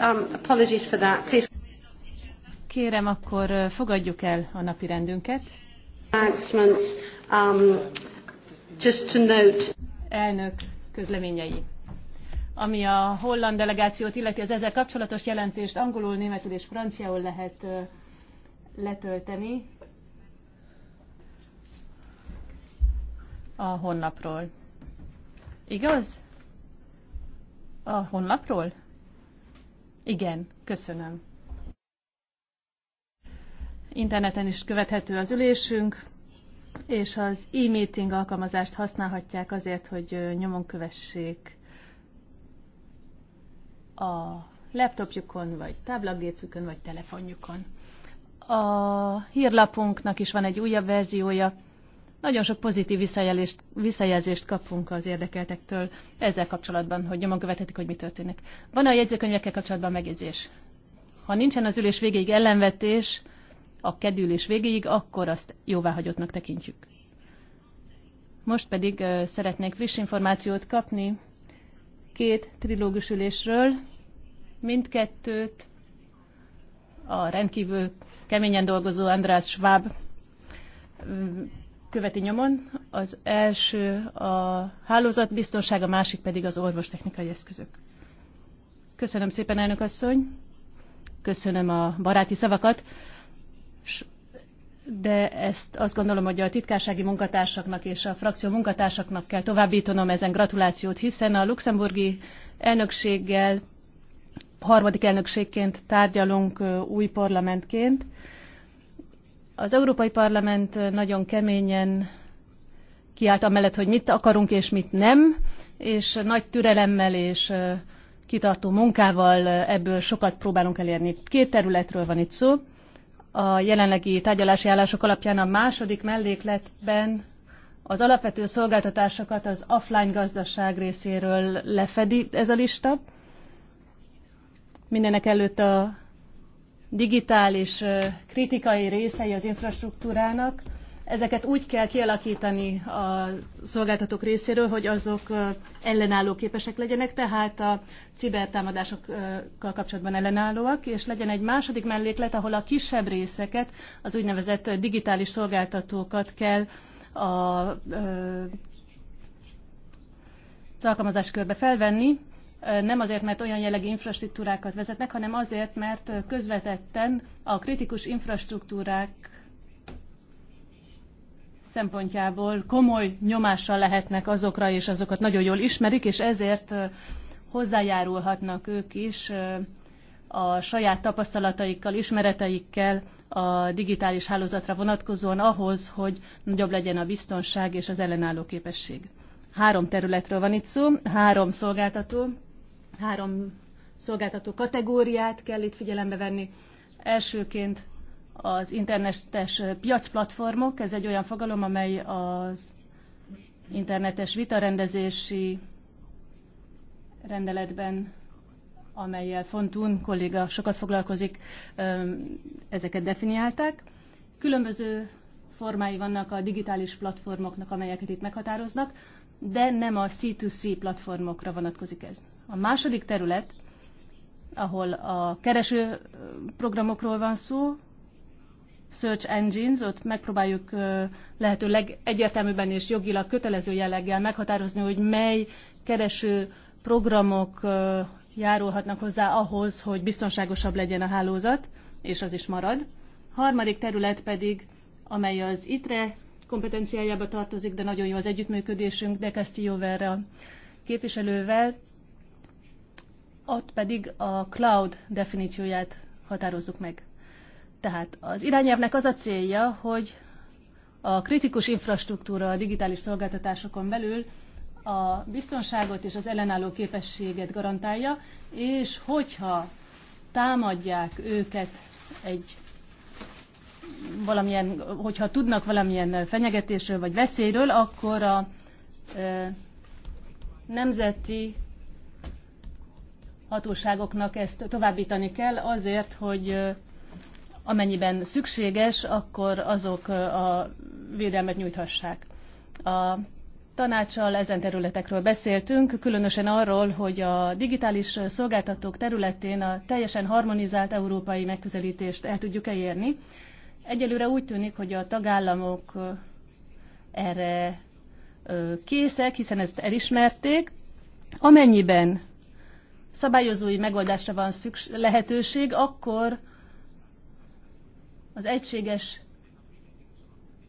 Um, Kérem, akkor uh, fogadjuk el a napi rendünket. Um, Elnök közleményei. Ami a holland delegációt illeti, az ezzel kapcsolatos jelentést angolul, németül és franciául lehet uh, letölteni a honlapról. Igaz? A honlapról? Igen, köszönöm. Interneten is követhető az ülésünk, és az e-meeting alkalmazást használhatják azért, hogy nyomon kövessék a laptopjukon, vagy táblagépükön, vagy telefonjukon. A hírlapunknak is van egy újabb verziója, nagyon sok pozitív visszajelzést, visszajelzést kapunk az érdekeltektől ezzel kapcsolatban, hogy nyomon követhetik, hogy mi történik. Van -e a jegyzőkönyvekkel kapcsolatban megjegyzés? Ha nincsen az ülés végéig ellenvetés, a kedülés végéig, akkor azt jóváhagyottnak tekintjük. Most pedig szeretnék friss információt kapni két trilógus ülésről. Mindkettőt a rendkívül keményen dolgozó András Schwab követi nyomon. Az első a hálózatbiztonság, a másik pedig az orvostechnikai eszközök. Köszönöm szépen, elnök asszony. Köszönöm a baráti szavakat. De ezt azt gondolom, hogy a titkársági munkatársaknak és a frakció munkatársaknak kell továbbítanom ezen gratulációt, hiszen a luxemburgi elnökséggel harmadik elnökségként tárgyalunk új parlamentként. Az Európai Parlament nagyon keményen kiállt amellett, hogy mit akarunk és mit nem, és nagy türelemmel és kitartó munkával ebből sokat próbálunk elérni. Két területről van itt szó. A jelenlegi tárgyalási állások alapján a második mellékletben az alapvető szolgáltatásokat az offline gazdaság részéről lefedi ez a lista. Mindenek előtt a digitális kritikai részei az infrastruktúrának. Ezeket úgy kell kialakítani a szolgáltatók részéről, hogy azok ellenálló képesek legyenek, tehát a cibertámadásokkal kapcsolatban ellenállóak, és legyen egy második melléklet, ahol a kisebb részeket, az úgynevezett digitális szolgáltatókat kell a az körbe felvenni, nem azért, mert olyan jellegű infrastruktúrákat vezetnek, hanem azért, mert közvetetten a kritikus infrastruktúrák szempontjából komoly nyomással lehetnek azokra, és azokat nagyon jól ismerik, és ezért hozzájárulhatnak ők is a saját tapasztalataikkal, ismereteikkel a digitális hálózatra vonatkozóan ahhoz, hogy nagyobb legyen a biztonság és az ellenálló képesség. Három területről van itt szó, három szolgáltató, Három szolgáltató kategóriát kell itt figyelembe venni. Elsőként az internetes piacplatformok, ez egy olyan fogalom, amely az internetes vitarendezési rendeletben, amelyel Fontún kolléga sokat foglalkozik, ezeket definiálták. Különböző formái vannak a digitális platformoknak, amelyeket itt meghatároznak de nem a C2C platformokra vonatkozik ez. A második terület, ahol a kereső programokról van szó, search engines, ott megpróbáljuk lehető legegyértelműbben és jogilag kötelező jelleggel meghatározni, hogy mely kereső programok járulhatnak hozzá ahhoz, hogy biztonságosabb legyen a hálózat, és az is marad. Harmadik terület pedig, amely az ITRE kompetenciájába tartozik, de nagyon jó az együttműködésünk De Castilloverrel képviselővel. Ott pedig a cloud definícióját határozzuk meg. Tehát az irányelvnek az a célja, hogy a kritikus infrastruktúra a digitális szolgáltatásokon belül a biztonságot és az ellenálló képességet garantálja, és hogyha támadják őket egy valamilyen, hogyha tudnak valamilyen fenyegetésről vagy veszélyről, akkor a nemzeti hatóságoknak ezt továbbítani kell azért, hogy amennyiben szükséges, akkor azok a védelmet nyújthassák. A tanácssal ezen területekről beszéltünk, különösen arról, hogy a digitális szolgáltatók területén a teljesen harmonizált európai megközelítést el tudjuk elérni, Egyelőre úgy tűnik, hogy a tagállamok erre készek, hiszen ezt elismerték. Amennyiben szabályozói megoldásra van szükség, lehetőség, akkor az egységes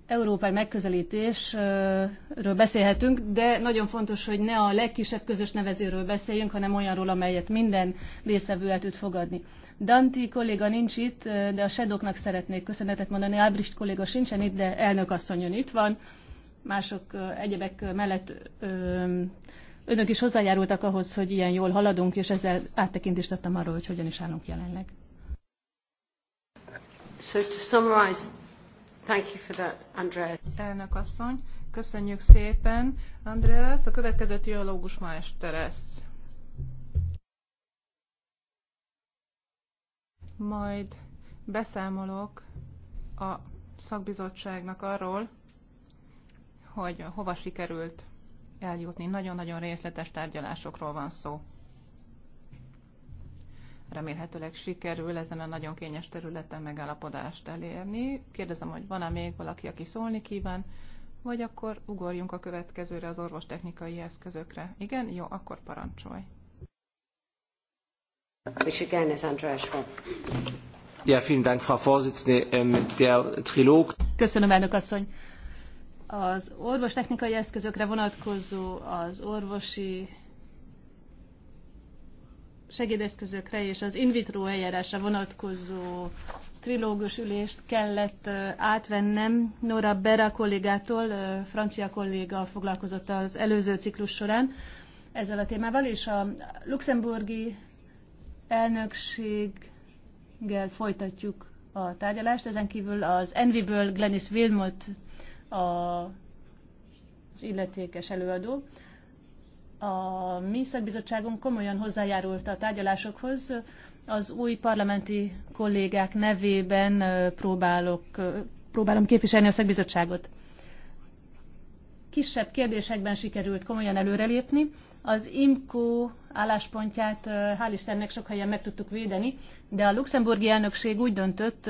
európai megközelítésről beszélhetünk, de nagyon fontos, hogy ne a legkisebb közös nevezőről beszéljünk, hanem olyanról, amelyet minden résztvevő el tud fogadni. Danti kolléga nincs itt, de a sedoknak szeretnék köszönetet mondani. Ábrist kolléga sincsen itt, de elnök asszonyon itt van. Mások egyebek mellett önök is hozzájárultak ahhoz, hogy ilyen jól haladunk, és ezzel áttekintést adtam arról, hogy hogyan is állunk jelenleg. So to summarize Thank you for that, Andreas. Elnök asszony, köszönjük szépen. Andreas, a következő triológus ma este lesz. Majd beszámolok a szakbizottságnak arról, hogy hova sikerült eljutni. Nagyon-nagyon részletes tárgyalásokról van szó remélhetőleg sikerül ezen a nagyon kényes területen megállapodást elérni. Kérdezem, hogy van-e még valaki, aki szólni kíván, vagy akkor ugorjunk a következőre az orvostechnikai eszközökre. Igen? Jó, akkor parancsolj. És igen, ez András Ja, vielen Dank, Frau Vorsitzende. Mit ähm, der Trilog... Köszönöm, elnök asszony. Az orvostechnikai eszközökre vonatkozó az orvosi segédeszközökre és az in vitro eljárásra vonatkozó trilógus ülést kellett átvennem. Nora Bera kollégától, francia kolléga foglalkozott az előző ciklus során ezzel a témával, és a luxemburgi elnökséggel folytatjuk a tárgyalást. Ezen kívül az Enviből Glenis Wilmot a, az illetékes előadó. A mi szakbizottságunk komolyan hozzájárult a tárgyalásokhoz. Az új parlamenti kollégák nevében próbálok, próbálom képviselni a szakbizottságot. Kisebb kérdésekben sikerült komolyan előrelépni. Az IMCO álláspontját hál' Istennek sok helyen meg tudtuk védeni, de a luxemburgi elnökség úgy döntött,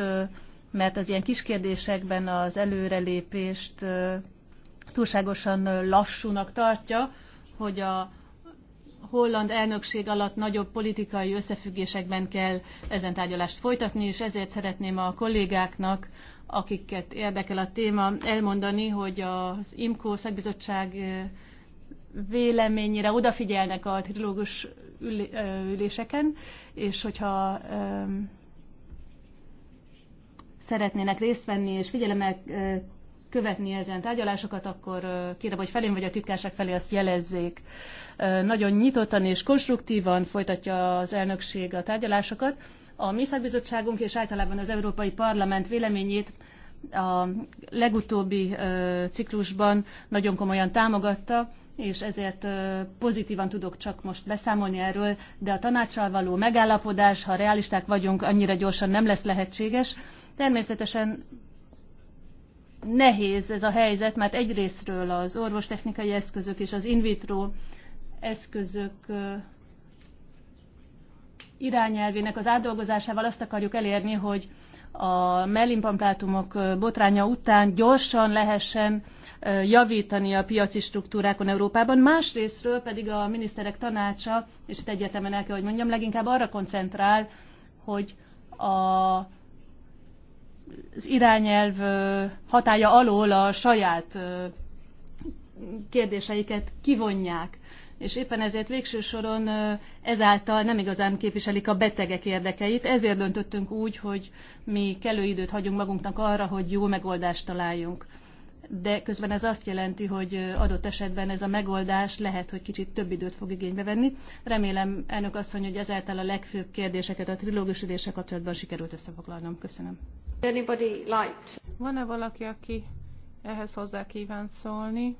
mert az ilyen kis kérdésekben az előrelépést túlságosan lassúnak tartja, hogy a holland elnökség alatt nagyobb politikai összefüggésekben kell ezen tárgyalást folytatni, és ezért szeretném a kollégáknak, akiket érdekel a téma, elmondani, hogy az IMCO szakbizottság véleményére odafigyelnek a trilógus üléseken, és hogyha szeretnének részt venni és figyelemmel követni ezen tárgyalásokat, akkor kérem, hogy felém vagy a titkárság felé azt jelezzék. Nagyon nyitottan és konstruktívan folytatja az elnökség a tárgyalásokat. A mi és általában az Európai Parlament véleményét a legutóbbi ciklusban nagyon komolyan támogatta, és ezért pozitívan tudok csak most beszámolni erről, de a tanácssal való megállapodás, ha realisták vagyunk, annyira gyorsan nem lesz lehetséges. Természetesen nehéz ez a helyzet, mert egyrésztről az orvostechnikai eszközök és az in vitro eszközök irányelvének az átdolgozásával azt akarjuk elérni, hogy a mellimplantátumok botránya után gyorsan lehessen javítani a piaci struktúrákon Európában. Másrésztről pedig a miniszterek tanácsa, és itt egyetemen el kell, hogy mondjam, leginkább arra koncentrál, hogy a az irányelv hatája alól a saját kérdéseiket kivonják. És éppen ezért végső soron ezáltal nem igazán képviselik a betegek érdekeit. Ezért döntöttünk úgy, hogy mi kellő időt hagyunk magunknak arra, hogy jó megoldást találjunk de közben ez azt jelenti, hogy adott esetben ez a megoldás lehet, hogy kicsit több időt fog igénybe venni. Remélem, elnök asszony, hogy ezáltal a legfőbb kérdéseket a trilógus ülése kapcsolatban sikerült összefoglalnom. Köszönöm. Van-e valaki, aki ehhez hozzá kíván szólni?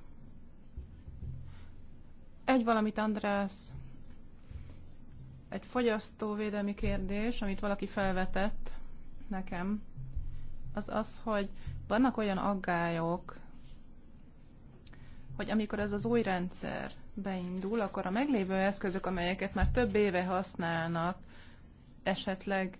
Egy valamit, András. Egy fogyasztóvédelmi kérdés, amit valaki felvetett nekem, az az, hogy vannak olyan aggályok, hogy amikor ez az új rendszer beindul, akkor a meglévő eszközök, amelyeket már több éve használnak, esetleg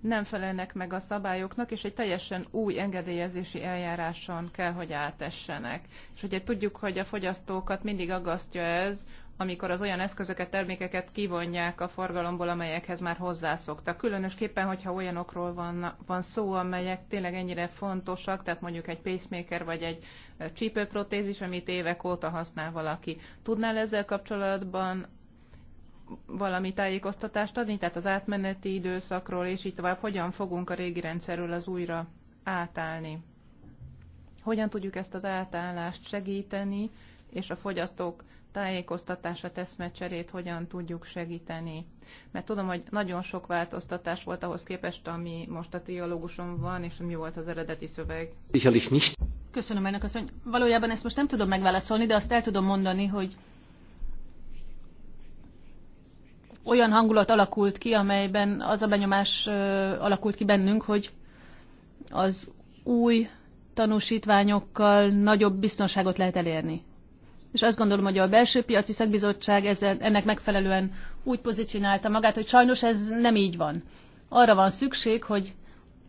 nem felelnek meg a szabályoknak, és egy teljesen új engedélyezési eljáráson kell, hogy átessenek. És ugye tudjuk, hogy a fogyasztókat mindig aggasztja ez, amikor az olyan eszközöket, termékeket kivonják a forgalomból, amelyekhez már hozzászoktak. Különösképpen, hogyha olyanokról van, van szó, amelyek tényleg ennyire fontosak, tehát mondjuk egy pacemaker vagy egy eh, csípőprotézis, amit évek óta használ valaki. Tudnál ezzel kapcsolatban valami tájékoztatást adni, tehát az átmeneti időszakról, és így tovább, hogyan fogunk a régi rendszerről az újra átállni. Hogyan tudjuk ezt az átállást segíteni, és a fogyasztók tájékoztatását, eszmecserét hogyan tudjuk segíteni. Mert tudom, hogy nagyon sok változtatás volt ahhoz képest, ami most a triológuson van, és mi volt az eredeti szöveg. Sicherlich nicht. Köszönöm ennek azt, hogy valójában ezt most nem tudom megválaszolni, de azt el tudom mondani, hogy olyan hangulat alakult ki, amelyben az a benyomás alakult ki bennünk, hogy az új tanúsítványokkal nagyobb biztonságot lehet elérni és azt gondolom, hogy a belső piaci szakbizottság ezzel, ennek megfelelően úgy pozícionálta magát, hogy sajnos ez nem így van. Arra van szükség, hogy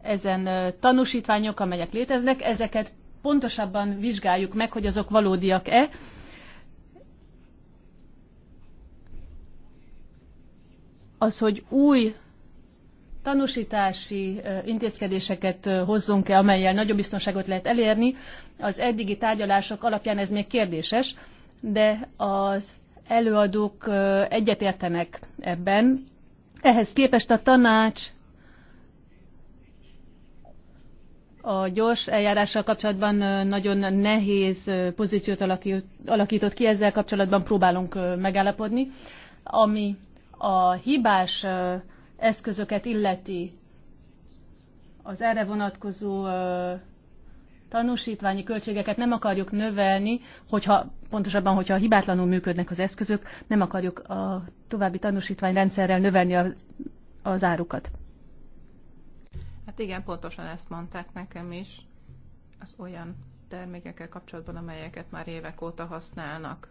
ezen tanúsítványok, amelyek léteznek, ezeket pontosabban vizsgáljuk meg, hogy azok valódiak-e, az, hogy új tanúsítási intézkedéseket hozzunk-e, amelyel nagyobb biztonságot lehet elérni, az eddigi tárgyalások alapján ez még kérdéses de az előadók egyetértenek ebben. Ehhez képest a tanács a gyors eljárással kapcsolatban nagyon nehéz pozíciót alakított ki, ezzel kapcsolatban próbálunk megállapodni. Ami a hibás eszközöket illeti, az erre vonatkozó tanúsítványi költségeket nem akarjuk növelni, hogyha pontosabban, hogyha hibátlanul működnek az eszközök, nem akarjuk a további tanúsítványrendszerrel növelni a, az árukat. Hát igen, pontosan ezt mondták nekem is. Az olyan termékekkel kapcsolatban, amelyeket már évek óta használnak.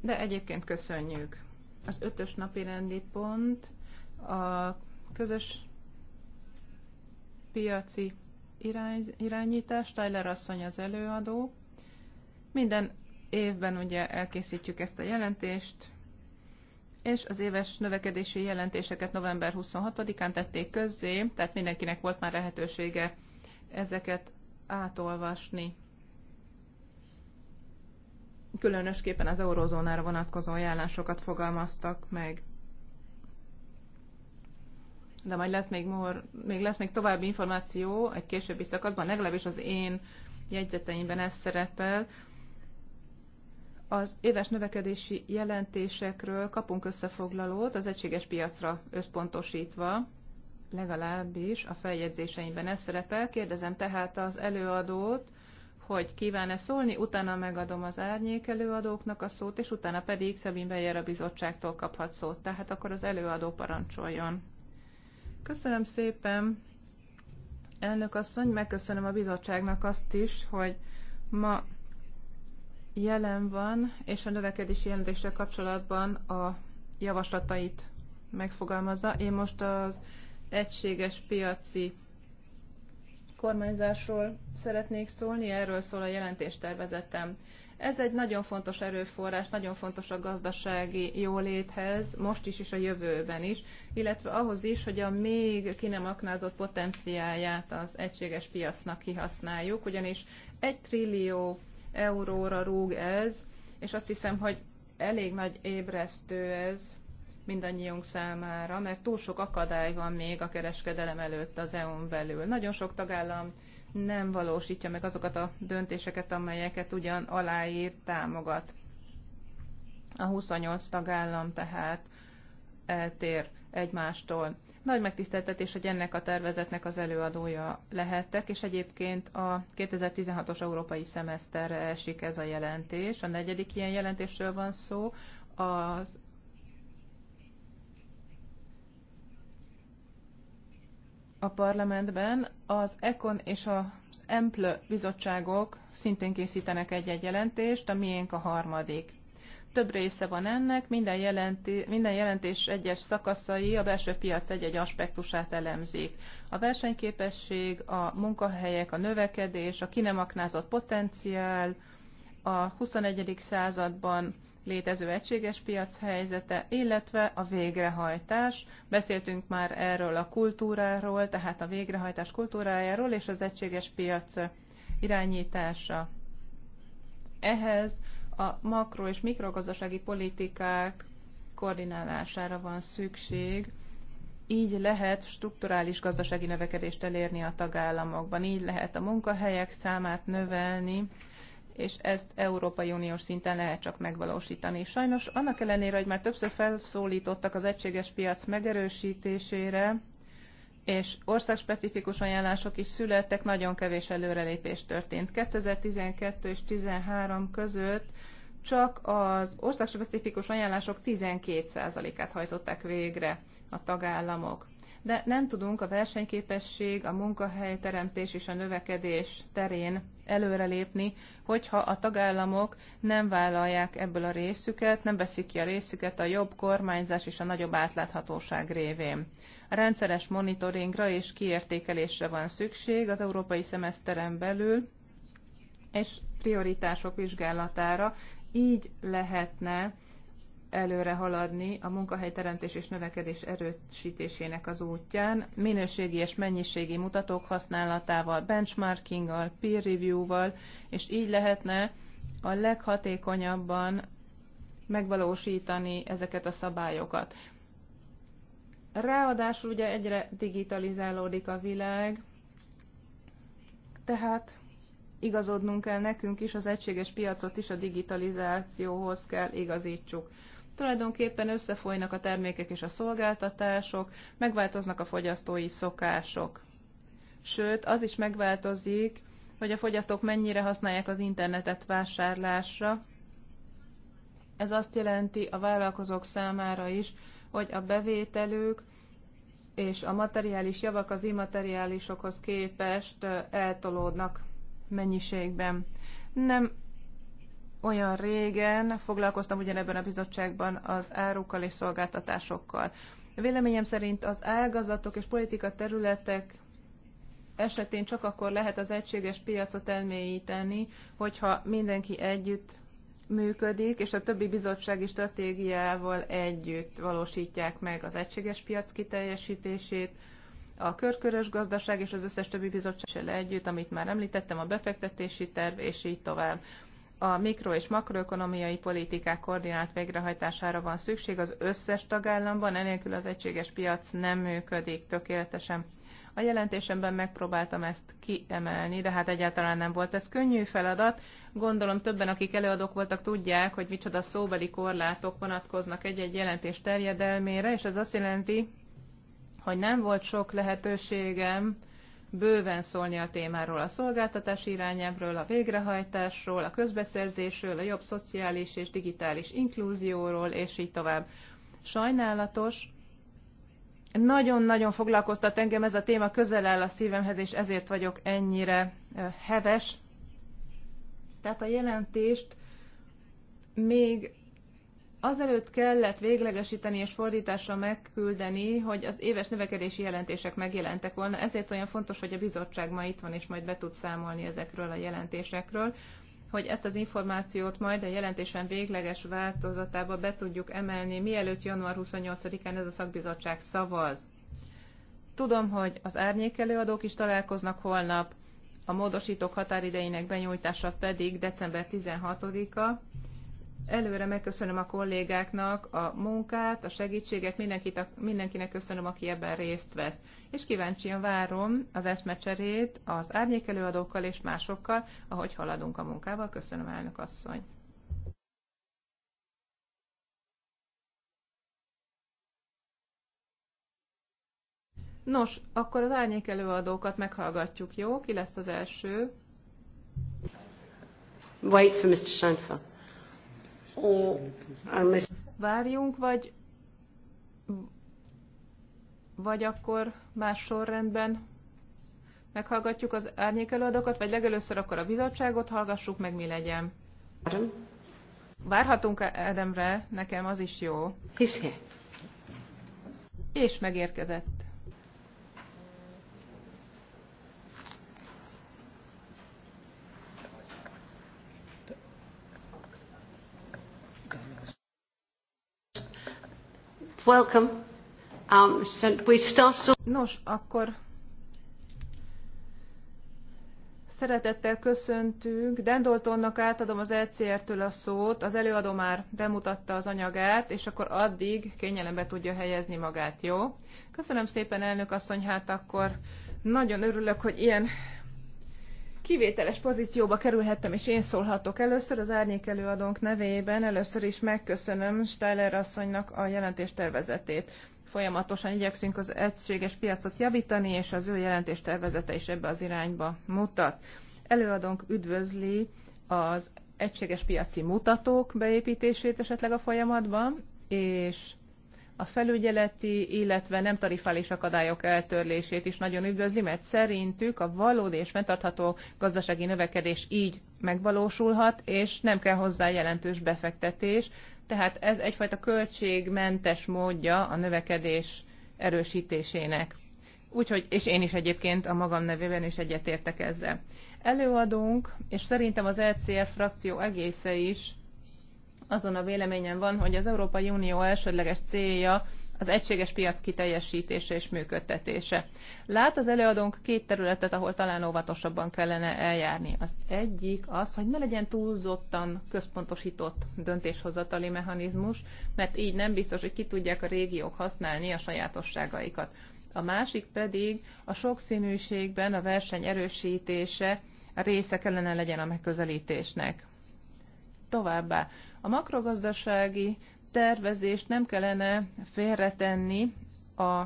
De egyébként köszönjük. Az ötös napi rendi pont a közös piaci irány, irányítás. Tyler asszony az előadó. Minden évben ugye elkészítjük ezt a jelentést, és az éves növekedési jelentéseket november 26-án tették közzé, tehát mindenkinek volt már lehetősége ezeket átolvasni. Különösképpen az eurozónára vonatkozó ajánlásokat fogalmaztak meg de majd lesz még, more, még lesz még további információ egy későbbi szakadban, legalábbis az én jegyzeteimben ez szerepel. Az éves növekedési jelentésekről kapunk összefoglalót az egységes piacra összpontosítva, legalábbis a feljegyzéseimben ez szerepel. Kérdezem tehát az előadót, hogy kíván-e szólni, utána megadom az árnyék előadóknak a szót, és utána pedig Szabin Beyer a bizottságtól kaphat szót. Tehát akkor az előadó parancsoljon. Köszönöm szépen, elnök asszony, megköszönöm a bizottságnak azt is, hogy ma jelen van, és a növekedési jelentéssel kapcsolatban a javaslatait megfogalmazza. Én most az egységes piaci kormányzásról szeretnék szólni, erről szól a jelentéstervezetem. Ez egy nagyon fontos erőforrás, nagyon fontos a gazdasági jóléthez, most is és a jövőben is, illetve ahhoz is, hogy a még ki nem aknázott potenciáját az egységes piacnak kihasználjuk, ugyanis egy trillió euróra rúg ez, és azt hiszem, hogy elég nagy ébresztő ez mindannyiunk számára, mert túl sok akadály van még a kereskedelem előtt az EU-n belül. Nagyon sok tagállam nem valósítja meg azokat a döntéseket, amelyeket ugyan aláír, támogat. A 28 tagállam tehát eltér egymástól. Nagy megtiszteltetés, hogy ennek a tervezetnek az előadója lehettek, és egyébként a 2016-os európai szemeszterre esik ez a jelentés. A negyedik ilyen jelentésről van szó, az a parlamentben az ECON és az EMPLE bizottságok szintén készítenek egy-egy jelentést, a miénk a harmadik. Több része van ennek, minden, jelenti, minden jelentés egyes szakaszai a belső piac egy-egy aspektusát elemzik. A versenyképesség, a munkahelyek, a növekedés, a kinemaknázott potenciál, a 21. században létező egységes piac helyzete, illetve a végrehajtás. Beszéltünk már erről a kultúráról, tehát a végrehajtás kultúrájáról és az egységes piac irányítása. Ehhez a makro- és mikrogazdasági politikák koordinálására van szükség, így lehet strukturális gazdasági növekedést elérni a tagállamokban, így lehet a munkahelyek számát növelni, és ezt Európai Uniós szinten lehet csak megvalósítani. Sajnos annak ellenére, hogy már többször felszólítottak az egységes piac megerősítésére, és országspecifikus ajánlások is születtek, nagyon kevés előrelépés történt. 2012 és 2013 között csak az országspecifikus ajánlások 12%-át hajtották végre a tagállamok de nem tudunk a versenyképesség, a munkahelyteremtés és a növekedés terén előrelépni, hogyha a tagállamok nem vállalják ebből a részüket, nem veszik ki a részüket a jobb kormányzás és a nagyobb átláthatóság révén. A rendszeres monitoringra és kiértékelésre van szükség az európai szemeszteren belül, és prioritások vizsgálatára, így lehetne előre haladni a munkahelyteremtés és növekedés erősítésének az útján, minőségi és mennyiségi mutatók használatával, benchmarkinggal, peer review-val, és így lehetne a leghatékonyabban megvalósítani ezeket a szabályokat. Ráadásul ugye egyre digitalizálódik a világ, tehát igazodnunk kell nekünk is, az egységes piacot is a digitalizációhoz kell igazítsuk. Tulajdonképpen összefolynak a termékek és a szolgáltatások, megváltoznak a fogyasztói szokások. Sőt, az is megváltozik, hogy a fogyasztók mennyire használják az internetet vásárlásra. Ez azt jelenti a vállalkozók számára is, hogy a bevételük és a materiális javak az immateriálisokhoz képest eltolódnak mennyiségben. Nem olyan régen foglalkoztam ugyanebben a bizottságban az árukkal és szolgáltatásokkal. Véleményem szerint az ágazatok és politika területek esetén csak akkor lehet az egységes piacot elmélyíteni, hogyha mindenki együtt működik, és a többi bizottsági stratégiával együtt valósítják meg az egységes piac kiteljesítését, a körkörös gazdaság és az összes többi bizottság együtt, amit már említettem, a befektetési terv, és így tovább a mikro- és makroökonomiai politikák koordinált végrehajtására van szükség az összes tagállamban, enélkül az egységes piac nem működik tökéletesen. A jelentésemben megpróbáltam ezt kiemelni, de hát egyáltalán nem volt ez könnyű feladat. Gondolom többen, akik előadók voltak, tudják, hogy micsoda szóbeli korlátok vonatkoznak egy-egy jelentés terjedelmére, és ez azt jelenti, hogy nem volt sok lehetőségem, bőven szólni a témáról, a szolgáltatás irányáról, a végrehajtásról, a közbeszerzésről, a jobb szociális és digitális inklúzióról, és így tovább. Sajnálatos, nagyon-nagyon foglalkoztat engem ez a téma, közel áll a szívemhez, és ezért vagyok ennyire heves. Tehát a jelentést még azelőtt kellett véglegesíteni és fordításra megküldeni, hogy az éves növekedési jelentések megjelentek volna. Ezért olyan fontos, hogy a bizottság ma itt van, és majd be tud számolni ezekről a jelentésekről, hogy ezt az információt majd a jelentésen végleges változatába be tudjuk emelni, mielőtt január 28-án ez a szakbizottság szavaz. Tudom, hogy az árnyékelőadók is találkoznak holnap, a módosítók határidejének benyújtása pedig december 16-a, Előre megköszönöm a kollégáknak a munkát, a segítséget, mindenkit a, mindenkinek köszönöm, aki ebben részt vesz. És kíváncsian várom az eszmecserét az árnyékelőadókkal és másokkal, ahogy haladunk a munkával. Köszönöm, elnök asszony! Nos, akkor az árnyékelőadókat meghallgatjuk, jó? Ki lesz az első? Wait for Mr. Schoenfeld. Várjunk, vagy, vagy akkor más sorrendben meghallgatjuk az árnyékelőadókat, vagy legelőször akkor a bizottságot hallgassuk meg, mi legyen. Várhatunk Edemre, nekem az is jó. Hisz És megérkezett. Um, Nos, akkor Szeretettel köszöntünk. Dendoltonnak átadom az lcr e től a szót. Az előadó már bemutatta az anyagát, és akkor addig kényelembe tudja helyezni magát, jó? Köszönöm szépen, elnök asszony, hát akkor nagyon örülök, hogy ilyen kivételes pozícióba kerülhettem, és én szólhatok először az árnyék előadónk nevében. Először is megköszönöm Steller asszonynak a jelentéstervezetét. Folyamatosan igyekszünk az egységes piacot javítani, és az ő jelentéstervezete is ebbe az irányba mutat. Előadónk üdvözli az egységes piaci mutatók beépítését esetleg a folyamatban, és a felügyeleti, illetve nem tarifális akadályok eltörlését is nagyon üdvözli, mert szerintük a valódi és fenntartható gazdasági növekedés így megvalósulhat, és nem kell hozzá jelentős befektetés, tehát ez egyfajta költségmentes módja a növekedés erősítésének. Úgyhogy, és én is egyébként a magam nevében is egyetértek ezzel. Előadunk, és szerintem az ECF frakció egésze is azon a véleményen van, hogy az Európai Unió elsődleges célja az egységes piac kiteljesítése és működtetése. Lát az előadónk két területet, ahol talán óvatosabban kellene eljárni. Az egyik az, hogy ne legyen túlzottan központosított döntéshozatali mechanizmus, mert így nem biztos, hogy ki tudják a régiók használni a sajátosságaikat. A másik pedig a sokszínűségben a verseny erősítése része kellene legyen a megközelítésnek. Továbbá a makrogazdasági tervezést nem kellene félretenni a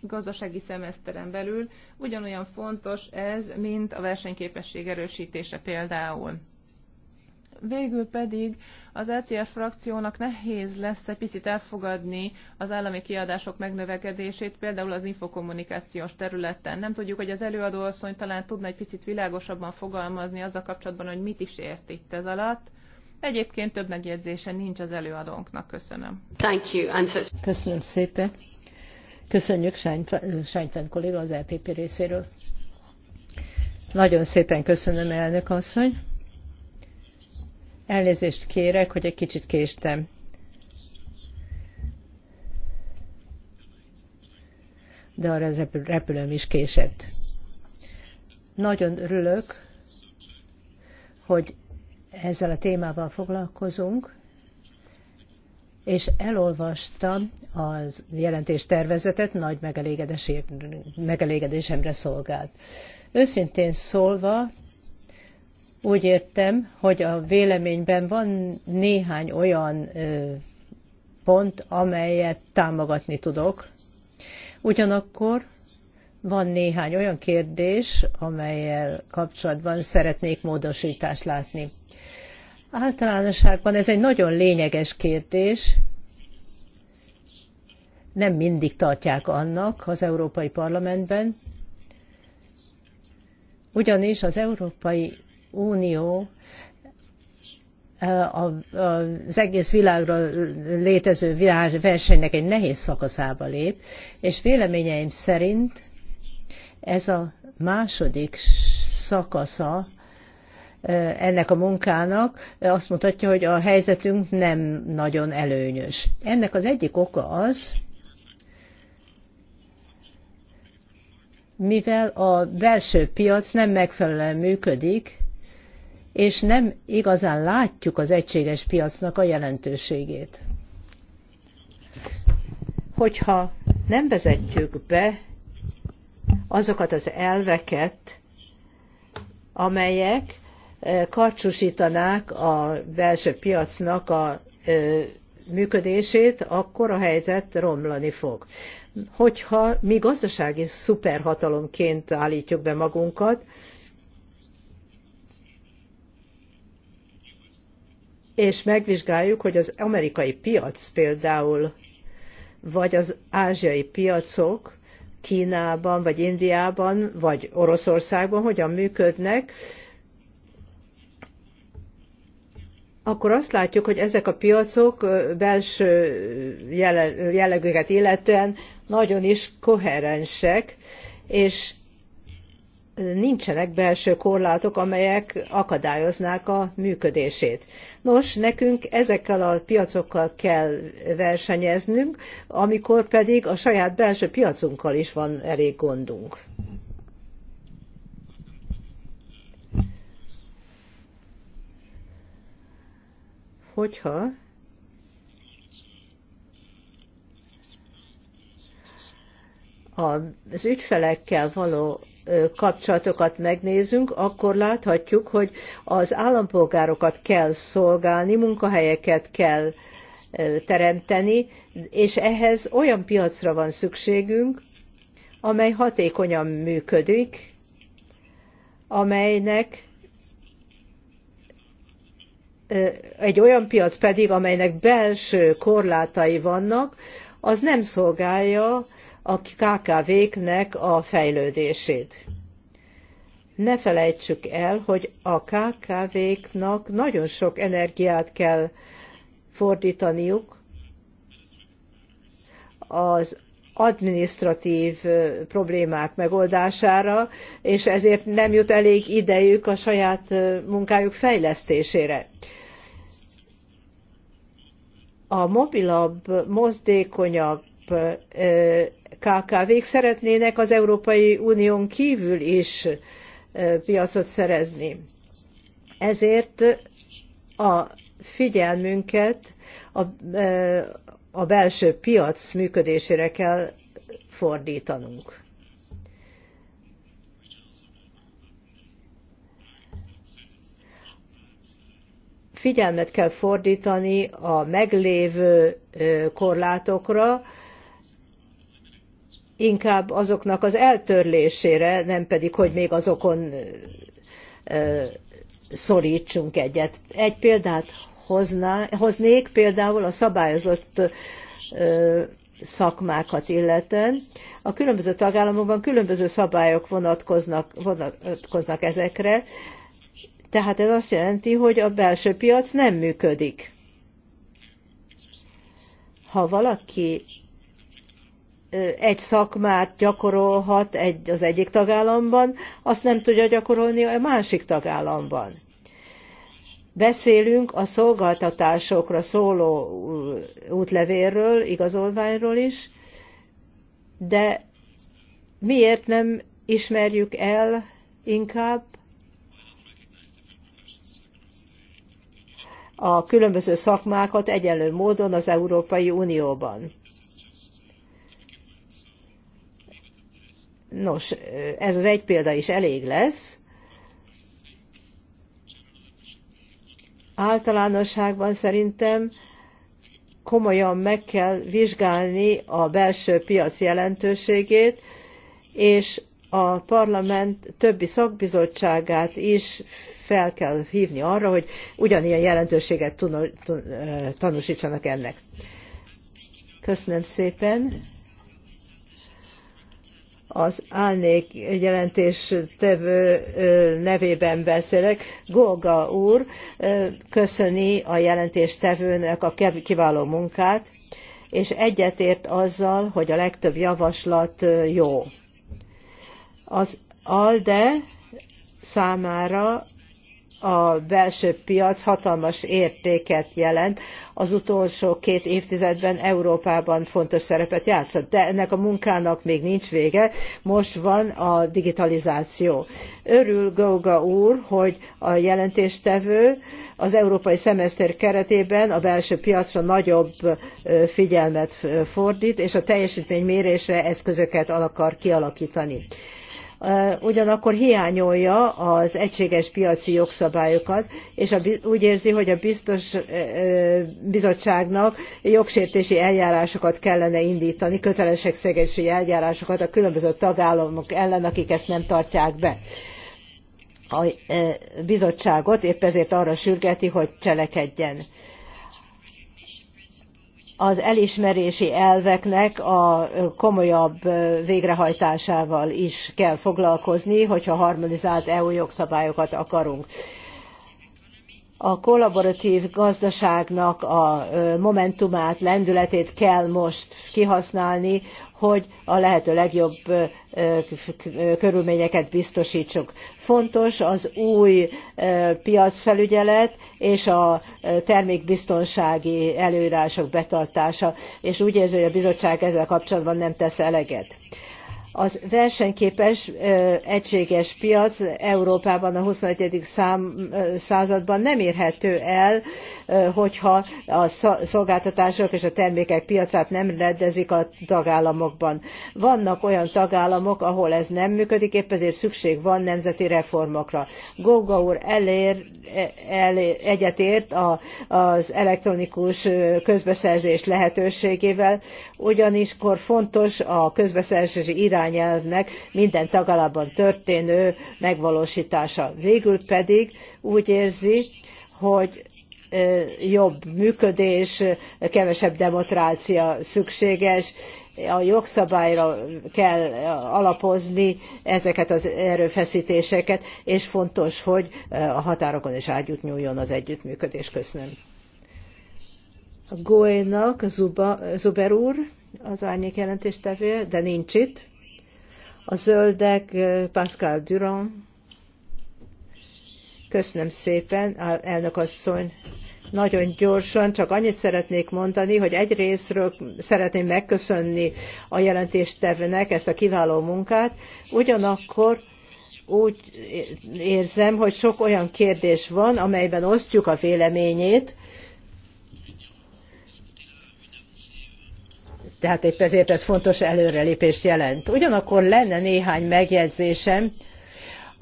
gazdasági szemeszteren belül, ugyanolyan fontos ez, mint a versenyképesség erősítése például. Végül pedig az LCR e frakciónak nehéz lesz egy picit elfogadni az állami kiadások megnövekedését, például az infokommunikációs területen. Nem tudjuk, hogy az előadóasszony talán tudna egy picit világosabban fogalmazni azzal kapcsolatban, hogy mit is ért itt ez alatt Egyébként több megjegyzése nincs az előadónknak. Köszönöm. Thank you. Köszönöm szépen. Köszönjük Sányfen kolléga az LPP részéről. Nagyon szépen köszönöm, elnök asszony. Elnézést kérek, hogy egy kicsit késtem. De a repülőm is késett. Nagyon örülök, hogy ezzel a témával foglalkozunk, és elolvastam a jelentés tervezetet, nagy megelégedésemre szolgált. Őszintén szólva, úgy értem, hogy a véleményben van néhány olyan pont, amelyet támogatni tudok. Ugyanakkor van néhány olyan kérdés, amelyel kapcsolatban szeretnék módosítást látni. Általánosságban ez egy nagyon lényeges kérdés, nem mindig tartják annak az Európai Parlamentben, ugyanis az Európai Unió eh, az egész világra létező versenynek egy nehéz szakaszába lép, és véleményeim szerint ez a második szakasza ennek a munkának azt mutatja, hogy a helyzetünk nem nagyon előnyös. Ennek az egyik oka az, mivel a belső piac nem megfelelően működik, és nem igazán látjuk az egységes piacnak a jelentőségét. Hogyha nem vezetjük be azokat az elveket, amelyek eh, karcsúsítanák a belső piacnak a eh, működését, akkor a helyzet romlani fog. Hogyha mi gazdasági szuperhatalomként állítjuk be magunkat, és megvizsgáljuk, hogy az amerikai piac például, vagy az ázsiai piacok Kínában, vagy Indiában, vagy Oroszországban hogyan működnek, akkor azt látjuk, hogy ezek a piacok belső jellegüket illetően nagyon is koherensek, és nincsenek belső korlátok, amelyek akadályoznák a működését. Nos, nekünk ezekkel a piacokkal kell versenyeznünk, amikor pedig a saját belső piacunkkal is van elég gondunk. Hogyha az ügyfelekkel való kapcsolatokat megnézünk, akkor láthatjuk, hogy az állampolgárokat kell szolgálni, munkahelyeket kell teremteni, és ehhez olyan piacra van szükségünk, amely hatékonyan működik, amelynek egy olyan piac pedig, amelynek belső korlátai vannak, az nem szolgálja a KKV-knek a fejlődését. Ne felejtsük el, hogy a KKV-knak nagyon sok energiát kell fordítaniuk az administratív problémák megoldására, és ezért nem jut elég idejük a saját munkájuk fejlesztésére. A mobilabb, mozdékonyabb KKV-k szeretnének az Európai Unión kívül is piacot szerezni. Ezért a figyelmünket a, a belső piac működésére kell fordítanunk. Figyelmet kell fordítani a meglévő korlátokra, inkább azoknak az eltörlésére, nem pedig, hogy még azokon szorítsunk egyet. Egy példát hozná, hoznék, például a szabályozott szakmákat illeten. A különböző tagállamokban különböző szabályok vonatkoznak, vonatkoznak ezekre, tehát ez azt jelenti, hogy a belső piac nem működik. Ha valaki egy szakmát gyakorolhat egy, az egyik tagállamban, azt nem tudja gyakorolni a másik tagállamban. Beszélünk a szolgáltatásokra szóló útlevérről, igazolványról is, de miért nem ismerjük el inkább a különböző szakmákat egyenlő módon az Európai Unióban? Nos, ez az egy példa is elég lesz. Általánosságban szerintem komolyan meg kell vizsgálni a belső piac jelentőségét, és a parlament többi szakbizottságát is fel kell hívni arra, hogy ugyanilyen jelentőséget tanúsítsanak ennek. Köszönöm szépen az álnék jelentés tevő nevében beszélek. Golga úr köszöni a jelentéstevőnek a kiváló munkát, és egyetért azzal, hogy a legtöbb javaslat jó. Az ALDE számára a belső piac hatalmas értéket jelent az utolsó két évtizedben Európában fontos szerepet játszott. De ennek a munkának még nincs vége, most van a digitalizáció. Örül Gauga úr, hogy a jelentéstevő az európai szemeszter keretében a belső piacra nagyobb figyelmet fordít, és a teljesítménymérésre eszközöket akar kialakítani ugyanakkor hiányolja az egységes piaci jogszabályokat, és a, úgy érzi, hogy a biztos bizottságnak jogsértési eljárásokat kellene indítani, kötelesek szegési eljárásokat a különböző tagállamok ellen, akik ezt nem tartják be. A bizottságot épp ezért arra sürgeti, hogy cselekedjen az elismerési elveknek a komolyabb végrehajtásával is kell foglalkozni, hogyha harmonizált EU jogszabályokat akarunk. A kollaboratív gazdaságnak a momentumát, lendületét kell most kihasználni hogy a lehető legjobb körülményeket biztosítsuk. Fontos az új piacfelügyelet és a termékbiztonsági előírások betartása, és úgy érzi, hogy a bizottság ezzel kapcsolatban nem tesz eleget. Az versenyképes egységes piac Európában a 21. Szám, században nem érhető el hogyha a szolgáltatások és a termékek piacát nem rendezik a tagállamokban. Vannak olyan tagállamok, ahol ez nem működik, épp ezért szükség van nemzeti reformokra. Góga úr elér, e, elér, egyetért a, az elektronikus közbeszerzés lehetőségével, ugyanis fontos a közbeszerzési irányelvnek minden tagállamban történő megvalósítása. Végül pedig úgy érzi, hogy jobb működés, kevesebb demokrácia szükséges, a jogszabályra kell alapozni ezeket az erőfeszítéseket, és fontos, hogy a határokon is átjutnyúljon az együttműködés. Köszönöm. Goénak Zuba, Zuber úr, az árnyék jelentéstevő, de nincs itt. A zöldek Pascal Durand, Köszönöm szépen, elnök asszony. Nagyon gyorsan, csak annyit szeretnék mondani, hogy egy részről szeretném megköszönni a jelentéstevőnek ezt a kiváló munkát, ugyanakkor úgy érzem, hogy sok olyan kérdés van, amelyben osztjuk a véleményét, tehát épp ezért ez fontos előrelépést jelent. Ugyanakkor lenne néhány megjegyzésem,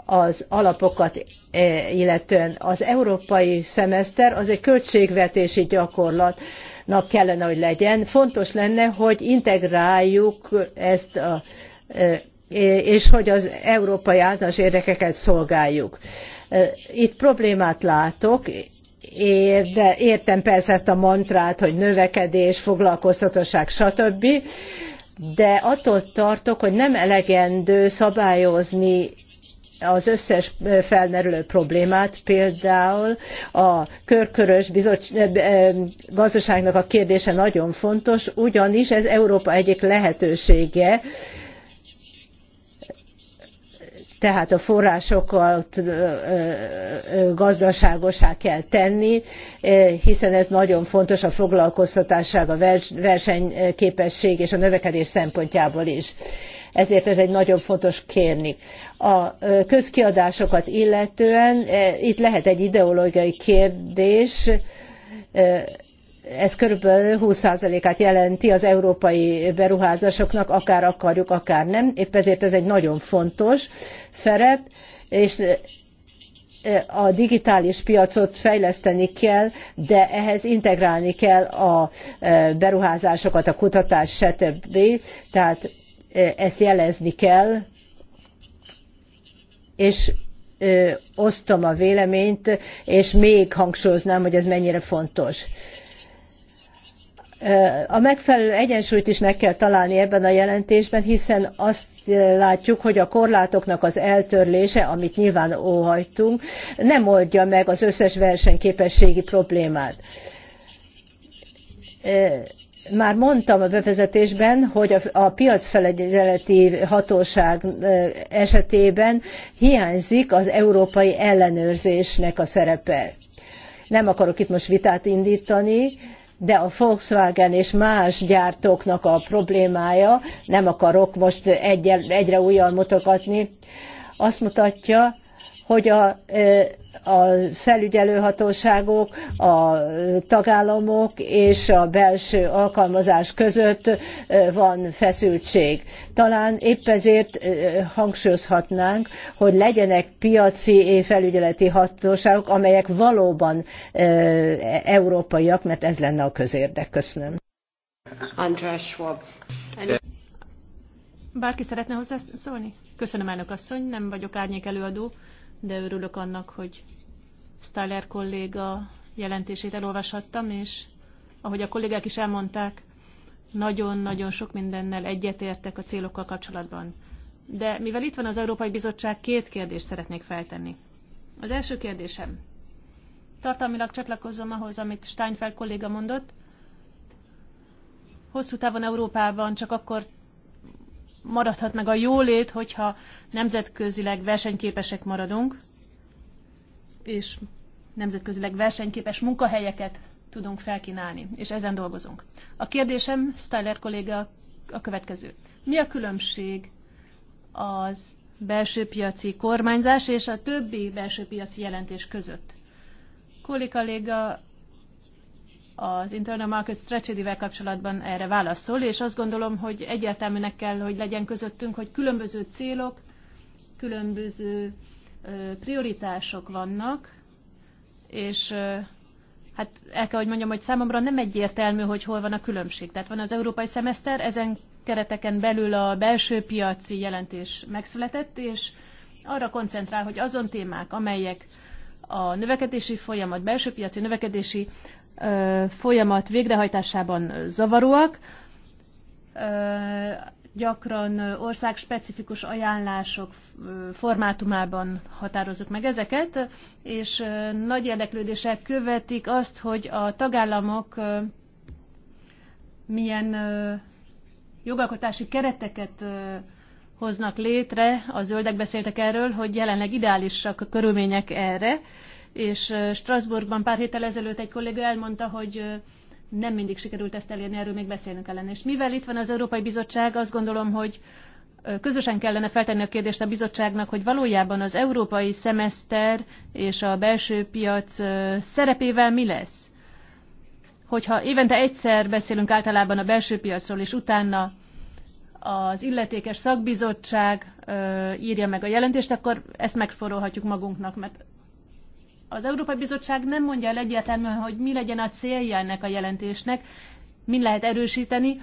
az alapokat e, illetően. Az európai szemeszter az egy költségvetési gyakorlatnak kellene, hogy legyen. Fontos lenne, hogy integráljuk ezt a e, és hogy az európai általános érdekeket szolgáljuk. E, itt problémát látok, de értem persze ezt a mantrát, hogy növekedés, foglalkoztatottság, stb. De attól tartok, hogy nem elegendő szabályozni az összes felmerülő problémát, például a körkörös gazdaságnak a kérdése nagyon fontos, ugyanis ez Európa egyik lehetősége, tehát a forrásokat gazdaságosá kell tenni, hiszen ez nagyon fontos a foglalkoztatásság, a versenyképesség és a növekedés szempontjából is. Ezért ez egy nagyon fontos kérni a közkiadásokat illetően itt lehet egy ideológiai kérdés, ez körülbelül 20%-át jelenti az európai beruházásoknak, akár akarjuk, akár nem. Épp ezért ez egy nagyon fontos szerep, és a digitális piacot fejleszteni kell, de ehhez integrálni kell a beruházásokat, a kutatás, stb. Tehát ezt jelezni kell, és osztom a véleményt, és még hangsúlyoznám, hogy ez mennyire fontos. A megfelelő egyensúlyt is meg kell találni ebben a jelentésben, hiszen azt látjuk, hogy a korlátoknak az eltörlése, amit nyilván óhajtunk, nem oldja meg az összes versenyképességi problémát már mondtam a bevezetésben, hogy a, a piacfelügyeleti hatóság esetében hiányzik az európai ellenőrzésnek a szerepe. Nem akarok itt most vitát indítani, de a Volkswagen és más gyártóknak a problémája, nem akarok most egyre újjal mutogatni, azt mutatja, hogy a a felügyelőhatóságok, a tagállamok és a belső alkalmazás között van feszültség. Talán épp ezért hangsúlyozhatnánk, hogy legyenek piaci felügyeleti hatóságok, amelyek valóban európaiak, mert ez lenne a közérdek. Köszönöm. András Schwab. Bárki szeretne hozzászólni? Köszönöm, elnök asszony, nem vagyok árnyék előadó de örülök annak, hogy Staller kolléga jelentését elolvashattam, és ahogy a kollégák is elmondták, nagyon-nagyon sok mindennel egyetértek a célokkal kapcsolatban. De mivel itt van az Európai Bizottság, két kérdést szeretnék feltenni. Az első kérdésem. Tartalmilag csatlakozom ahhoz, amit Steinfeld kolléga mondott. Hosszú távon Európában csak akkor maradhat meg a jólét, hogyha nemzetközileg versenyképesek maradunk, és nemzetközileg versenyképes munkahelyeket tudunk felkínálni, és ezen dolgozunk. A kérdésem, Styler kolléga, a következő. Mi a különbség az belső piaci kormányzás és a többi belső piaci jelentés között? Kolléga az Internal Market Strategy-vel kapcsolatban erre válaszol, és azt gondolom, hogy egyértelműnek kell, hogy legyen közöttünk, hogy különböző célok, különböző prioritások vannak, és hát el kell, hogy mondjam, hogy számomra nem egyértelmű, hogy hol van a különbség. Tehát van az európai szemeszter, ezen kereteken belül a belső piaci jelentés megszületett, és arra koncentrál, hogy azon témák, amelyek a növekedési folyamat, belső piaci növekedési folyamat végrehajtásában zavaróak. Gyakran országspecifikus ajánlások formátumában határozzuk meg ezeket, és nagy érdeklődések követik azt, hogy a tagállamok milyen jogalkotási kereteket hoznak létre, a zöldek beszéltek erről, hogy jelenleg ideálisak a körülmények erre, és Strasbourgban pár héttel ezelőtt egy kolléga elmondta, hogy nem mindig sikerült ezt elérni, erről még beszélnünk kellene. És mivel itt van az Európai Bizottság, azt gondolom, hogy közösen kellene feltenni a kérdést a bizottságnak, hogy valójában az európai szemeszter és a belső piac szerepével mi lesz? Hogyha évente egyszer beszélünk általában a belső piacról, és utána az illetékes szakbizottság írja meg a jelentést, akkor ezt megforolhatjuk magunknak, mert az Európai Bizottság nem mondja el egyértelműen, hogy mi legyen a célja ennek a jelentésnek, min lehet erősíteni.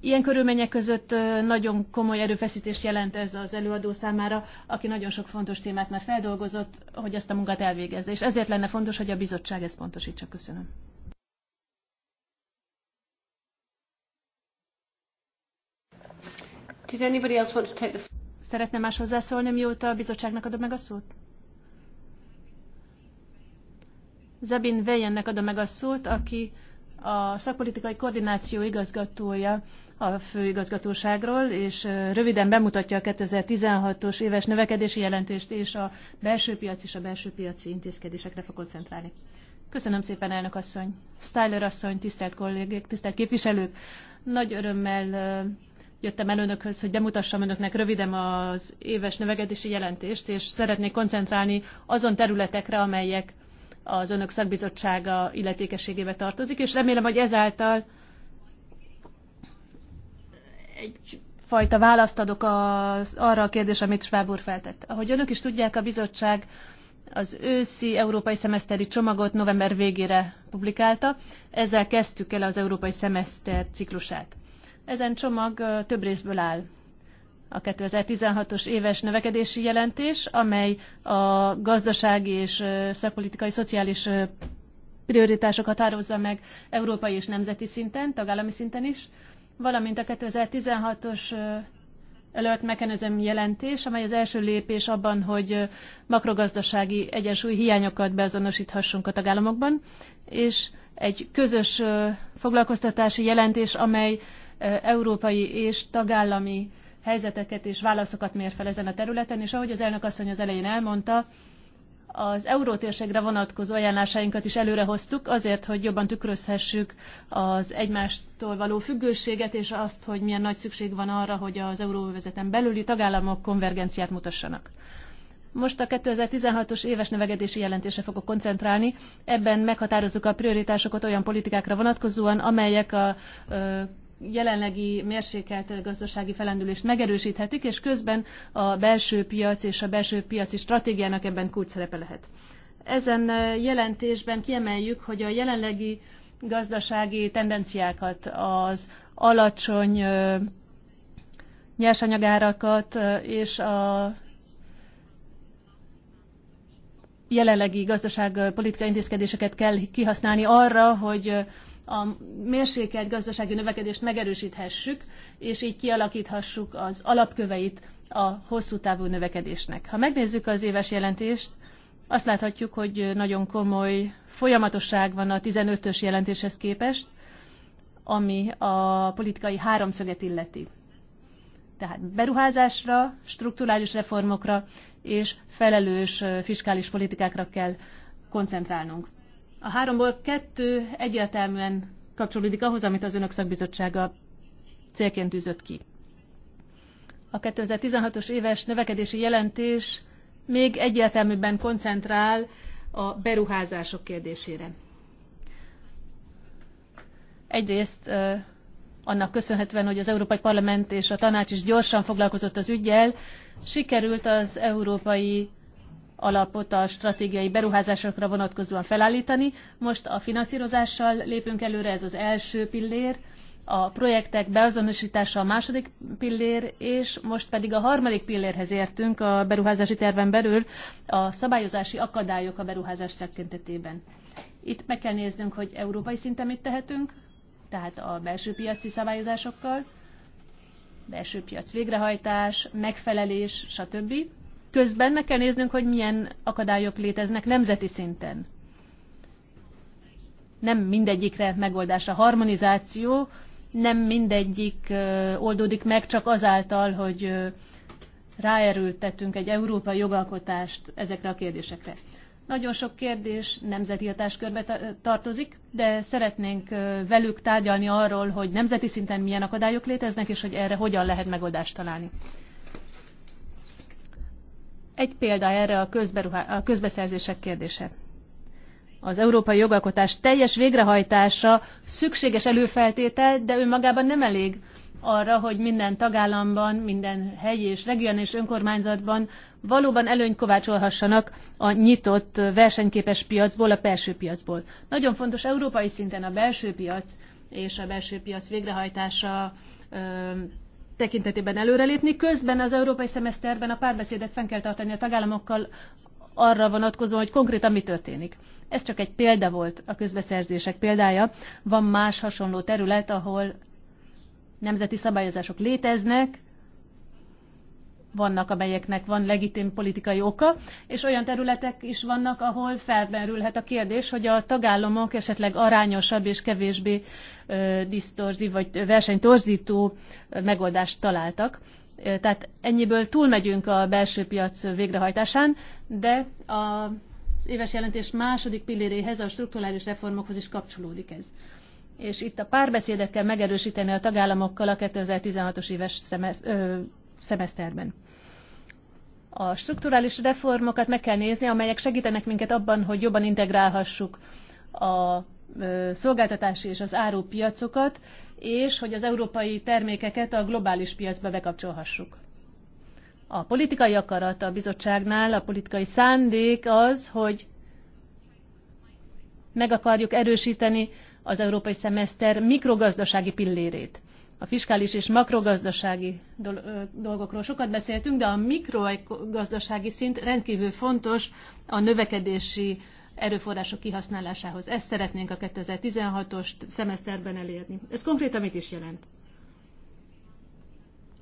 Ilyen körülmények között nagyon komoly erőfeszítés jelent ez az előadó számára, aki nagyon sok fontos témát már feldolgozott, hogy ezt a munkát elvégezze. És ezért lenne fontos, hogy a bizottság ezt pontosítsa. Köszönöm. Did Szeretne más hozzászólni, mióta a bizottságnak adom meg a szót? Zabin Vejennek adom meg a szót, aki a szakpolitikai koordináció igazgatója a főigazgatóságról, és röviden bemutatja a 2016-os éves növekedési jelentést és a belső piac és a belső piaci intézkedésekre fog koncentrálni. Köszönöm szépen, elnök asszony. Styler asszony, tisztelt kollégék, tisztelt képviselők. Nagy örömmel jöttem el önökhöz, hogy bemutassam önöknek röviden az éves növekedési jelentést, és szeretnék koncentrálni azon területekre, amelyek az önök szakbizottsága illetékességébe tartozik, és remélem, hogy ezáltal egyfajta választ adok az, arra a kérdésre, amit Schwab úr feltett. Ahogy önök is tudják, a bizottság az őszi európai szemeszteri csomagot november végére publikálta. Ezzel kezdtük el az európai szemeszter ciklusát. Ezen csomag több részből áll a 2016-os éves növekedési jelentés, amely a gazdasági és szakpolitikai, szociális prioritásokat határozza meg európai és nemzeti szinten, tagállami szinten is, valamint a 2016-os Alert Mechanism jelentés, amely az első lépés abban, hogy makrogazdasági egyensúly hiányokat beazonosíthassunk a tagállamokban, és egy közös foglalkoztatási jelentés, amely európai és tagállami helyzeteket és válaszokat mér fel ezen a területen, és ahogy az elnök asszony az elején elmondta, az eurótérségre vonatkozó ajánlásainkat is előrehoztuk, azért, hogy jobban tükrözhessük az egymástól való függőséget, és azt, hogy milyen nagy szükség van arra, hogy az euróvezeten belüli tagállamok konvergenciát mutassanak. Most a 2016-os éves növekedési jelentése fogok koncentrálni. Ebben meghatározzuk a prioritásokat olyan politikákra vonatkozóan, amelyek a jelenlegi mérsékelt gazdasági felendülést megerősíthetik, és közben a belső piac és a belső piaci stratégiának ebben kulcs szerepe lehet. Ezen jelentésben kiemeljük, hogy a jelenlegi gazdasági tendenciákat, az alacsony nyersanyagárakat és a jelenlegi gazdaságpolitikai intézkedéseket kell kihasználni arra, hogy a mérsékelt gazdasági növekedést megerősíthessük, és így kialakíthassuk az alapköveit a hosszú távú növekedésnek. Ha megnézzük az éves jelentést, azt láthatjuk, hogy nagyon komoly folyamatosság van a 15-ös jelentéshez képest, ami a politikai háromszöget illeti. Tehát beruházásra, strukturális reformokra és felelős fiskális politikákra kell koncentrálnunk. A háromból kettő egyértelműen kapcsolódik ahhoz, amit az önök szakbizottsága célként tűzött ki. A 2016-os éves növekedési jelentés még egyértelműbben koncentrál a beruházások kérdésére. Egyrészt annak köszönhetően, hogy az Európai Parlament és a Tanács is gyorsan foglalkozott az ügyel, sikerült az európai alapot a stratégiai beruházásokra vonatkozóan felállítani. Most a finanszírozással lépünk előre, ez az első pillér, a projektek beazonosítása a második pillér, és most pedig a harmadik pillérhez értünk a beruházási terven belül a szabályozási akadályok a beruházás tekintetében. Itt meg kell néznünk, hogy európai szinten mit tehetünk, tehát a belső piaci szabályozásokkal, belső piac végrehajtás, megfelelés, stb. Közben meg kell néznünk, hogy milyen akadályok léteznek nemzeti szinten. Nem mindegyikre megoldás a harmonizáció, nem mindegyik oldódik meg csak azáltal, hogy ráerőltettünk egy európai jogalkotást ezekre a kérdésekre. Nagyon sok kérdés nemzeti hatáskörbe tartozik, de szeretnénk velük tárgyalni arról, hogy nemzeti szinten milyen akadályok léteznek, és hogy erre hogyan lehet megoldást találni. Egy példa erre a, a közbeszerzések kérdése. Az európai jogalkotás teljes végrehajtása szükséges előfeltétel, de önmagában nem elég arra, hogy minden tagállamban, minden helyi és regionális önkormányzatban valóban előny kovácsolhassanak a nyitott versenyképes piacból, a belső piacból. Nagyon fontos európai szinten a belső piac és a belső piac végrehajtása tekintetében előrelépni. Közben az európai szemeszterben a párbeszédet fenn kell tartani a tagállamokkal arra vonatkozóan, hogy konkrétan mi történik. Ez csak egy példa volt a közbeszerzések példája. Van más hasonló terület, ahol nemzeti szabályozások léteznek, vannak, amelyeknek van legitim politikai oka, és olyan területek is vannak, ahol felmerülhet a kérdés, hogy a tagállamok esetleg arányosabb és kevésbé ö, disztorzív vagy versenytorzító megoldást találtak. Tehát ennyiből túlmegyünk a belső piac végrehajtásán, de a az éves jelentés második pilléréhez, a strukturális reformokhoz is kapcsolódik ez. És itt a párbeszédet kell megerősíteni a tagállamokkal a 2016-os éves szemez, ö, szemeszterben. A strukturális reformokat meg kell nézni, amelyek segítenek minket abban, hogy jobban integrálhassuk a szolgáltatási és az árupiacokat, és hogy az európai termékeket a globális piacba bekapcsolhassuk. A politikai akarat a bizottságnál, a politikai szándék az, hogy meg akarjuk erősíteni az európai szemeszter mikrogazdasági pillérét a fiskális és makrogazdasági dolgokról sokat beszéltünk, de a mikrogazdasági szint rendkívül fontos a növekedési erőforrások kihasználásához. Ezt szeretnénk a 2016-os szemeszterben elérni. Ez konkrétan mit is jelent?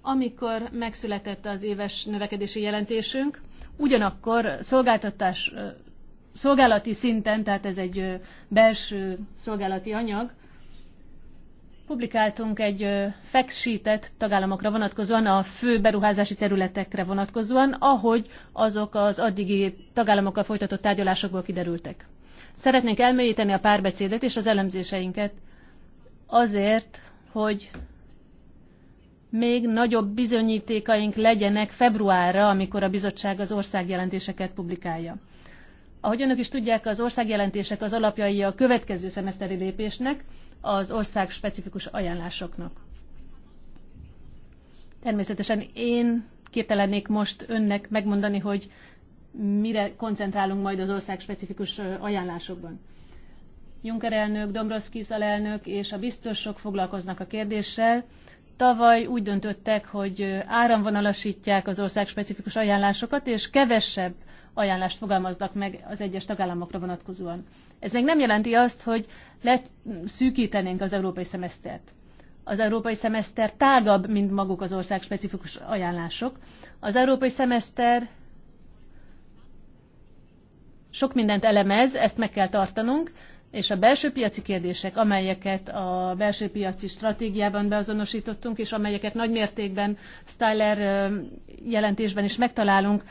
Amikor megszületett az éves növekedési jelentésünk, ugyanakkor szolgáltatás, szolgálati szinten, tehát ez egy belső szolgálati anyag, publikáltunk egy factsheetet tagállamokra vonatkozóan, a fő beruházási területekre vonatkozóan, ahogy azok az addigi tagállamokkal folytatott tárgyalásokból kiderültek. Szeretnénk elmélyíteni a párbeszédet és az elemzéseinket azért, hogy még nagyobb bizonyítékaink legyenek februárra, amikor a bizottság az országjelentéseket publikálja. Ahogy önök is tudják, az országjelentések az alapjai a következő szemeszteri lépésnek, az ország specifikus ajánlásoknak. Természetesen én képtelennék most önnek megmondani, hogy mire koncentrálunk majd az ország specifikus ajánlásokban. Juncker elnök, Dombrovskis alelnök és a biztosok foglalkoznak a kérdéssel. Tavaly úgy döntöttek, hogy áramvonalasítják az ország specifikus ajánlásokat, és kevesebb ajánlást fogalmaznak meg az egyes tagállamokra vonatkozóan. Ez még nem jelenti azt, hogy leszűkítenénk az európai szemesztert. Az európai szemeszter tágabb, mint maguk az ország specifikus ajánlások. Az európai szemeszter sok mindent elemez, ezt meg kell tartanunk, és a belső piaci kérdések, amelyeket a belső piaci stratégiában beazonosítottunk, és amelyeket nagy mértékben Styler jelentésben is megtalálunk,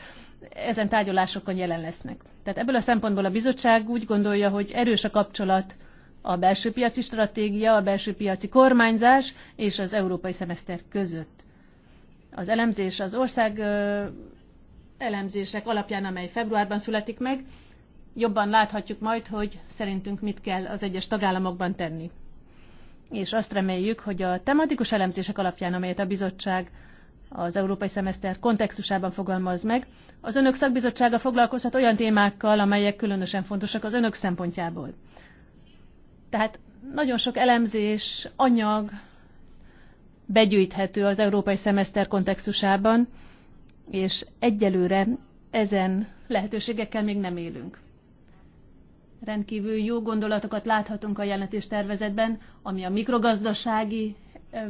ezen tárgyalásokon jelen lesznek. Tehát ebből a szempontból a bizottság úgy gondolja, hogy erős a kapcsolat a belső piaci stratégia, a belső piaci kormányzás és az európai szemeszter között. Az elemzés az ország elemzések alapján, amely februárban születik meg, jobban láthatjuk majd, hogy szerintünk mit kell az egyes tagállamokban tenni. És azt reméljük, hogy a tematikus elemzések alapján, amelyet a bizottság az európai szemeszter kontextusában fogalmaz meg. Az önök szakbizottsága foglalkozhat olyan témákkal, amelyek különösen fontosak az önök szempontjából. Tehát nagyon sok elemzés, anyag begyűjthető az európai szemeszter kontextusában, és egyelőre ezen lehetőségekkel még nem élünk. Rendkívül jó gondolatokat láthatunk a jelentés tervezetben, ami a mikrogazdasági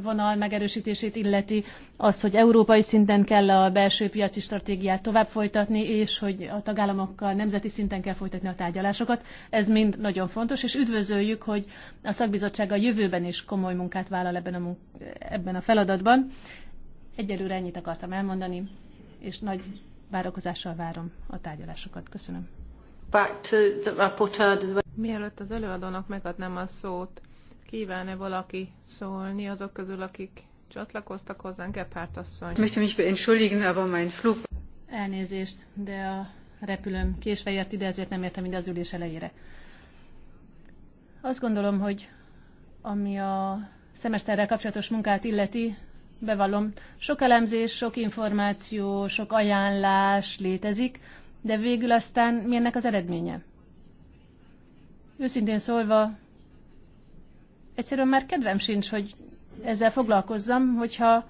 vonal megerősítését illeti, az, hogy európai szinten kell a belső piaci stratégiát tovább folytatni, és hogy a tagállamokkal nemzeti szinten kell folytatni a tárgyalásokat. Ez mind nagyon fontos, és üdvözöljük, hogy a szakbizottság a jövőben is komoly munkát vállal ebben a, munk- ebben a feladatban. Egyelőre ennyit akartam elmondani, és nagy várakozással várom a tárgyalásokat. Köszönöm. Back to the Mielőtt az előadónak megadnám a szót, Kíván-e valaki szólni azok közül, akik csatlakoztak hozzánk, Gephardt asszony? Möchte mich beentschuldigen, aber mein Flug... Elnézést, de a repülőm késve jött ide, ezért nem értem ide az ülés elejére. Azt gondolom, hogy ami a szemeszterrel kapcsolatos munkát illeti, bevallom, sok elemzés, sok információ, sok ajánlás létezik, de végül aztán mi ennek az eredménye? Őszintén szólva, egyszerűen már kedvem sincs, hogy ezzel foglalkozzam, hogyha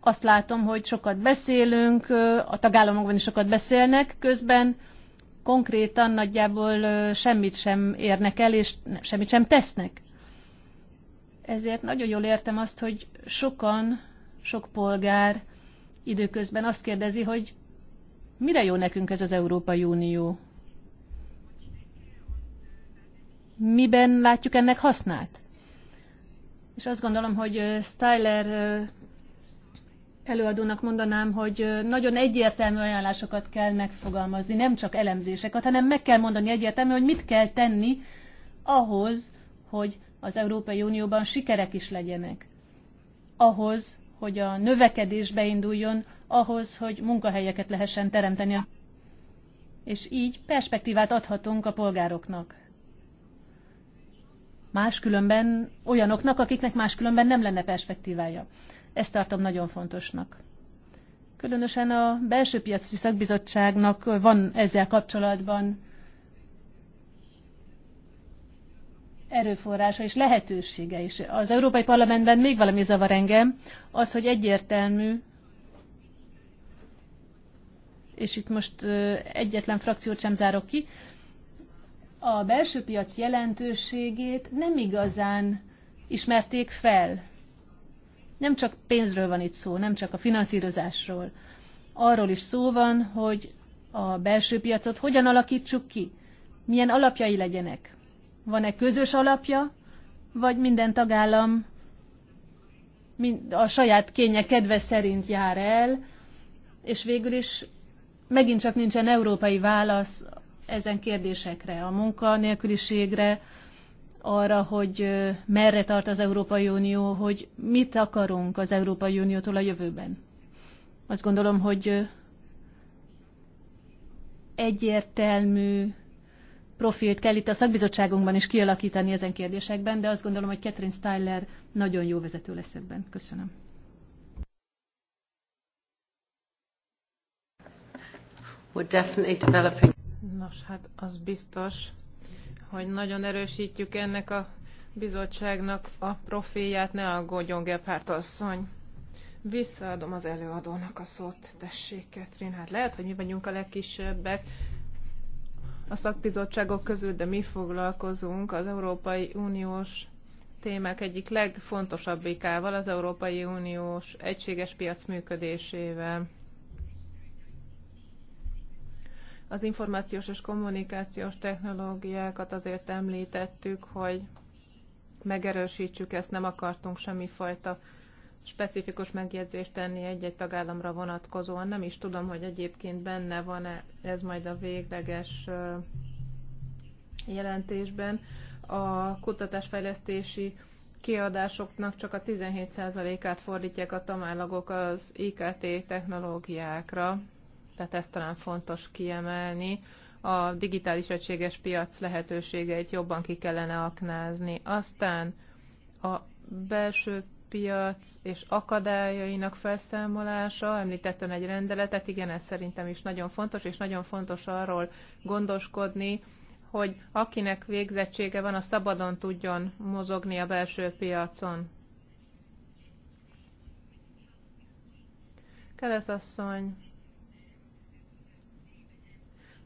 azt látom, hogy sokat beszélünk, a tagállamokban is sokat beszélnek, közben konkrétan nagyjából semmit sem érnek el, és semmit sem tesznek. Ezért nagyon jól értem azt, hogy sokan, sok polgár időközben azt kérdezi, hogy mire jó nekünk ez az Európai Unió? miben látjuk ennek hasznát? És azt gondolom, hogy Styler előadónak mondanám, hogy nagyon egyértelmű ajánlásokat kell megfogalmazni, nem csak elemzéseket, hanem meg kell mondani egyértelmű, hogy mit kell tenni ahhoz, hogy az Európai Unióban sikerek is legyenek. Ahhoz, hogy a növekedés beinduljon, ahhoz, hogy munkahelyeket lehessen teremteni. És így perspektívát adhatunk a polgároknak máskülönben olyanoknak, akiknek máskülönben nem lenne perspektívája. Ezt tartom nagyon fontosnak. Különösen a belső piaci szakbizottságnak van ezzel kapcsolatban erőforrása és lehetősége is. Az Európai Parlamentben még valami zavar engem, az, hogy egyértelmű, és itt most egyetlen frakciót sem zárok ki, a belső piac jelentőségét nem igazán ismerték fel. Nem csak pénzről van itt szó, nem csak a finanszírozásról. Arról is szó van, hogy a belső piacot hogyan alakítsuk ki, milyen alapjai legyenek. Van-e közös alapja, vagy minden tagállam a saját kénye kedve szerint jár el, és végül is megint csak nincsen európai válasz ezen kérdésekre, a munkanélküliségre, arra, hogy merre tart az Európai Unió, hogy mit akarunk az Európai Uniótól a jövőben. Azt gondolom, hogy egyértelmű profilt kell itt a szakbizottságunkban is kialakítani ezen kérdésekben, de azt gondolom, hogy Catherine Styler nagyon jó vezető lesz ebben. Köszönöm. We're definitely developing. Nos, hát az biztos, hogy nagyon erősítjük ennek a bizottságnak a profilját, ne aggódjon Gebhardt asszony. Visszaadom az előadónak a szót, tessék, Ketrin. Hát lehet, hogy mi vagyunk a legkisebbek a szakbizottságok közül, de mi foglalkozunk az Európai Uniós témák egyik legfontosabbikával, az Európai Uniós egységes piac működésével. Az információs és kommunikációs technológiákat azért említettük, hogy megerősítsük ezt, nem akartunk semmifajta specifikus megjegyzést tenni egy-egy tagállamra vonatkozóan. Nem is tudom, hogy egyébként benne van-e ez majd a végleges jelentésben. A kutatásfejlesztési kiadásoknak csak a 17%-át fordítják a tamállagok az IKT technológiákra, tehát ezt talán fontos kiemelni. A digitális egységes piac lehetőségeit jobban ki kellene aknázni. Aztán a belső piac és akadályainak felszámolása, említettem egy rendeletet, igen, ez szerintem is nagyon fontos, és nagyon fontos arról gondoskodni, hogy akinek végzettsége van, a szabadon tudjon mozogni a belső piacon. Kelesz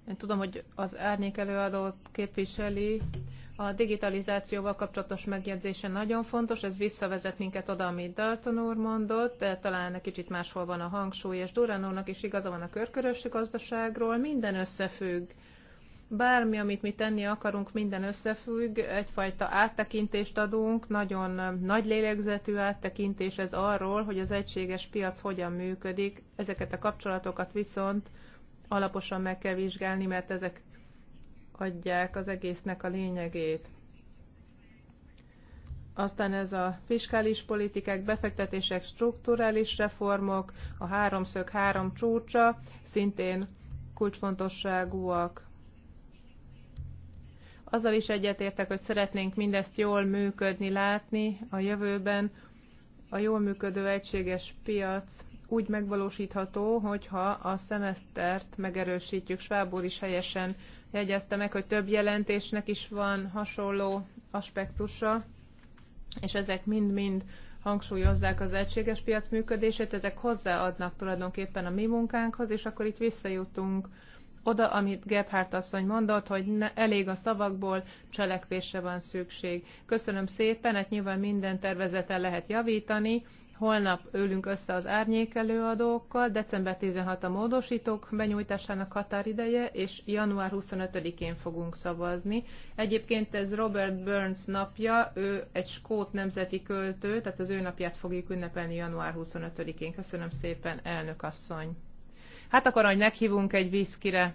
én tudom, hogy az árnyék előadó képviseli a digitalizációval kapcsolatos megjegyzése nagyon fontos, ez visszavezet minket oda, amit Dalton úr mondott, de talán egy kicsit máshol van a hangsúly, és Durán úrnak is igaza van a körkörös gazdaságról, minden összefügg. Bármi, amit mi tenni akarunk, minden összefügg, egyfajta áttekintést adunk, nagyon nagy lélegzetű áttekintés ez arról, hogy az egységes piac hogyan működik, ezeket a kapcsolatokat viszont alaposan meg kell vizsgálni, mert ezek adják az egésznek a lényegét. Aztán ez a fiskális politikák, befektetések, strukturális reformok, a háromszög három csúcsa szintén kulcsfontosságúak. Azzal is egyetértek, hogy szeretnénk mindezt jól működni, látni a jövőben. A jól működő egységes piac úgy megvalósítható, hogyha a szemesztert megerősítjük. Schwab úr is helyesen jegyezte meg, hogy több jelentésnek is van hasonló aspektusa, és ezek mind-mind hangsúlyozzák az egységes piac működését, ezek hozzáadnak tulajdonképpen a mi munkánkhoz, és akkor itt visszajutunk oda, amit Gebhardt asszony mondott, hogy ne, elég a szavakból, cselekvésre van szükség. Köszönöm szépen, hát nyilván minden tervezeten lehet javítani, Holnap ülünk össze az árnyék előadókkal, december 16 a módosítók benyújtásának határideje, és január 25-én fogunk szavazni. Egyébként ez Robert Burns napja, ő egy skót nemzeti költő, tehát az ő napját fogjuk ünnepelni január 25-én. Köszönöm szépen, elnök asszony. Hát akkor, hogy meghívunk egy viszkire.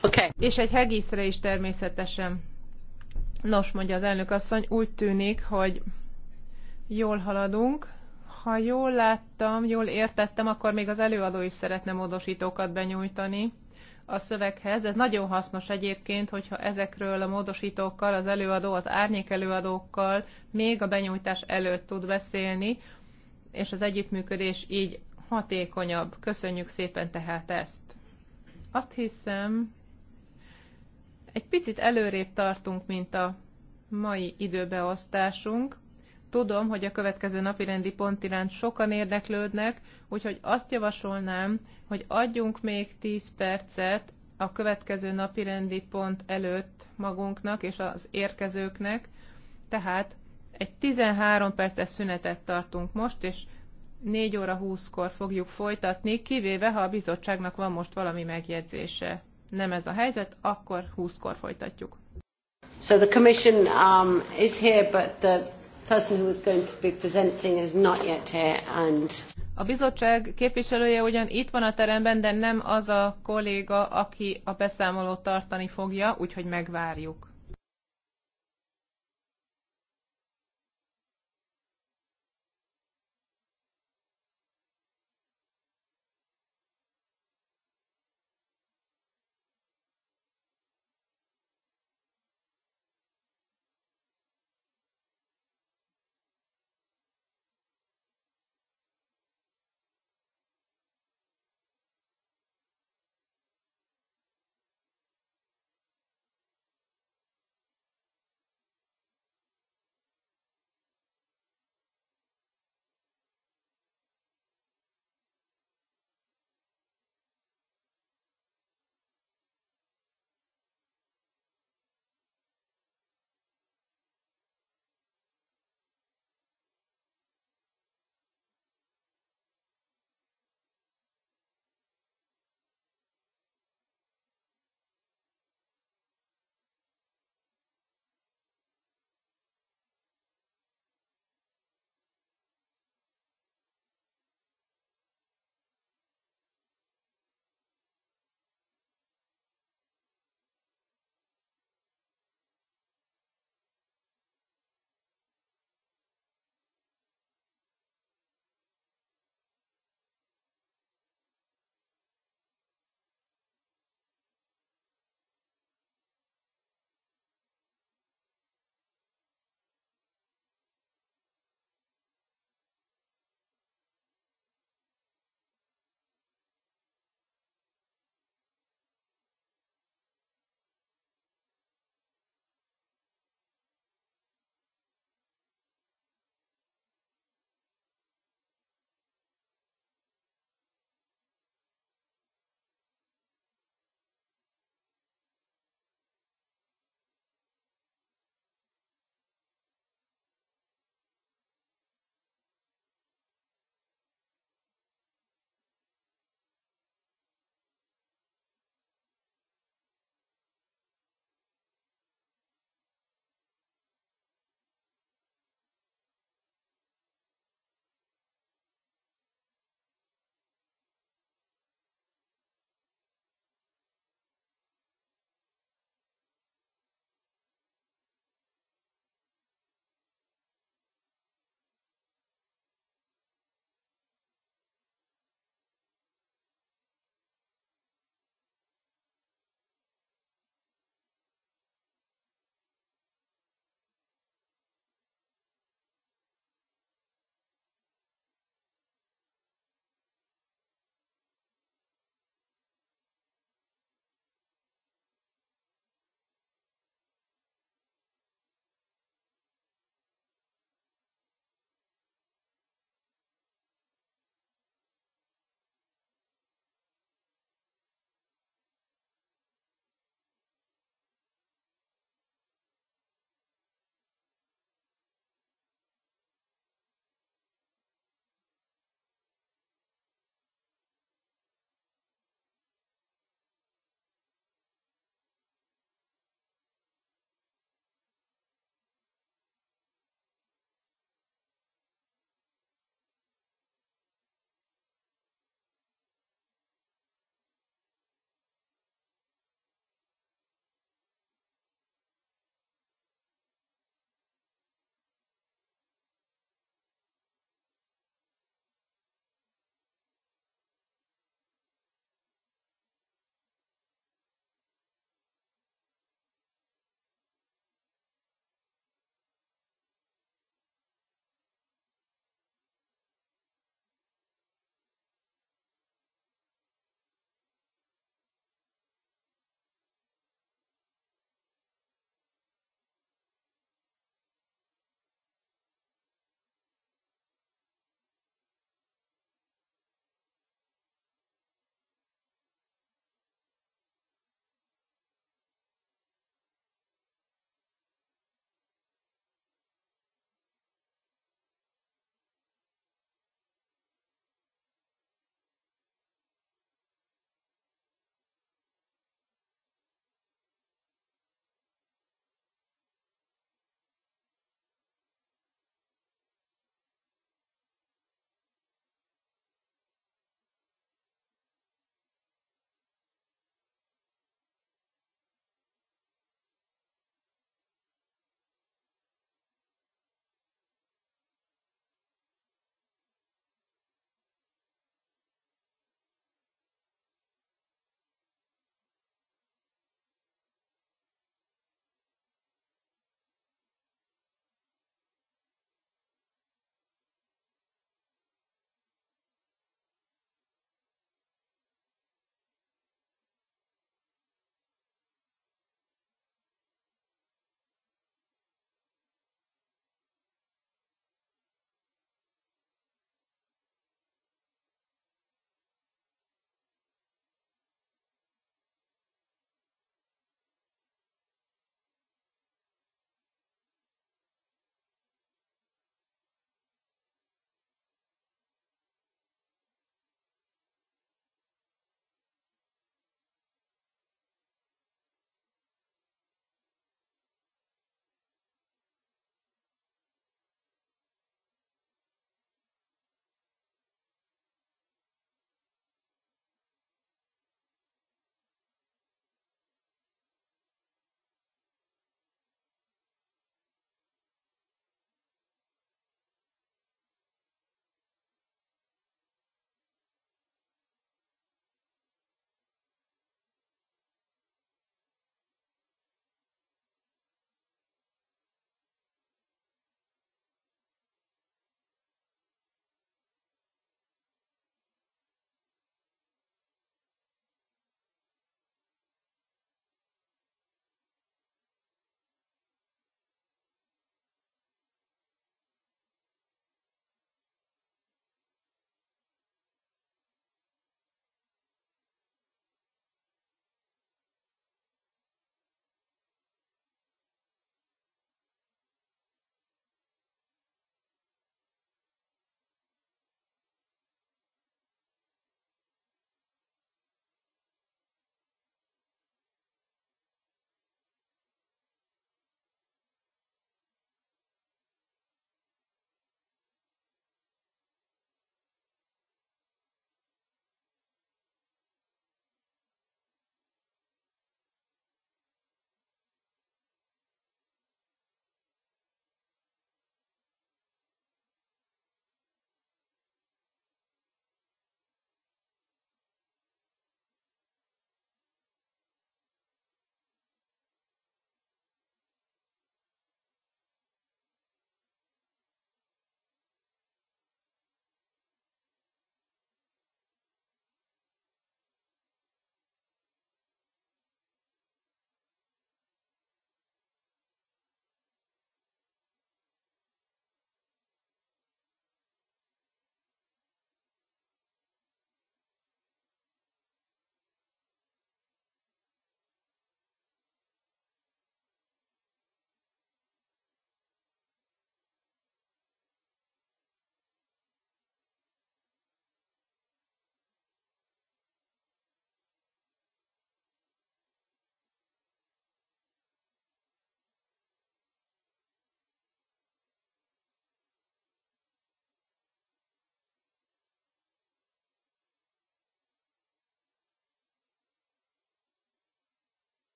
Okay. És egy hegészre is természetesen. Nos, mondja az elnök asszony, úgy tűnik, hogy Jól haladunk. Ha jól láttam, jól értettem, akkor még az előadó is szeretne módosítókat benyújtani a szöveghez. Ez nagyon hasznos egyébként, hogyha ezekről a módosítókkal az előadó, az árnyék előadókkal még a benyújtás előtt tud beszélni, és az együttműködés így hatékonyabb. Köszönjük szépen tehát ezt. Azt hiszem, egy picit előrébb tartunk, mint a mai időbeosztásunk. Tudom, hogy a következő napi rendi pont iránt sokan érdeklődnek, úgyhogy azt javasolnám, hogy adjunk még 10 percet a következő napi rendi pont előtt magunknak és az érkezőknek, tehát egy 13 perces szünetet tartunk most, és 4 óra 20-kor fogjuk folytatni, kivéve ha a bizottságnak van most valami megjegyzése. Nem ez a helyzet, akkor 20-kor folytatjuk. So the commission um, is here, but the person who going to be presenting is not yet here and a bizottság képviselője ugyan itt van a teremben, de nem az a kolléga, aki a beszámolót tartani fogja, úgyhogy megvárjuk.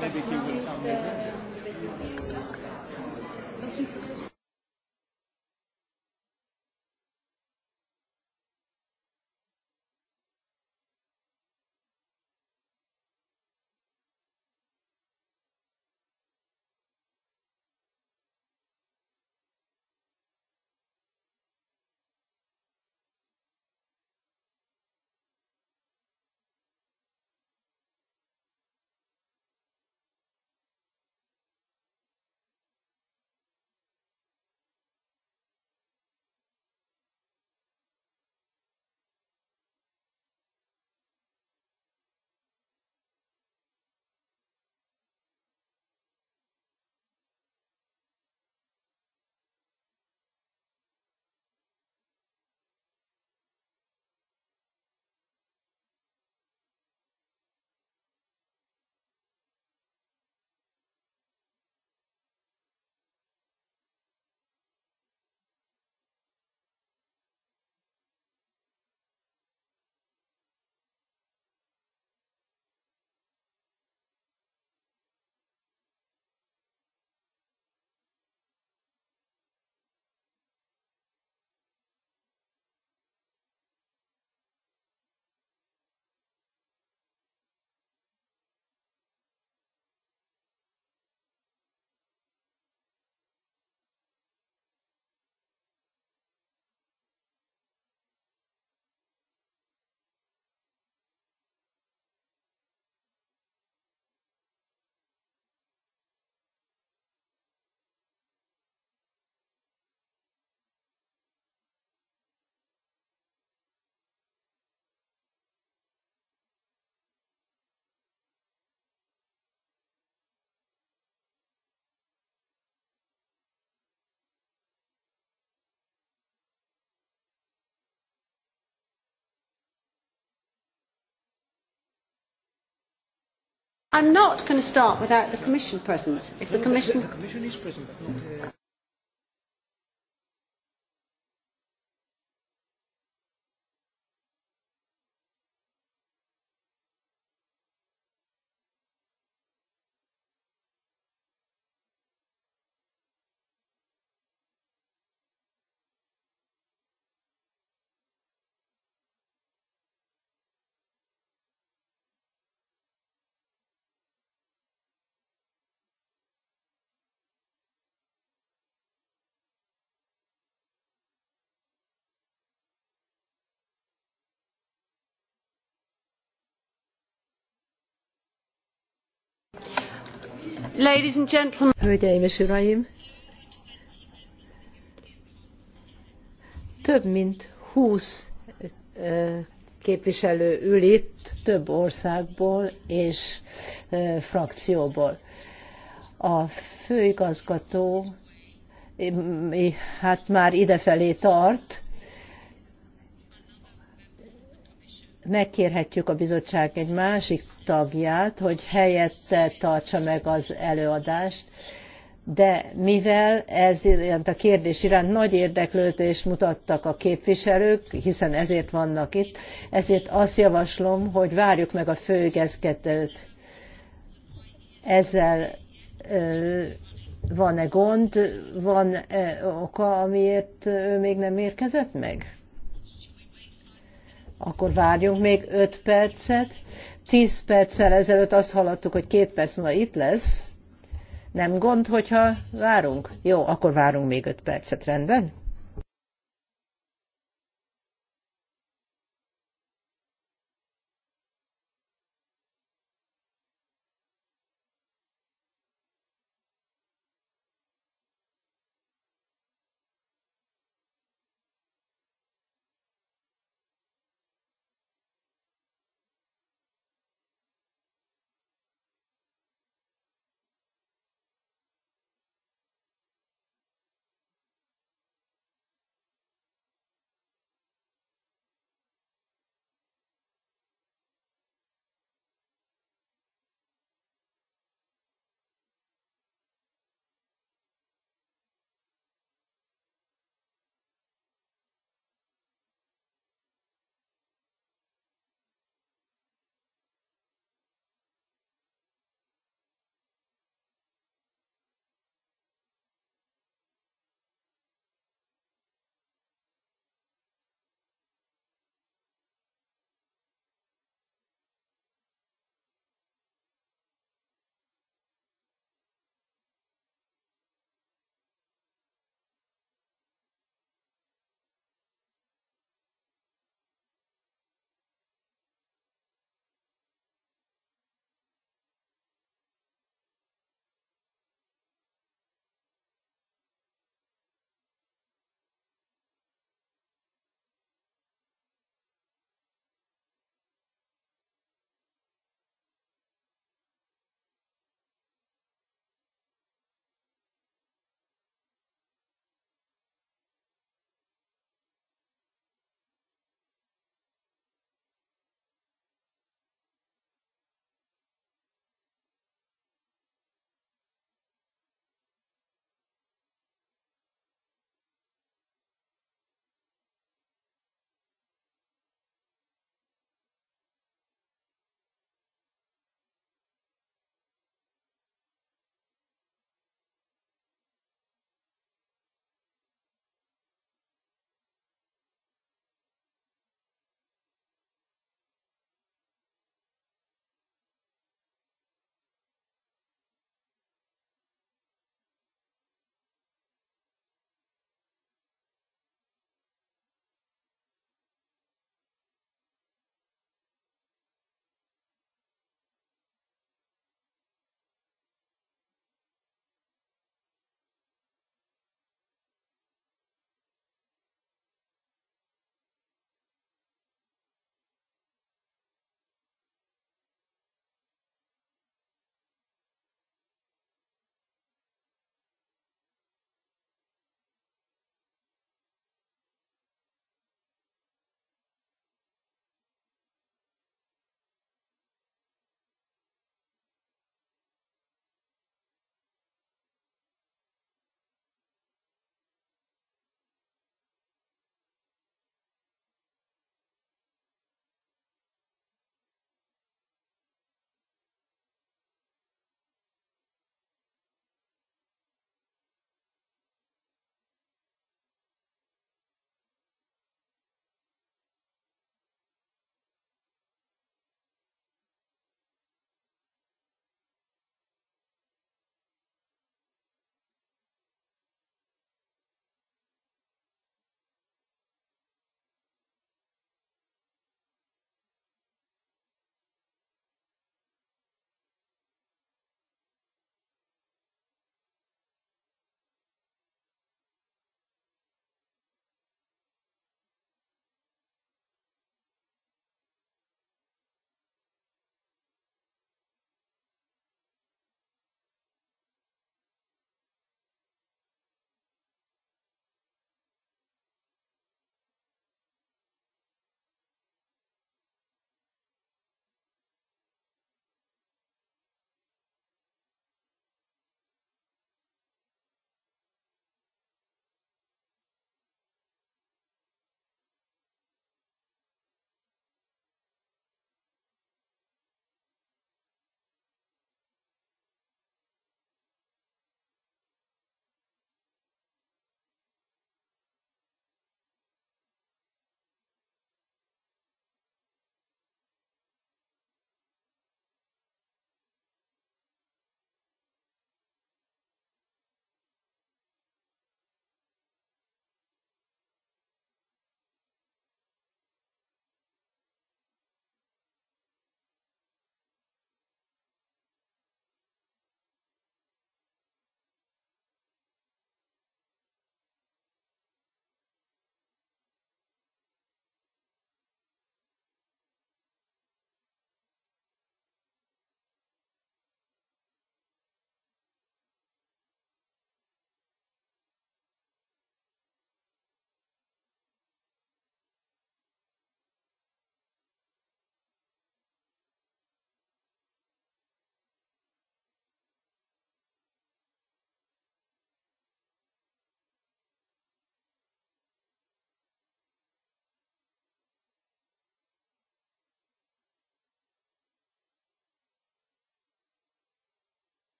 Maybe he will come later. I'm not going to start without the Commission present. If the Commission, is present. Uh, Ladies and gentlemen. Hölgyeim és uraim! Több mint 20 képviselő ül itt, több országból és frakcióból. A főigazgató hát már idefelé tart, megkérhetjük a bizottság egy másik tagját, hogy helyette tartsa meg az előadást, de mivel ez iránt a kérdés iránt nagy érdeklődést mutattak a képviselők, hiszen ezért vannak itt, ezért azt javaslom, hogy várjuk meg a főigazgatót. Ezzel van-e gond, van -e oka, amiért ő még nem érkezett meg? Akkor várjunk még 5 percet. 10 perccel ezelőtt azt hallottuk, hogy két perc múlva itt lesz. Nem gond, hogyha várunk? Jó, akkor várunk még 5 percet, rendben?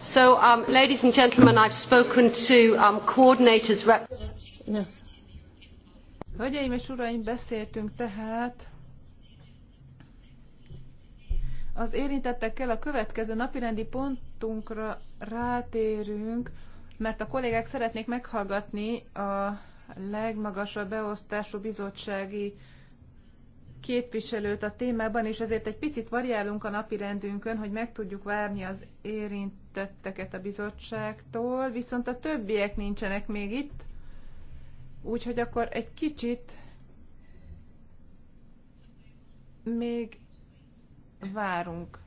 So, um, ladies and gentlemen, I've spoken to um, coordinators representing... Hölgyeim beszéltünk tehát az érintettekkel a következő napirendi pontunkra rátérünk, mert a kollégák szeretnék meghallgatni a legmagasabb beosztású bizottsági képviselőt a témában, és ezért egy picit variálunk a napi rendünkön, hogy meg tudjuk várni az érintetteket a bizottságtól, viszont a többiek nincsenek még itt, úgyhogy akkor egy kicsit még várunk.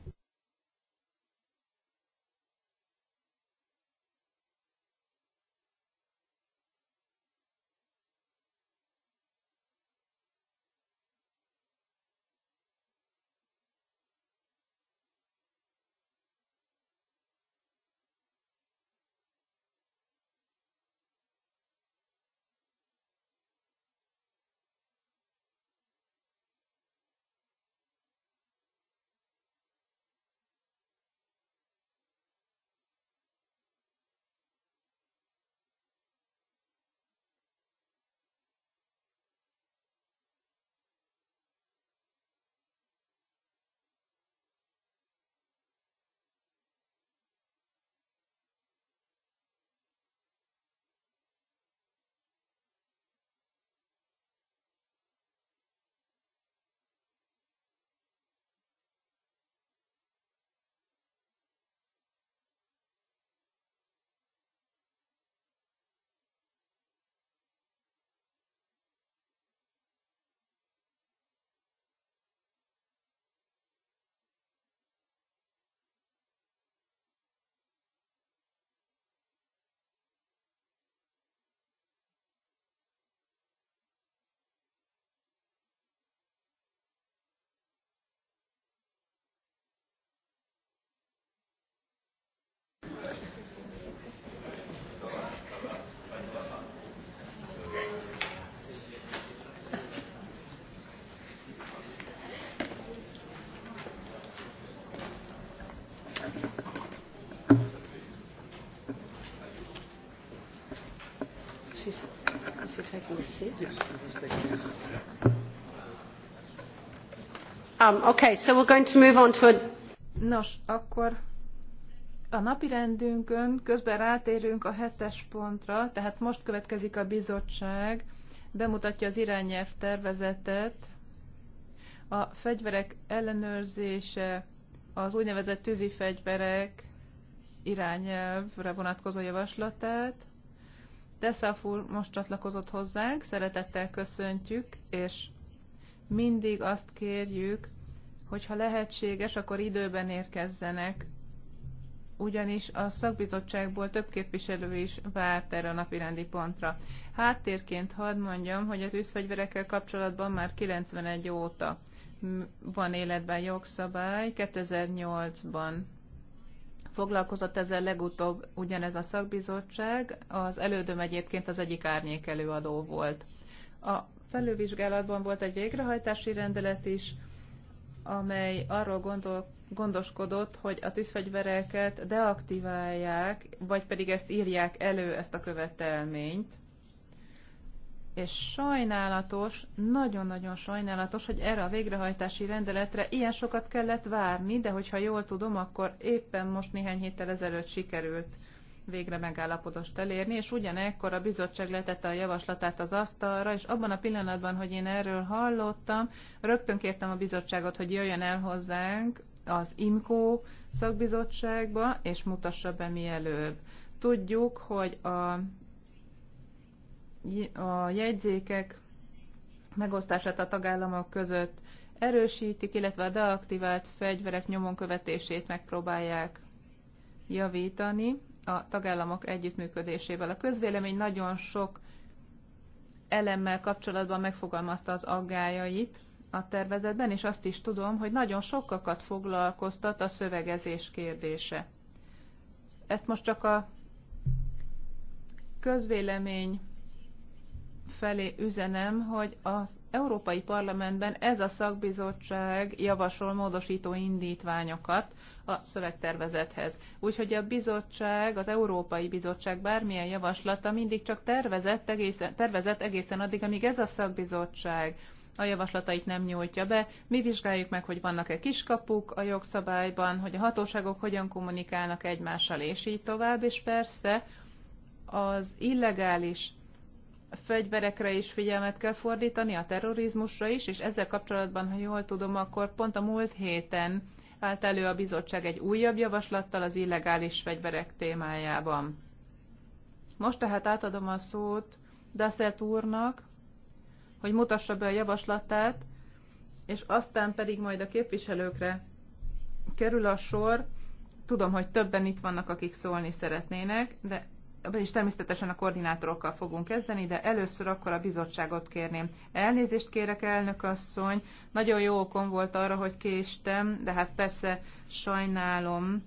for taking a seat. Yes, um, okay, so we're going to move on to a... Nos, akkor a napi rendünkön közben rátérünk a hetes pontra, tehát most következik a bizottság, bemutatja az irányelv tervezetet, a fegyverek ellenőrzése, az úgynevezett tűzifegyverek irányelvre vonatkozó javaslatát, Deszafur most csatlakozott hozzánk, szeretettel köszöntjük, és mindig azt kérjük, hogy ha lehetséges, akkor időben érkezzenek, ugyanis a szakbizottságból több képviselő is várt erre a napirendi pontra. Háttérként hadd mondjam, hogy a tűzfegyverekkel kapcsolatban már 91 óta van életben jogszabály, 2008-ban Foglalkozott ezzel legutóbb ugyanez a szakbizottság, az elődöm egyébként az egyik árnyék előadó volt. A felővizsgálatban volt egy végrehajtási rendelet is, amely arról gondol, gondoskodott, hogy a tűzfegyvereket deaktiválják, vagy pedig ezt írják elő, ezt a követelményt és sajnálatos, nagyon-nagyon sajnálatos, hogy erre a végrehajtási rendeletre ilyen sokat kellett várni, de hogyha jól tudom, akkor éppen most néhány héttel ezelőtt sikerült végre megállapodást elérni, és ugyanekkor a bizottság letette a javaslatát az asztalra, és abban a pillanatban, hogy én erről hallottam, rögtön kértem a bizottságot, hogy jöjjön el hozzánk az IMCO szakbizottságba, és mutassa be mielőbb. Tudjuk, hogy a a jegyzékek megosztását a tagállamok között erősítik, illetve a deaktivált fegyverek nyomon követését megpróbálják javítani a tagállamok együttműködésével. A közvélemény nagyon sok elemmel kapcsolatban megfogalmazta az aggájait a tervezetben, és azt is tudom, hogy nagyon sokakat foglalkoztat a szövegezés kérdése. Ezt most csak a közvélemény felé üzenem, hogy az Európai Parlamentben ez a szakbizottság javasol módosító indítványokat a szövegtervezethez. Úgyhogy a bizottság, az Európai Bizottság bármilyen javaslata mindig csak tervezett egészen, tervezett egészen addig, amíg ez a szakbizottság a javaslatait nem nyújtja be. Mi vizsgáljuk meg, hogy vannak-e kiskapuk a jogszabályban, hogy a hatóságok hogyan kommunikálnak egymással, és így tovább, és persze az illegális fegyverekre is figyelmet kell fordítani, a terrorizmusra is, és ezzel kapcsolatban, ha jól tudom, akkor pont a múlt héten állt elő a bizottság egy újabb javaslattal az illegális fegyverek témájában. Most tehát átadom a szót Dasset úrnak, hogy mutassa be a javaslatát, és aztán pedig majd a képviselőkre kerül a sor. Tudom, hogy többen itt vannak, akik szólni szeretnének, de és természetesen a koordinátorokkal fogunk kezdeni, de először akkor a bizottságot kérném. Elnézést kérek, elnök asszony, nagyon jó okom volt arra, hogy késtem, de hát persze sajnálom,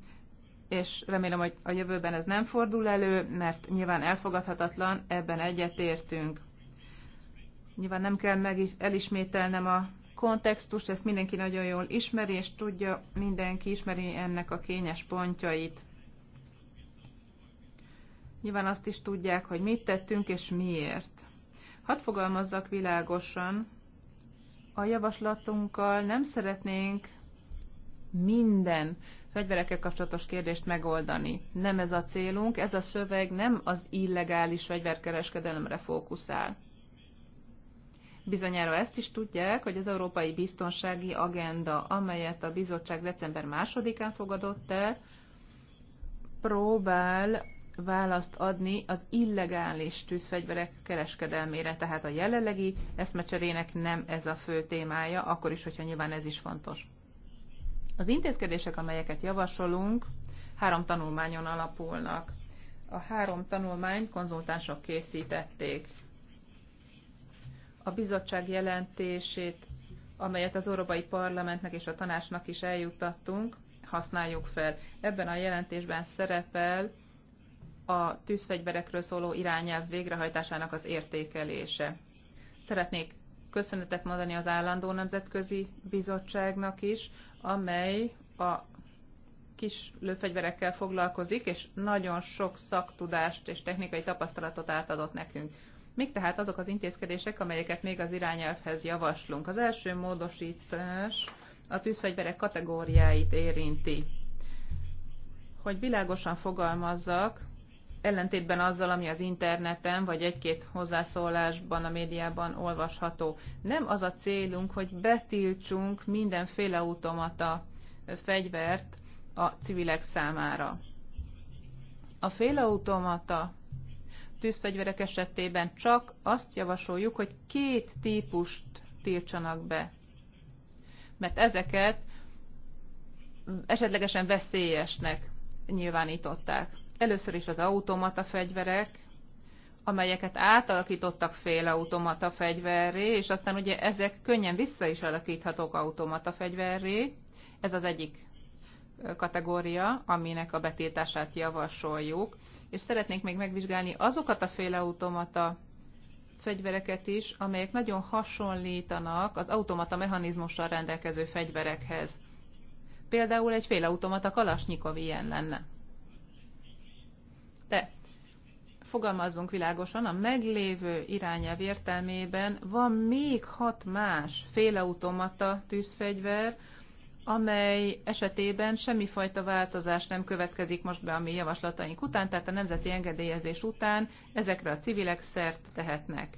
és remélem, hogy a jövőben ez nem fordul elő, mert nyilván elfogadhatatlan, ebben egyetértünk. Nyilván nem kell meg is elismételnem a kontextust, ezt mindenki nagyon jól ismeri, és tudja, mindenki ismeri ennek a kényes pontjait. Nyilván azt is tudják, hogy mit tettünk és miért. Hadd fogalmazzak világosan, a javaslatunkkal nem szeretnénk minden fegyverekkel kapcsolatos kérdést megoldani. Nem ez a célunk, ez a szöveg nem az illegális fegyverkereskedelemre fókuszál. Bizonyára ezt is tudják, hogy az Európai Biztonsági Agenda, amelyet a bizottság december másodikán fogadott el, próbál választ adni az illegális tűzfegyverek kereskedelmére. Tehát a jelenlegi eszmecserének nem ez a fő témája, akkor is, hogyha nyilván ez is fontos. Az intézkedések, amelyeket javasolunk, három tanulmányon alapulnak. A három tanulmányt konzultánsok készítették. A bizottság jelentését, amelyet az Európai Parlamentnek és a tanácsnak is eljuttattunk, használjuk fel. Ebben a jelentésben szerepel a tűzfegyverekről szóló irányelv végrehajtásának az értékelése. Szeretnék köszönetet mondani az állandó nemzetközi bizottságnak is, amely a kis lőfegyverekkel foglalkozik, és nagyon sok szaktudást és technikai tapasztalatot átadott nekünk. Mik tehát azok az intézkedések, amelyeket még az irányelvhez javaslunk? Az első módosítás a tűzfegyverek kategóriáit érinti. Hogy világosan fogalmazzak, ellentétben azzal, ami az interneten, vagy egy-két hozzászólásban, a médiában olvasható. Nem az a célunk, hogy betiltsunk mindenféle automata fegyvert a civilek számára. A félautomata tűzfegyverek esetében csak azt javasoljuk, hogy két típust tiltsanak be. Mert ezeket esetlegesen veszélyesnek nyilvánították. Először is az automata fegyverek, amelyeket átalakítottak félautomata fegyverré, és aztán ugye ezek könnyen vissza is alakíthatók automata fegyverré. Ez az egyik kategória, aminek a betiltását javasoljuk. És szeretnénk még megvizsgálni azokat a félautomata fegyvereket is, amelyek nagyon hasonlítanak az automata mechanizmussal rendelkező fegyverekhez. Például egy félautomata kalasnyikov ilyen lenne. De fogalmazzunk világosan, a meglévő irányelv értelmében van még hat más félautomata tűzfegyver, amely esetében semmifajta változás nem következik most be a mi javaslataink után, tehát a nemzeti engedélyezés után ezekre a civilek szert tehetnek.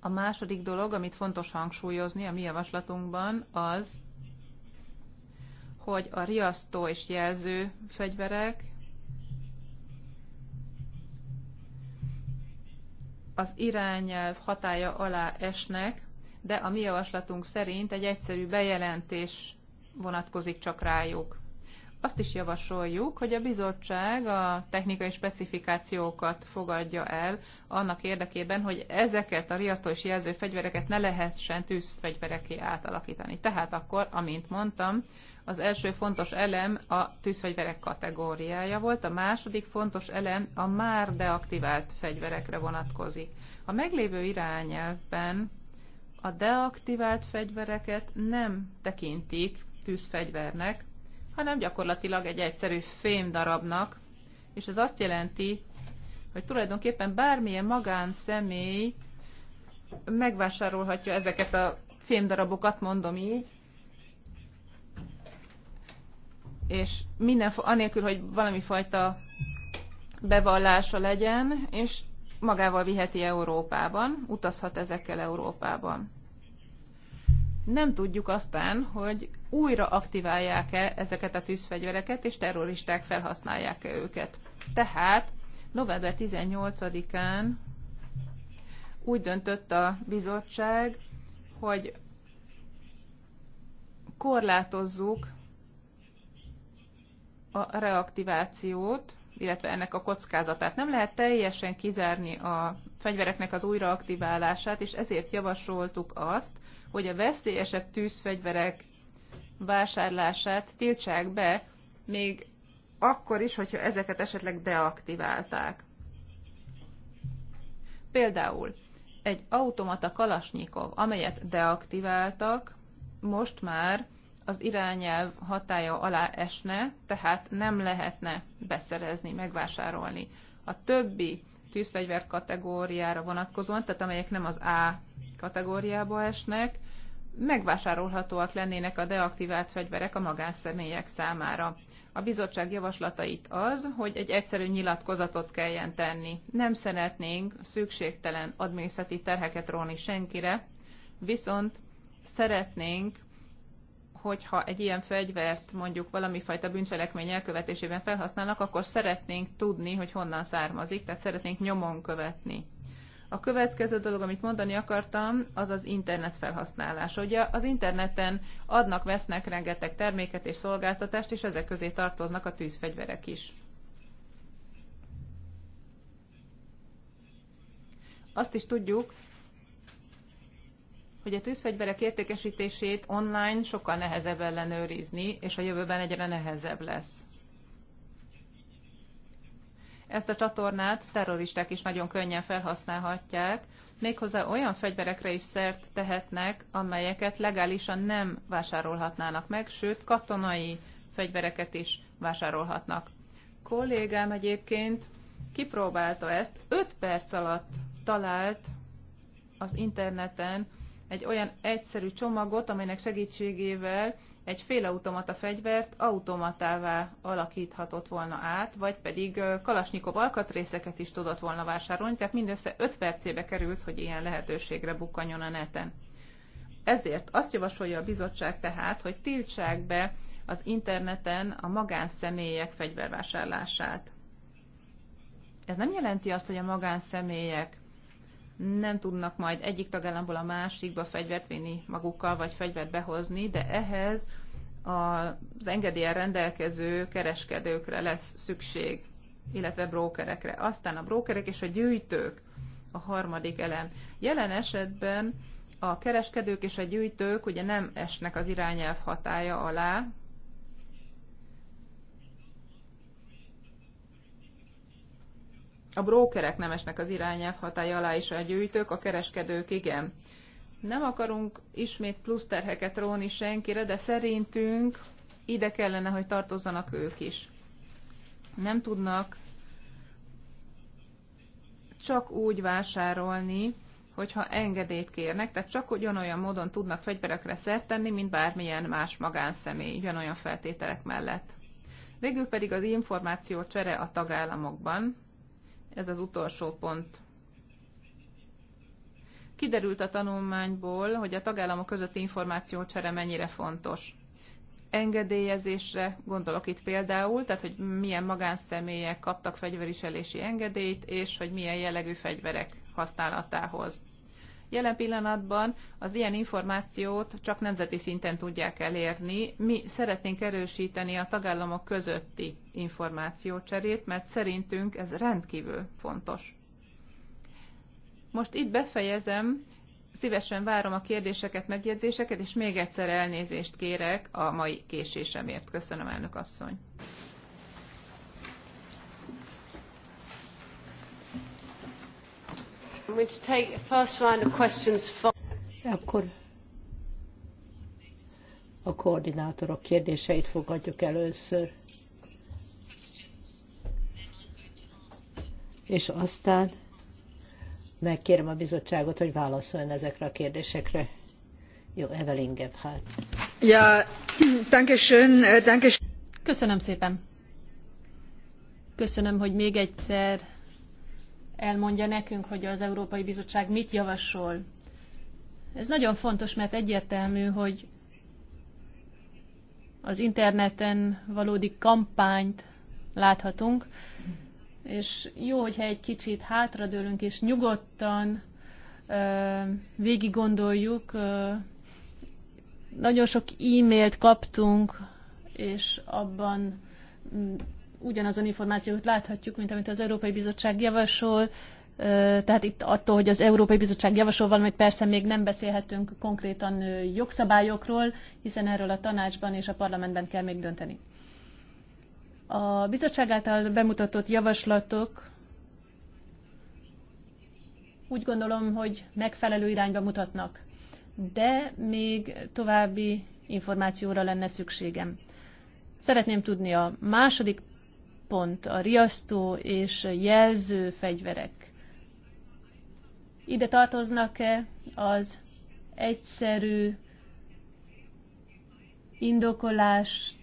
A második dolog, amit fontos hangsúlyozni a mi javaslatunkban, az, hogy a riasztó és jelző fegyverek az irányelv hatája alá esnek, de a mi javaslatunk szerint egy egyszerű bejelentés vonatkozik csak rájuk. Azt is javasoljuk, hogy a bizottság a technikai specifikációkat fogadja el annak érdekében, hogy ezeket a riasztó és jelző fegyvereket ne lehessen tűzfegyvereké átalakítani. Tehát akkor, amint mondtam, az első fontos elem a tűzfegyverek kategóriája volt, a második fontos elem a már deaktivált fegyverekre vonatkozik. A meglévő irányelvben a deaktivált fegyvereket nem tekintik tűzfegyvernek, hanem gyakorlatilag egy egyszerű fémdarabnak, és ez azt jelenti, hogy tulajdonképpen bármilyen magánszemély megvásárolhatja ezeket a fémdarabokat, mondom így, és minden, anélkül, hogy valami fajta bevallása legyen, és magával viheti Európában, utazhat ezekkel Európában. Nem tudjuk aztán, hogy újra aktiválják-e ezeket a tűzfegyvereket, és terroristák felhasználják-e őket. Tehát november 18-án úgy döntött a bizottság, hogy korlátozzuk a reaktivációt, illetve ennek a kockázatát. Nem lehet teljesen kizárni a fegyvereknek az újraaktiválását, és ezért javasoltuk azt, hogy a veszélyesebb tűzfegyverek vásárlását tiltsák be, még akkor is, hogyha ezeket esetleg deaktiválták. Például egy automata kalasnyikov, amelyet deaktiváltak, most már az irányelv hatája alá esne, tehát nem lehetne beszerezni, megvásárolni. A többi tűzfegyver kategóriára vonatkozóan, tehát amelyek nem az A kategóriába esnek, megvásárolhatóak lennének a deaktivált fegyverek a magánszemélyek számára. A bizottság javaslatait az, hogy egy egyszerű nyilatkozatot kelljen tenni. Nem szeretnénk szükségtelen adminisztratív terheket róni senkire, viszont szeretnénk hogyha egy ilyen fegyvert mondjuk valami fajta bűncselekmény elkövetésében felhasználnak, akkor szeretnénk tudni, hogy honnan származik, tehát szeretnénk nyomon követni. A következő dolog, amit mondani akartam, az az internet felhasználás. Ugye az interneten adnak, vesznek rengeteg terméket és szolgáltatást, és ezek közé tartoznak a tűzfegyverek is. Azt is tudjuk, hogy a tűzfegyverek értékesítését online sokkal nehezebb ellenőrizni, és a jövőben egyre nehezebb lesz. Ezt a csatornát terroristák is nagyon könnyen felhasználhatják, méghozzá olyan fegyverekre is szert tehetnek, amelyeket legálisan nem vásárolhatnának meg, sőt katonai fegyvereket is vásárolhatnak. Kollégám egyébként kipróbálta ezt, 5 perc alatt talált az interneten egy olyan egyszerű csomagot, amelynek segítségével egy félautomata fegyvert automatává alakíthatott volna át, vagy pedig kalasnyikov alkatrészeket is tudott volna vásárolni, tehát mindössze 5 percébe került, hogy ilyen lehetőségre bukkanjon a neten. Ezért azt javasolja a bizottság tehát, hogy tiltsák be az interneten a magánszemélyek fegyvervásárlását. Ez nem jelenti azt, hogy a magánszemélyek nem tudnak majd egyik tagállamból a másikba fegyvert vinni magukkal, vagy fegyvert behozni, de ehhez az engedélyen rendelkező kereskedőkre lesz szükség, illetve brókerekre. Aztán a brókerek és a gyűjtők a harmadik elem. Jelen esetben a kereskedők és a gyűjtők ugye nem esnek az irányelv hatája alá, A brókerek nem esnek az irányelv hatály alá, és a gyűjtők, a kereskedők igen. Nem akarunk ismét plusz terheket róni senkire, de szerintünk ide kellene, hogy tartozzanak ők is. Nem tudnak csak úgy vásárolni, hogyha engedélyt kérnek, tehát csak ugyanolyan módon tudnak fegyverekre szert tenni, mint bármilyen más magánszemély, ugyanolyan feltételek mellett. Végül pedig az információ csere a tagállamokban. Ez az utolsó pont. Kiderült a tanulmányból, hogy a tagállamok közötti információcsere mennyire fontos. Engedélyezésre gondolok itt például, tehát hogy milyen magánszemélyek kaptak fegyveriselési engedélyt, és hogy milyen jellegű fegyverek használatához. Jelen pillanatban az ilyen információt csak nemzeti szinten tudják elérni. Mi szeretnénk erősíteni a tagállamok közötti információcserét, mert szerintünk ez rendkívül fontos. Most itt befejezem, szívesen várom a kérdéseket, megjegyzéseket, és még egyszer elnézést kérek a mai késésemért. Köszönöm, elnök asszony. Akkor a koordinátorok kérdéseit fogadjuk először. És aztán megkérem a bizottságot, hogy válaszoljon ezekre a kérdésekre. Jó, Evelyn Gebhardt. Ja, danke schön, danke schön. Köszönöm szépen. Köszönöm, hogy még egyszer elmondja nekünk, hogy az Európai Bizottság mit javasol. Ez nagyon fontos, mert egyértelmű, hogy az interneten valódi kampányt láthatunk, és jó, hogyha egy kicsit hátradőlünk, és nyugodtan ö, végig gondoljuk. Ö, nagyon sok e-mailt kaptunk, és abban mm, ugyanazon információt láthatjuk, mint amit az Európai Bizottság javasol, tehát itt attól, hogy az Európai Bizottság javasol valamit, persze még nem beszélhetünk konkrétan jogszabályokról, hiszen erről a tanácsban és a parlamentben kell még dönteni. A bizottság által bemutatott javaslatok úgy gondolom, hogy megfelelő irányba mutatnak, de még további információra lenne szükségem. Szeretném tudni a második pont a riasztó és jelző fegyverek. Ide tartoznak-e az egyszerű indokolást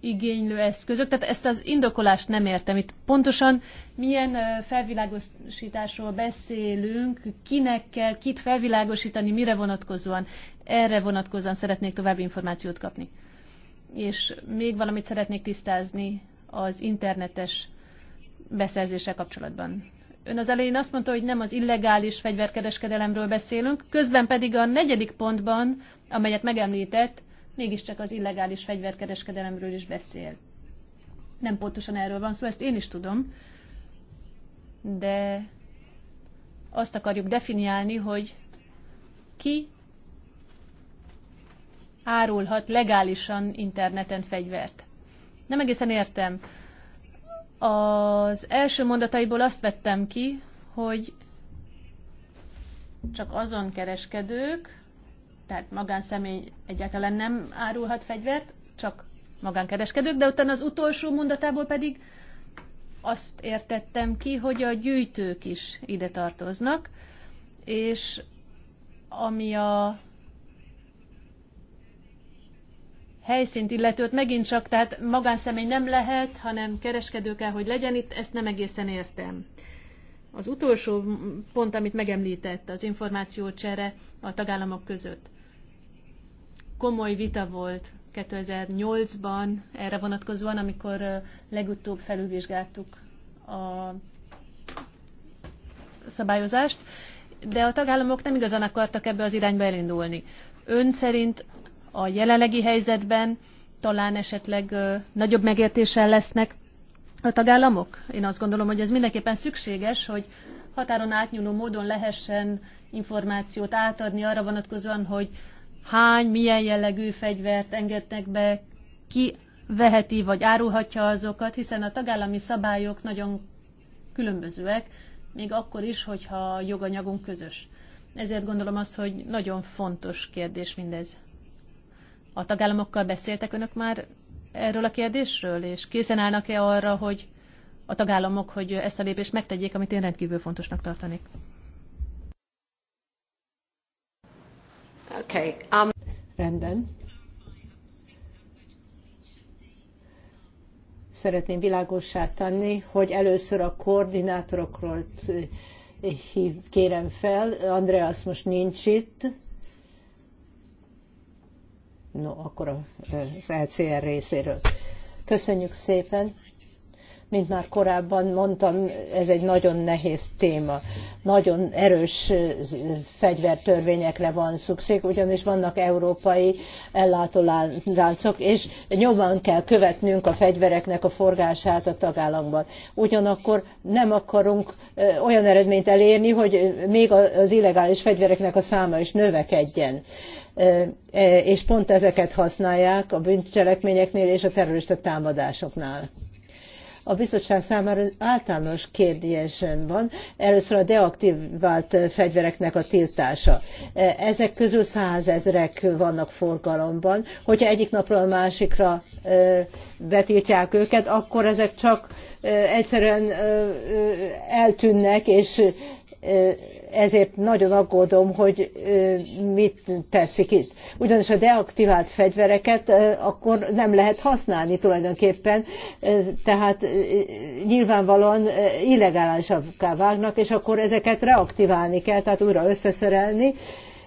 igénylő eszközök? Tehát ezt az indokolást nem értem. Itt pontosan milyen felvilágosításról beszélünk, kinek kell, kit felvilágosítani, mire vonatkozóan, erre vonatkozóan szeretnék további információt kapni. És még valamit szeretnék tisztázni az internetes beszerzése kapcsolatban. Ön az elején azt mondta, hogy nem az illegális fegyverkereskedelemről beszélünk, közben pedig a negyedik pontban, amelyet megemlített, mégiscsak az illegális fegyverkereskedelemről is beszél. Nem pontosan erről van szó, ezt én is tudom, de azt akarjuk definiálni, hogy ki árulhat legálisan interneten fegyvert. Nem egészen értem. Az első mondataiból azt vettem ki, hogy csak azon kereskedők, tehát magánszemély egyáltalán nem árulhat fegyvert, csak magánkereskedők, de utána az utolsó mondatából pedig azt értettem ki, hogy a gyűjtők is ide tartoznak, és ami a helyszínt illetőt megint csak, tehát magánszemély nem lehet, hanem kereskedő kell, hogy legyen itt, ezt nem egészen értem. Az utolsó pont, amit megemlített, az információcsere a tagállamok között. Komoly vita volt 2008-ban erre vonatkozóan, amikor legutóbb felülvizsgáltuk a szabályozást, de a tagállamok nem igazán akartak ebbe az irányba elindulni. Ön szerint a jelenlegi helyzetben talán esetleg nagyobb megértéssel lesznek a tagállamok? Én azt gondolom, hogy ez mindenképpen szükséges, hogy határon átnyúló módon lehessen információt átadni arra vonatkozóan, hogy hány, milyen jellegű fegyvert engednek be, ki veheti vagy árulhatja azokat, hiszen a tagállami szabályok nagyon különbözőek, még akkor is, hogyha a joganyagunk közös. Ezért gondolom azt, hogy nagyon fontos kérdés mindez. A tagállamokkal beszéltek önök már erről a kérdésről, és készen állnak-e arra, hogy a tagállamok, hogy ezt a lépést megtegyék, amit én rendkívül fontosnak tartanék? Okay, um... Rendben. Szeretném világossá tenni, hogy először a koordinátorokról hív, kérem fel. Andreas most nincs itt No, akkor az LCR részéről. Köszönjük szépen! Mint már korábban mondtam, ez egy nagyon nehéz téma. Nagyon erős fegyvertörvényekre van szükség, ugyanis vannak európai ellátóláncok, és nyomán kell követnünk a fegyvereknek a forgását a tagállamban. Ugyanakkor nem akarunk olyan eredményt elérni, hogy még az illegális fegyvereknek a száma is növekedjen és pont ezeket használják a bűncselekményeknél és a terrorista támadásoknál. A bizottság számára általános kérdésen van. Először a deaktivált fegyvereknek a tiltása. Ezek közül százezrek vannak forgalomban. Hogyha egyik napról a másikra betiltják őket, akkor ezek csak egyszerűen eltűnnek, és ezért nagyon aggódom, hogy mit teszik itt. Ugyanis a deaktivált fegyvereket akkor nem lehet használni tulajdonképpen, tehát nyilvánvalóan illegálisabbá vágnak, és akkor ezeket reaktiválni kell, tehát újra összeszerelni,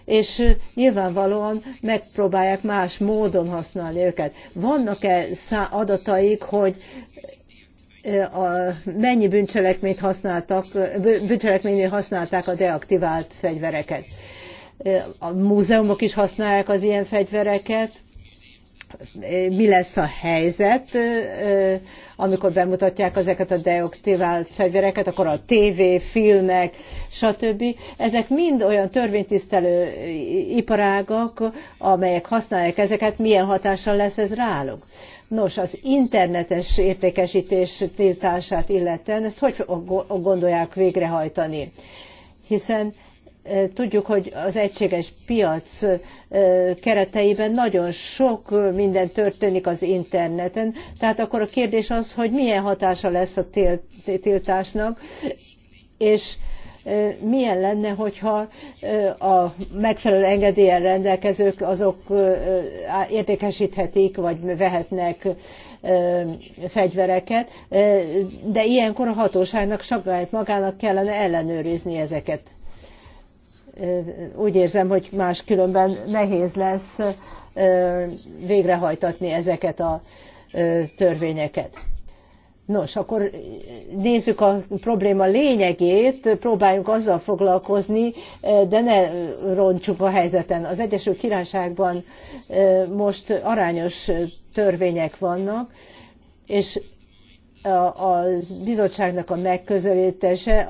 és nyilvánvalóan megpróbálják más módon használni őket. Vannak-e adataik, hogy a, mennyi bűncselekményt használtak, bűncselekménynél használták a deaktivált fegyvereket. A múzeumok is használják az ilyen fegyvereket. Mi lesz a helyzet, amikor bemutatják ezeket a deaktivált fegyvereket, akkor a TV, filmek, stb. Ezek mind olyan törvénytisztelő iparágak, amelyek használják ezeket, milyen hatással lesz ez ráluk Nos, az internetes értékesítés tiltását illetően ezt hogy gondolják végrehajtani? Hiszen e, tudjuk, hogy az egységes piac e, kereteiben nagyon sok e, minden történik az interneten, tehát akkor a kérdés az, hogy milyen hatása lesz a tiltásnak, és milyen lenne, hogyha a megfelelő engedélyen rendelkezők azok értékesíthetik, vagy vehetnek fegyvereket, de ilyenkor a hatóságnak saját magának kellene ellenőrizni ezeket. Úgy érzem, hogy máskülönben nehéz lesz végrehajtatni ezeket a törvényeket. Nos, akkor nézzük a probléma lényegét, próbáljunk azzal foglalkozni, de ne roncsuk a helyzeten. Az Egyesült Királyságban most arányos törvények vannak, és a bizottságnak a megközelítése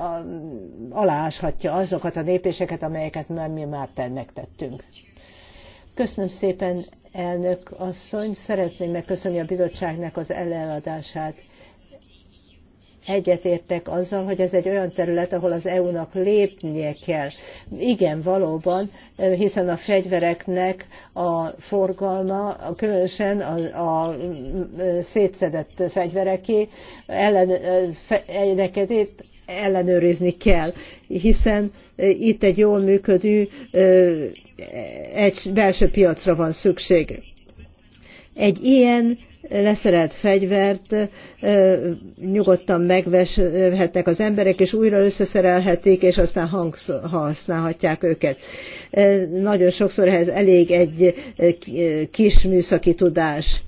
aláshatja azokat a lépéseket, amelyeket már mi már megtettünk. Köszönöm szépen, elnök asszony, szeretném megköszönni a bizottságnak az előadását egyetértek azzal, hogy ez egy olyan terület, ahol az EU-nak lépnie kell. Igen, valóban, hiszen a fegyvereknek a forgalma, különösen a, a szétszedett fegyvereké ellen, ellenőrizni kell, hiszen itt egy jól működő egy belső piacra van szükség. Egy ilyen leszerelt fegyvert nyugodtan megveshetnek az emberek, és újra összeszerelhetik, és aztán használhatják őket. Nagyon sokszor ehhez elég egy kis műszaki tudás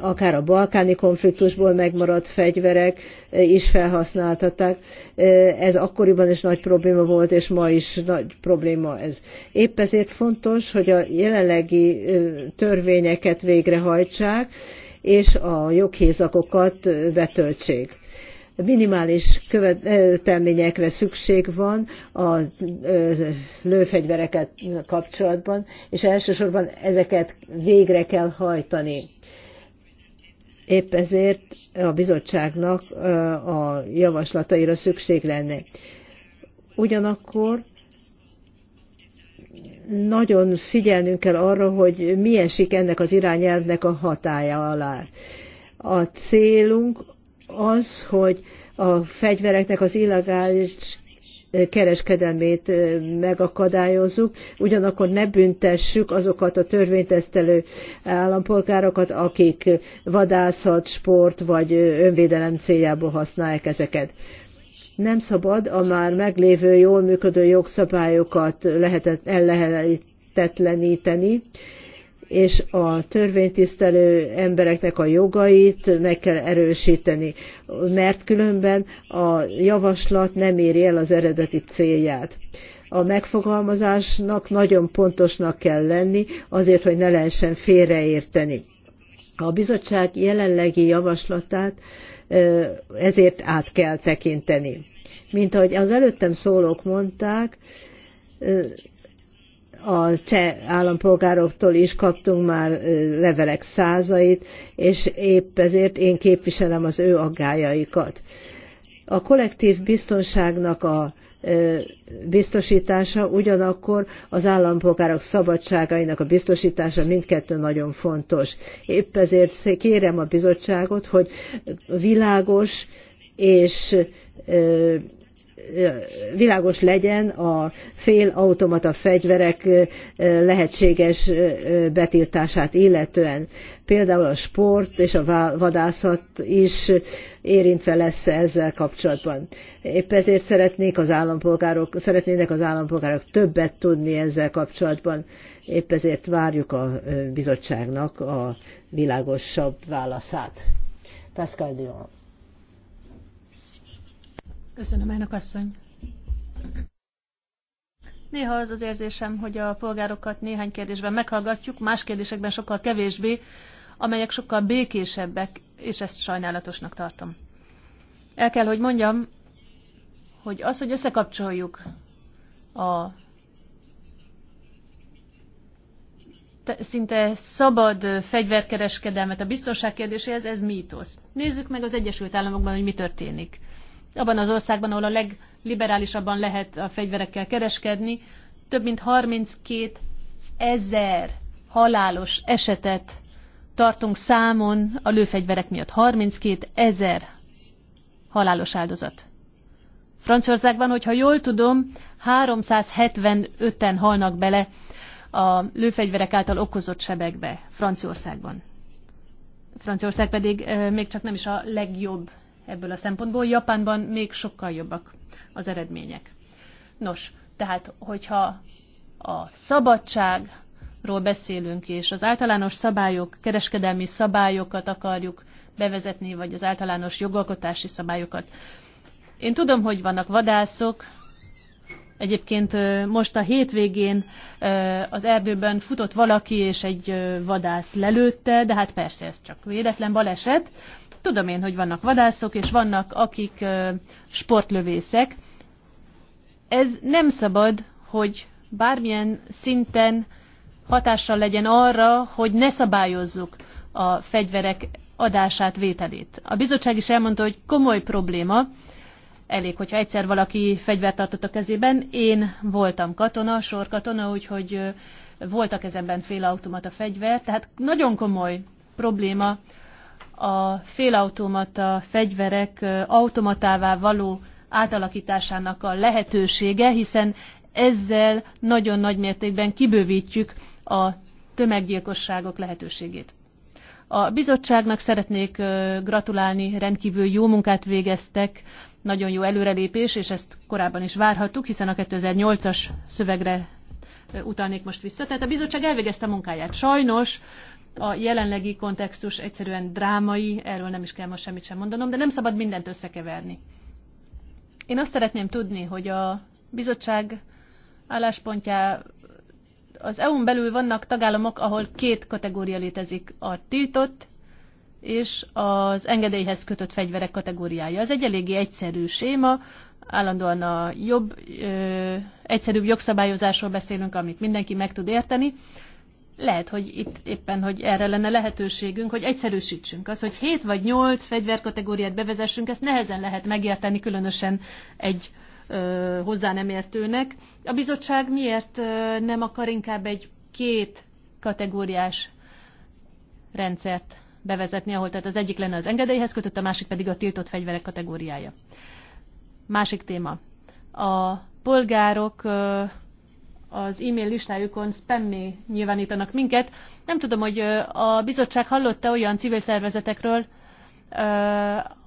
akár a balkáni konfliktusból megmaradt fegyverek is felhasználtatták. Ez akkoriban is nagy probléma volt, és ma is nagy probléma ez. Épp ezért fontos, hogy a jelenlegi törvényeket végrehajtsák, és a joghézakokat betöltsék minimális követelményekre szükség van a lőfegyvereket kapcsolatban, és elsősorban ezeket végre kell hajtani. Épp ezért a bizottságnak a javaslataira szükség lenne. Ugyanakkor nagyon figyelnünk kell arra, hogy mi esik ennek az irányelvnek a hatája alá. A célunk az, hogy a fegyvereknek az illegális kereskedelmét megakadályozzuk, ugyanakkor ne büntessük azokat a törvénytesztelő állampolgárokat, akik vadászat, sport vagy önvédelem céljából használják ezeket. Nem szabad a már meglévő jól működő jogszabályokat lehetett, ellehetetleníteni, és a törvénytisztelő embereknek a jogait meg kell erősíteni, mert különben a javaslat nem éri el az eredeti célját. A megfogalmazásnak nagyon pontosnak kell lenni, azért, hogy ne lehessen félreérteni. A bizottság jelenlegi javaslatát ezért át kell tekinteni. Mint ahogy az előttem szólók mondták, a cseh állampolgároktól is kaptunk már levelek százait, és épp ezért én képviselem az ő aggájaikat. A kollektív biztonságnak a biztosítása, ugyanakkor az állampolgárok szabadságainak a biztosítása mindkettő nagyon fontos. Épp ezért kérem a bizottságot, hogy világos és világos legyen a félautomata fegyverek lehetséges betiltását illetően. Például a sport és a vadászat is érintve lesz ezzel kapcsolatban. Épp ezért szeretnék az állampolgárok, szeretnének az állampolgárok többet tudni ezzel kapcsolatban. Épp ezért várjuk a bizottságnak a világosabb válaszát. Pascal Dion. Köszönöm, elnök asszony. Néha az az érzésem, hogy a polgárokat néhány kérdésben meghallgatjuk, más kérdésekben sokkal kevésbé, amelyek sokkal békésebbek, és ezt sajnálatosnak tartom. El kell, hogy mondjam, hogy az, hogy összekapcsoljuk a szinte szabad fegyverkereskedelmet a biztonság kérdéséhez, ez mítosz. Nézzük meg az Egyesült Államokban, hogy mi történik abban az országban, ahol a legliberálisabban lehet a fegyverekkel kereskedni, több mint 32 ezer halálos esetet tartunk számon a lőfegyverek miatt. 32 ezer halálos áldozat. Franciaországban, hogyha jól tudom, 375-en halnak bele a lőfegyverek által okozott sebekbe Franciaországban. Franciaország pedig még csak nem is a legjobb ebből a szempontból. Japánban még sokkal jobbak az eredmények. Nos, tehát hogyha a szabadságról beszélünk, és az általános szabályok, kereskedelmi szabályokat akarjuk bevezetni, vagy az általános jogalkotási szabályokat. Én tudom, hogy vannak vadászok, Egyébként most a hétvégén az erdőben futott valaki, és egy vadász lelőtte, de hát persze ez csak véletlen baleset. Tudom én, hogy vannak vadászok, és vannak, akik sportlövészek. Ez nem szabad, hogy bármilyen szinten hatással legyen arra, hogy ne szabályozzuk a fegyverek adását, vételét. A bizottság is elmondta, hogy komoly probléma, elég, hogyha egyszer valaki fegyvert tartott a kezében. Én voltam katona, sorkatona, úgyhogy volt a kezemben félautomata fegyver, tehát nagyon komoly probléma a félautomata fegyverek automatává való átalakításának a lehetősége, hiszen ezzel nagyon nagy mértékben kibővítjük a tömeggyilkosságok lehetőségét. A bizottságnak szeretnék gratulálni, rendkívül jó munkát végeztek, nagyon jó előrelépés, és ezt korábban is várhattuk, hiszen a 2008-as szövegre utalnék most vissza. Tehát a bizottság elvégezte a munkáját. Sajnos a jelenlegi kontextus egyszerűen drámai, erről nem is kell most semmit sem mondanom, de nem szabad mindent összekeverni. Én azt szeretném tudni, hogy a bizottság álláspontja az EU-n belül vannak tagállamok, ahol két kategória létezik, a tiltott és az engedélyhez kötött fegyverek kategóriája. Ez egy eléggé egyszerű séma, állandóan a jobb, ö, egyszerűbb jogszabályozásról beszélünk, amit mindenki meg tud érteni, lehet, hogy itt éppen, hogy erre lenne lehetőségünk, hogy egyszerűsítsünk. Az, hogy 7 vagy 8 fegyverkategóriát bevezessünk, ezt nehezen lehet megérteni, különösen egy ö, hozzá nem értőnek. A bizottság miért ö, nem akar inkább egy két kategóriás rendszert bevezetni, ahol tehát az egyik lenne az engedélyhez kötött, a másik pedig a tiltott fegyverek kategóriája. Másik téma. A polgárok ö, az e-mail listájukon spammé nyilvánítanak minket. Nem tudom, hogy a bizottság hallotta olyan civil szervezetekről,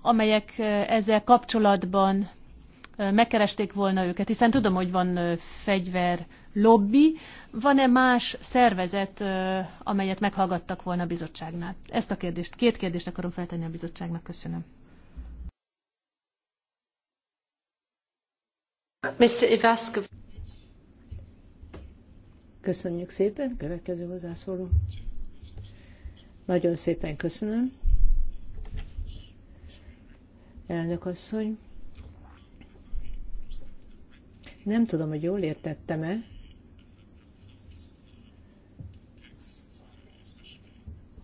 amelyek ezzel kapcsolatban megkeresték volna őket, hiszen tudom, hogy van fegyver lobby, van-e más szervezet, amelyet meghallgattak volna a bizottságnál? Ezt a kérdést, két kérdést akarom feltenni a bizottságnak, köszönöm. Mr. Ivaskov. Köszönjük szépen, következő hozzászóló. Nagyon szépen köszönöm. Elnök asszony. Nem tudom, hogy jól értettem-e.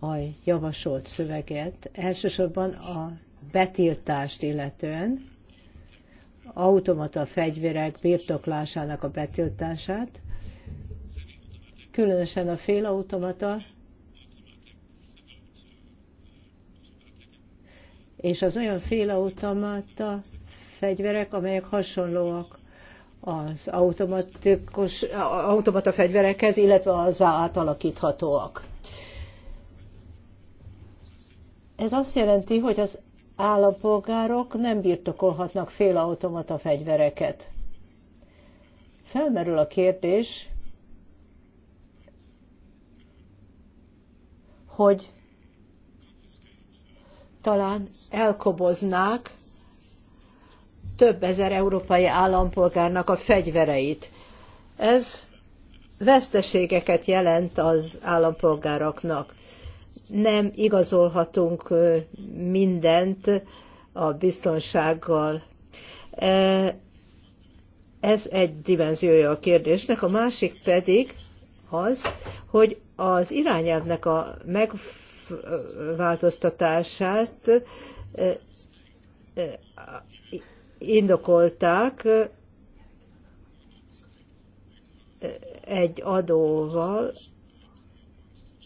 A javasolt szöveget, elsősorban a betiltást illetően, automata fegyverek birtoklásának a betiltását, különösen a félautomata és az olyan félautomata fegyverek, amelyek hasonlóak az automatikus, automata fegyverekhez, illetve az átalakíthatóak. Ez azt jelenti, hogy az állampolgárok nem birtokolhatnak félautomata fegyvereket. Felmerül a kérdés, hogy talán elkoboznák több ezer európai állampolgárnak a fegyvereit. Ez veszteségeket jelent az állampolgároknak. Nem igazolhatunk mindent a biztonsággal. E, ez egy dimenziója a kérdésnek, a másik pedig az, hogy az irányelvnek a megváltoztatását eh, eh, indokolták eh, egy adóval,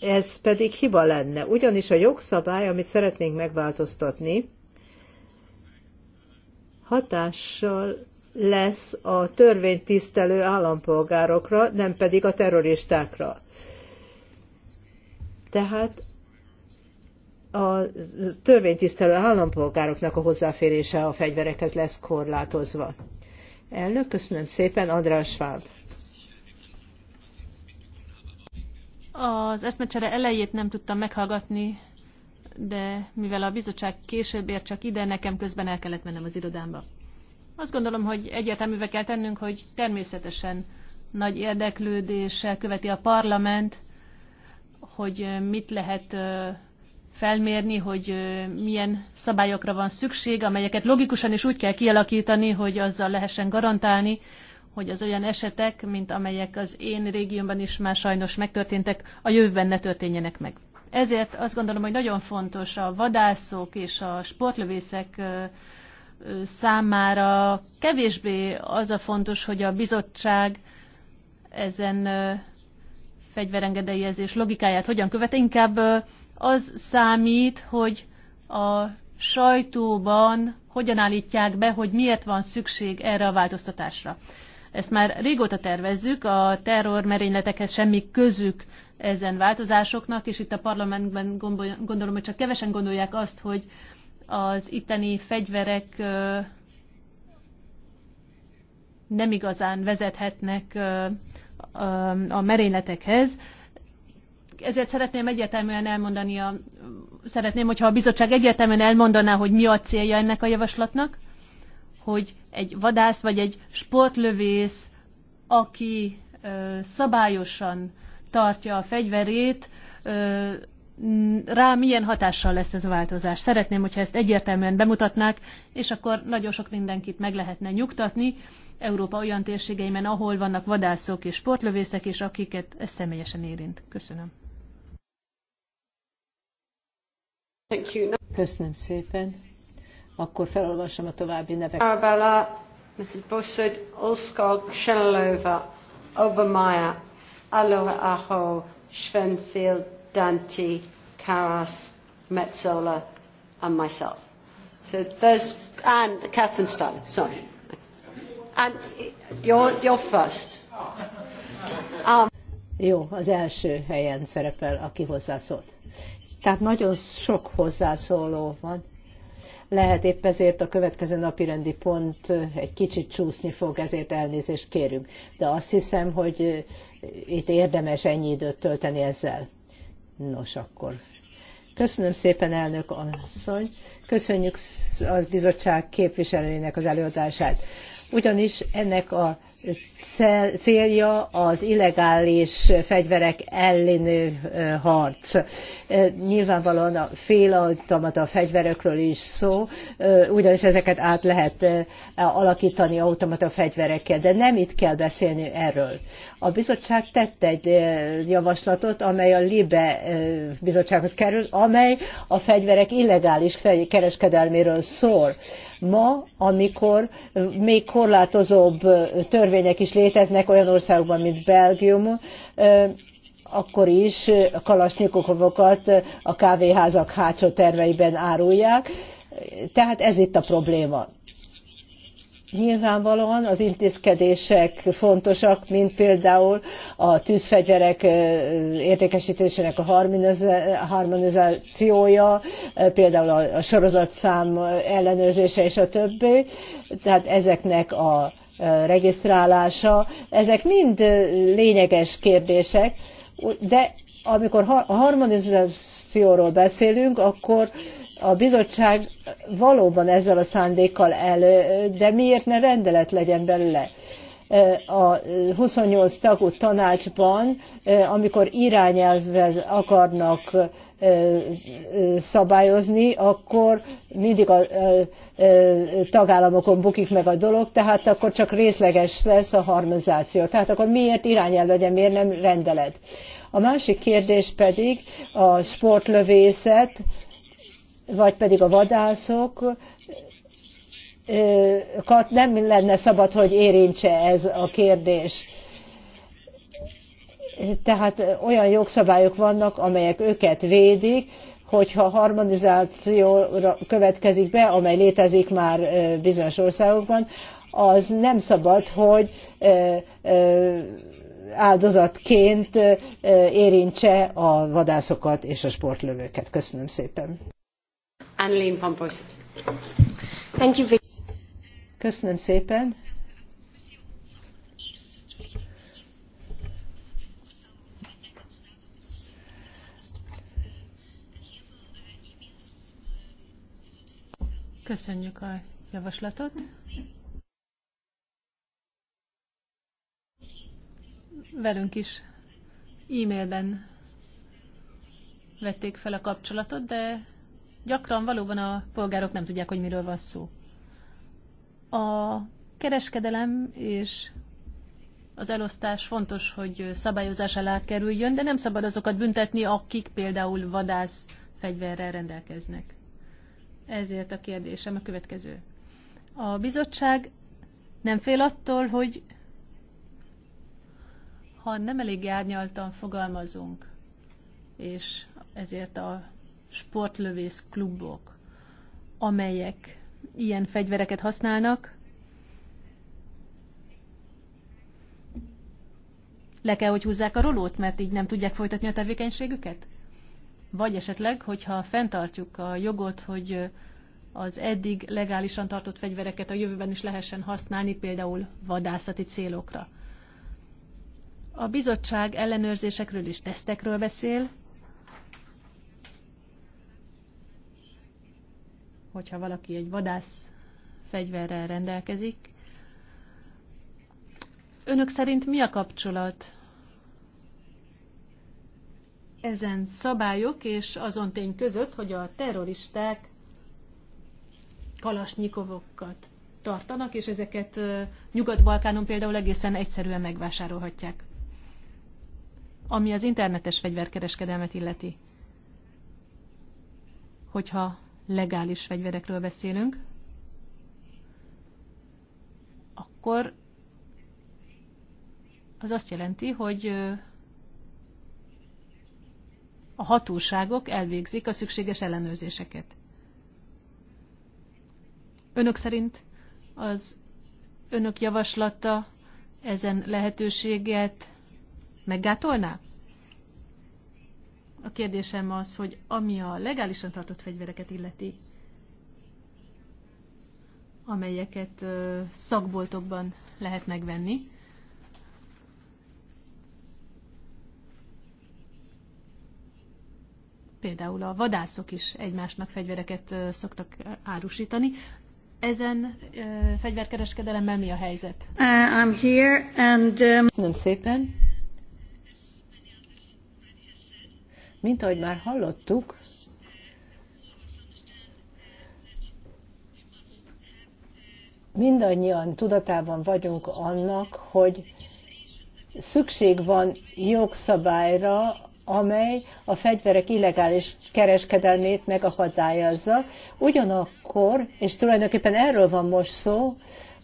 ez pedig hiba lenne, ugyanis a jogszabály, amit szeretnénk megváltoztatni, hatással lesz a törvénytisztelő állampolgárokra, nem pedig a terroristákra. Tehát a törvénytisztelő állampolgároknak a hozzáférése a fegyverekhez lesz korlátozva. Elnök, köszönöm szépen, András Schwab. Az eszmecsere elejét nem tudtam meghallgatni, de mivel a bizottság később ért csak ide, nekem közben el kellett mennem az irodámba. Azt gondolom, hogy egyértelművel kell tennünk, hogy természetesen nagy érdeklődéssel követi a parlament hogy mit lehet felmérni, hogy milyen szabályokra van szükség, amelyeket logikusan is úgy kell kialakítani, hogy azzal lehessen garantálni, hogy az olyan esetek, mint amelyek az én régiómban is már sajnos megtörténtek, a jövőben ne történjenek meg. Ezért azt gondolom, hogy nagyon fontos a vadászok és a sportlövészek számára kevésbé az a fontos, hogy a bizottság ezen fegyverengedélyezés logikáját hogyan követ, inkább az számít, hogy a sajtóban hogyan állítják be, hogy miért van szükség erre a változtatásra. Ezt már régóta tervezzük, a terrormerényletekhez semmi közük ezen változásoknak, és itt a parlamentben gondolom, hogy csak kevesen gondolják azt, hogy az itteni fegyverek nem igazán vezethetnek a merényletekhez. Ezért szeretném egyértelműen elmondani, a, szeretném, hogyha a bizottság egyértelműen elmondaná, hogy mi a célja ennek a javaslatnak, hogy egy vadász vagy egy sportlövész, aki szabályosan tartja a fegyverét, rá milyen hatással lesz ez a változás. Szeretném, hogyha ezt egyértelműen bemutatnák, és akkor nagyon sok mindenkit meg lehetne nyugtatni. Európa olyan térségeiben, ahol vannak vadászok és sportlövészek, és akiket ez személyesen érint. Köszönöm. Köszönöm szépen. Akkor felolvasom a további neveket. Arabella, Mrs. Bussard, Ulskog, Shenalova, Obermeyer, Aloha Aho, Dante, Karas, Metzola, and myself. So there's and Catherine Stein. Sorry, and you're you're first. Um, jó, az első helyen szerepel, aki hozzászólt. Tehát nagyon sok hozzászóló van. Lehet épp ezért a következő napi rendi pont egy kicsit csúszni fog, ezért elnézést kérünk. De azt hiszem, hogy itt érdemes ennyi időt tölteni ezzel. Nos, akkor Köszönöm szépen, elnök asszony. Köszönjük a bizottság képviselőjének az előadását. Ugyanis ennek a célja az illegális fegyverek elleni harc. Nyilvánvalóan a félautomata fegyverekről is szó, ugyanis ezeket át lehet alakítani automata fegyverekkel, de nem itt kell beszélni erről. A bizottság tett egy javaslatot, amely a LIBE bizottsághoz kerül, amely a fegyverek illegális kereskedelméről szól. Ma, amikor még korlátozóbb tör törvények is léteznek olyan országokban, mint Belgium, akkor is a a kávéházak hátsó terveiben árulják. Tehát ez itt a probléma. Nyilvánvalóan az intézkedések fontosak, mint például a tűzfegyverek értékesítésének a harmonizációja, például a sorozatszám ellenőrzése és a többi. Tehát ezeknek a regisztrálása, ezek mind lényeges kérdések, de amikor a harmonizációról beszélünk, akkor a bizottság valóban ezzel a szándékkal elő, de miért ne rendelet legyen belőle? a 28 tagú tanácsban, amikor irányelvvel akarnak szabályozni, akkor mindig a tagállamokon bukik meg a dolog, tehát akkor csak részleges lesz a harmonizáció. Tehát akkor miért irányelv legyen, miért nem rendelet? A másik kérdés pedig a sportlövészet, vagy pedig a vadászok, nem lenne szabad, hogy érintse ez a kérdés tehát olyan jogszabályok vannak, amelyek őket védik, hogyha harmonizáció következik be, amely létezik már bizonyos országokban, az nem szabad, hogy áldozatként érintse a vadászokat és a sportlövőket. Köszönöm szépen. van Köszönöm szépen. Köszönjük a javaslatot. Velünk is e-mailben vették fel a kapcsolatot, de gyakran valóban a polgárok nem tudják, hogy miről van szó. A kereskedelem és az elosztás fontos, hogy szabályozás alá kerüljön, de nem szabad azokat büntetni, akik például vadász fegyverrel rendelkeznek. Ezért a kérdésem a következő. A bizottság nem fél attól, hogy ha nem elég árnyaltan fogalmazunk, és ezért a sportlövész klubok, amelyek ilyen fegyvereket használnak, le kell, hogy húzzák a rolót, mert így nem tudják folytatni a tevékenységüket? vagy esetleg, hogyha fenntartjuk a jogot, hogy az eddig legálisan tartott fegyvereket a jövőben is lehessen használni, például vadászati célokra. A bizottság ellenőrzésekről és tesztekről beszél, hogyha valaki egy vadász fegyverrel rendelkezik. Önök szerint mi a kapcsolat ezen szabályok és azon tény között, hogy a terroristák kalasnyikovokat tartanak, és ezeket Nyugat-Balkánon például egészen egyszerűen megvásárolhatják. Ami az internetes fegyverkereskedelmet illeti. Hogyha legális fegyverekről beszélünk, akkor az azt jelenti, hogy a hatóságok elvégzik a szükséges ellenőrzéseket. Önök szerint az önök javaslata ezen lehetőséget meggátolná? A kérdésem az, hogy ami a legálisan tartott fegyvereket illeti, amelyeket szakboltokban lehet megvenni, Például a vadászok is egymásnak fegyvereket szoktak árusítani. Ezen fegyverkereskedelemmel mi a helyzet? Uh, I'm here and... Um... Köszönöm szépen. Mint ahogy már hallottuk, mindannyian tudatában vagyunk annak, hogy szükség van jogszabályra amely a fegyverek illegális kereskedelmét megakadályozza. Ugyanakkor, és tulajdonképpen erről van most szó,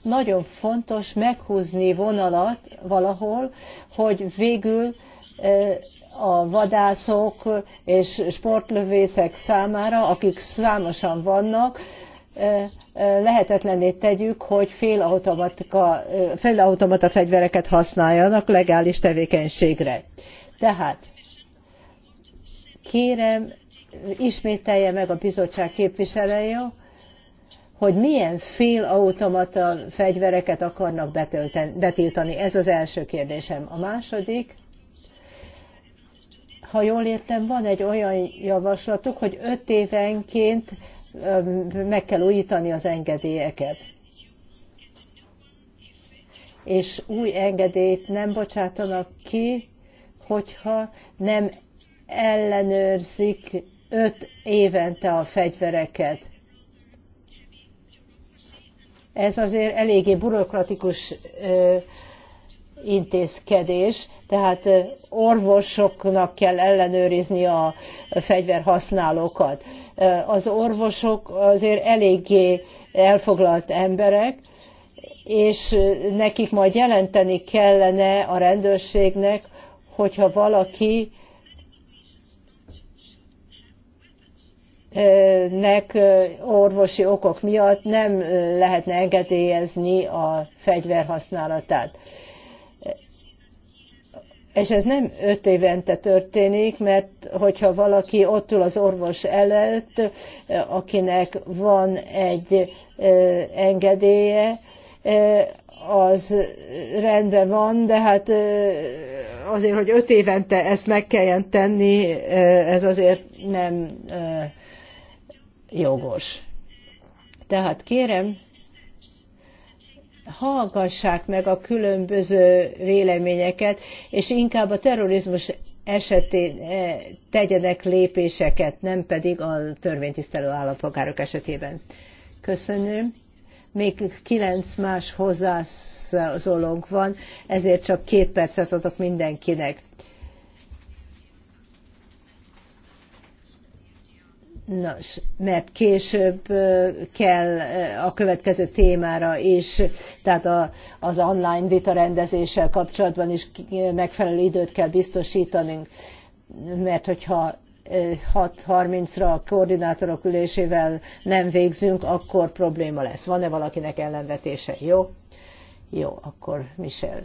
nagyon fontos meghúzni vonalat valahol, hogy végül eh, a vadászok és sportlövészek számára, akik számosan vannak, eh, eh, lehetetlenné tegyük, hogy félautomata fél fegyvereket használjanak legális tevékenységre. Tehát Kérem, ismételje meg a bizottság képviselője, hogy milyen félautomata fegyvereket akarnak betiltani. Ez az első kérdésem. A második, ha jól értem, van egy olyan javaslatuk, hogy öt évenként meg kell újítani az engedélyeket. És új engedélyt nem bocsátanak ki, hogyha nem ellenőrzik öt évente a fegyvereket. Ez azért eléggé ö, intézkedés, tehát orvosoknak kell ellenőrizni a fegyverhasználókat. Az orvosok azért eléggé elfoglalt emberek, és nekik majd jelenteni kellene a rendőrségnek, hogyha valaki nek orvosi okok miatt nem lehetne engedélyezni a fegyver használatát. És ez nem öt évente történik, mert hogyha valaki ott ül az orvos előtt, akinek van egy engedélye, az rendben van, de hát azért, hogy öt évente ezt meg kelljen tenni, ez azért nem jogos. Tehát kérem, hallgassák meg a különböző véleményeket, és inkább a terrorizmus esetén eh, tegyenek lépéseket, nem pedig a törvénytisztelő állampolgárok esetében. Köszönöm. Még kilenc más hozzászólónk van, ezért csak két percet adok mindenkinek. Nos, mert később kell a következő témára is, tehát a, az online vita rendezéssel kapcsolatban is megfelelő időt kell biztosítanunk, mert hogyha 6.30-ra a koordinátorok ülésével nem végzünk, akkor probléma lesz. Van-e valakinek ellenvetése? Jó? Jó, akkor Michel.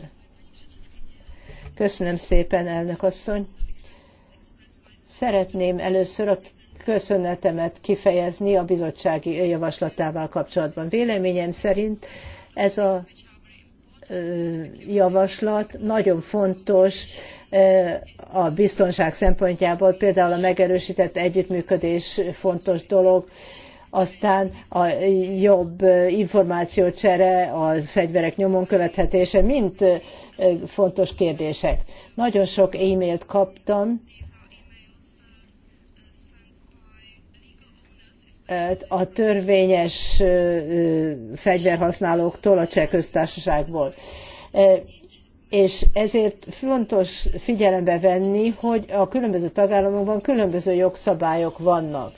Köszönöm szépen, elnök asszony. Szeretném először a köszönetemet kifejezni a bizottsági javaslatával kapcsolatban. Véleményem szerint ez a javaslat nagyon fontos a biztonság szempontjából, például a megerősített együttműködés fontos dolog, aztán a jobb információcsere, a fegyverek nyomon követhetése, mind fontos kérdések. Nagyon sok e-mailt kaptam a törvényes fegyverhasználóktól a cseh köztársaságból. És ezért fontos figyelembe venni, hogy a különböző tagállamokban különböző jogszabályok vannak.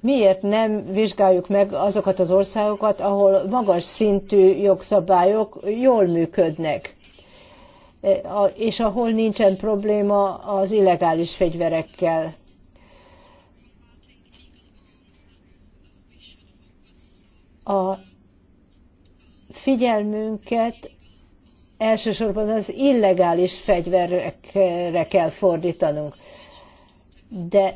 Miért nem vizsgáljuk meg azokat az országokat, ahol magas szintű jogszabályok jól működnek? és ahol nincsen probléma az illegális fegyverekkel. a figyelmünket elsősorban az illegális fegyverekre kell fordítanunk. De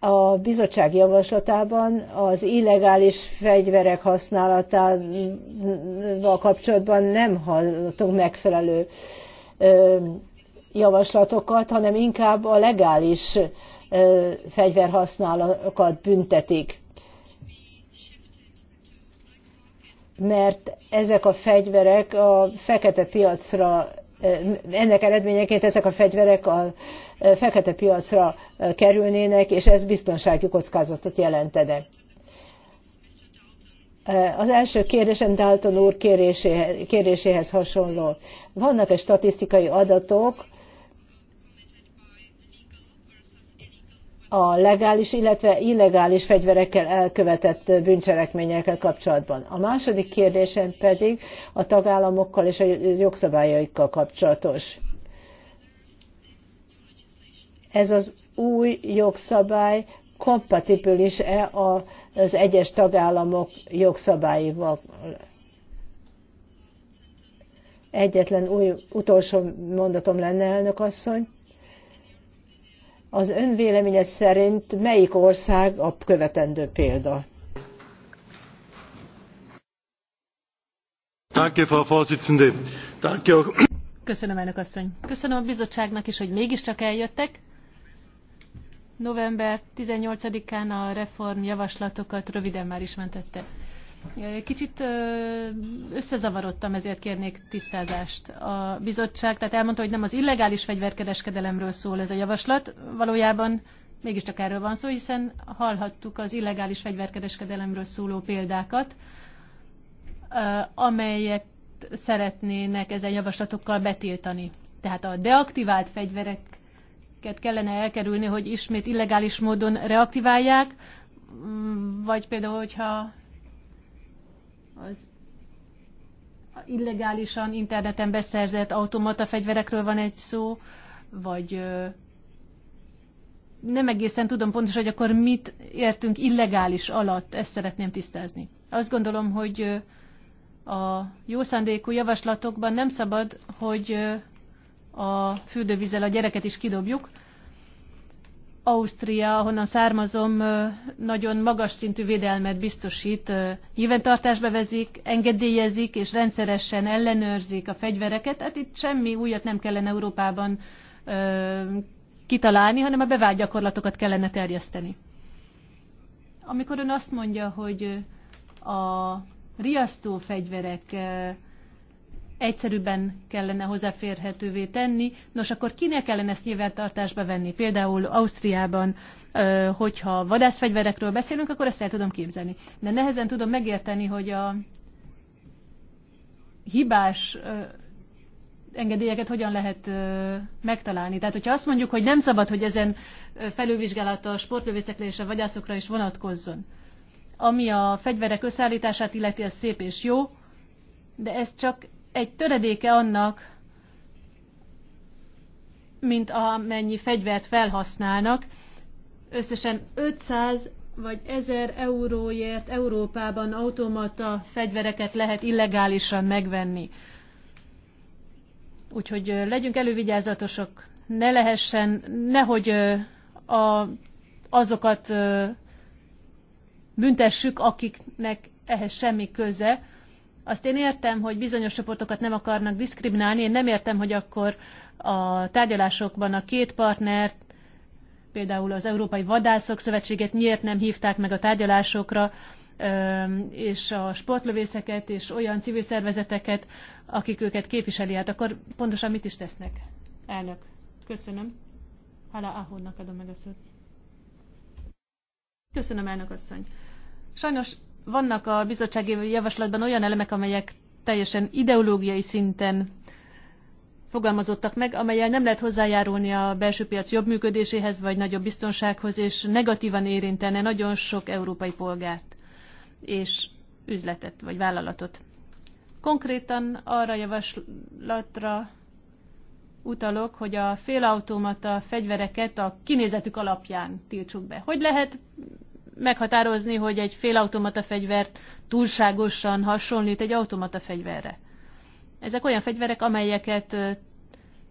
a bizottság javaslatában az illegális fegyverek használatával kapcsolatban nem hallottunk megfelelő javaslatokat, hanem inkább a legális fegyverhasználókat büntetik. mert ezek a fegyverek a fekete piacra, eh, ennek eredményeként ezek a fegyverek a eh, fekete piacra eh, kerülnének, és ez biztonsági kockázatot jelentene. Az első kérdésem Dalton úr kéréséhez, kéréséhez hasonló. Vannak-e statisztikai adatok, a legális, illetve illegális fegyverekkel elkövetett bűncselekményekkel kapcsolatban. A második kérdésem pedig a tagállamokkal és a jogszabályaikkal kapcsolatos. Ez az új jogszabály kompatibilis-e az egyes tagállamok jogszabályival? Egyetlen új utolsó mondatom lenne, elnök asszony az ön véleménye szerint melyik ország a követendő példa? Köszönöm, elnök asszony. Köszönöm a bizottságnak is, hogy mégiscsak eljöttek. November 18-án a reform javaslatokat röviden már mentette. Kicsit összezavarodtam, ezért kérnék tisztázást. A bizottság tehát elmondta, hogy nem az illegális fegyverkereskedelemről szól ez a javaslat, valójában mégiscsak erről van szó, hiszen hallhattuk az illegális fegyverkereskedelemről szóló példákat, amelyet szeretnének ezen javaslatokkal betiltani. Tehát a deaktivált fegyvereket kellene elkerülni, hogy ismét illegális módon reaktiválják, vagy például, hogyha az illegálisan interneten beszerzett automata fegyverekről van egy szó, vagy nem egészen tudom pontosan, hogy akkor mit értünk illegális alatt, ezt szeretném tisztázni. Azt gondolom, hogy a jó szándékú javaslatokban nem szabad, hogy a fürdővízzel a gyereket is kidobjuk, Ausztria, ahonnan származom, nagyon magas szintű védelmet biztosít. Nyilvántartásba vezik, engedélyezik és rendszeresen ellenőrzik a fegyvereket. Hát itt semmi újat nem kellene Európában kitalálni, hanem a bevált gyakorlatokat kellene terjeszteni. Amikor ön azt mondja, hogy a riasztó fegyverek egyszerűbben kellene hozzáférhetővé tenni. Nos, akkor kinek kellene ezt nyilvántartásba venni? Például Ausztriában, hogyha vadászfegyverekről beszélünk, akkor ezt el tudom képzelni. De nehezen tudom megérteni, hogy a hibás engedélyeket hogyan lehet megtalálni. Tehát, hogyha azt mondjuk, hogy nem szabad, hogy ezen felülvizsgálata a sportlövészekre és a vadászokra is vonatkozzon, ami a fegyverek összeállítását illeti, ez szép és jó, de ez csak egy töredéke annak, mint amennyi fegyvert felhasználnak. Összesen 500 vagy 1000 euróért Európában automata fegyvereket lehet illegálisan megvenni. Úgyhogy legyünk elővigyázatosok. ne lehessen, nehogy a, azokat büntessük, akiknek ehhez semmi köze, azt én értem, hogy bizonyos csoportokat nem akarnak diszkriminálni, én nem értem, hogy akkor a tárgyalásokban a két partnert, például az Európai Vadászok Szövetségét miért nem hívták meg a tárgyalásokra, és a sportlövészeket, és olyan civil szervezeteket, akik őket képviseli. Hát akkor pontosan mit is tesznek? Elnök, köszönöm. Hala Ahonnak adom meg a szót. Köszönöm, elnök asszony. Sajnos vannak a bizottsági javaslatban olyan elemek, amelyek teljesen ideológiai szinten fogalmazottak meg, amelyel nem lehet hozzájárulni a belső piac jobb működéséhez, vagy nagyobb biztonsághoz, és negatívan érintene nagyon sok európai polgárt és üzletet, vagy vállalatot. Konkrétan arra javaslatra utalok, hogy a félautomata fegyvereket a kinézetük alapján tiltsuk be. Hogy lehet meghatározni, hogy egy félautomata fegyvert túlságosan hasonlít egy automata fegyverre. Ezek olyan fegyverek, amelyeket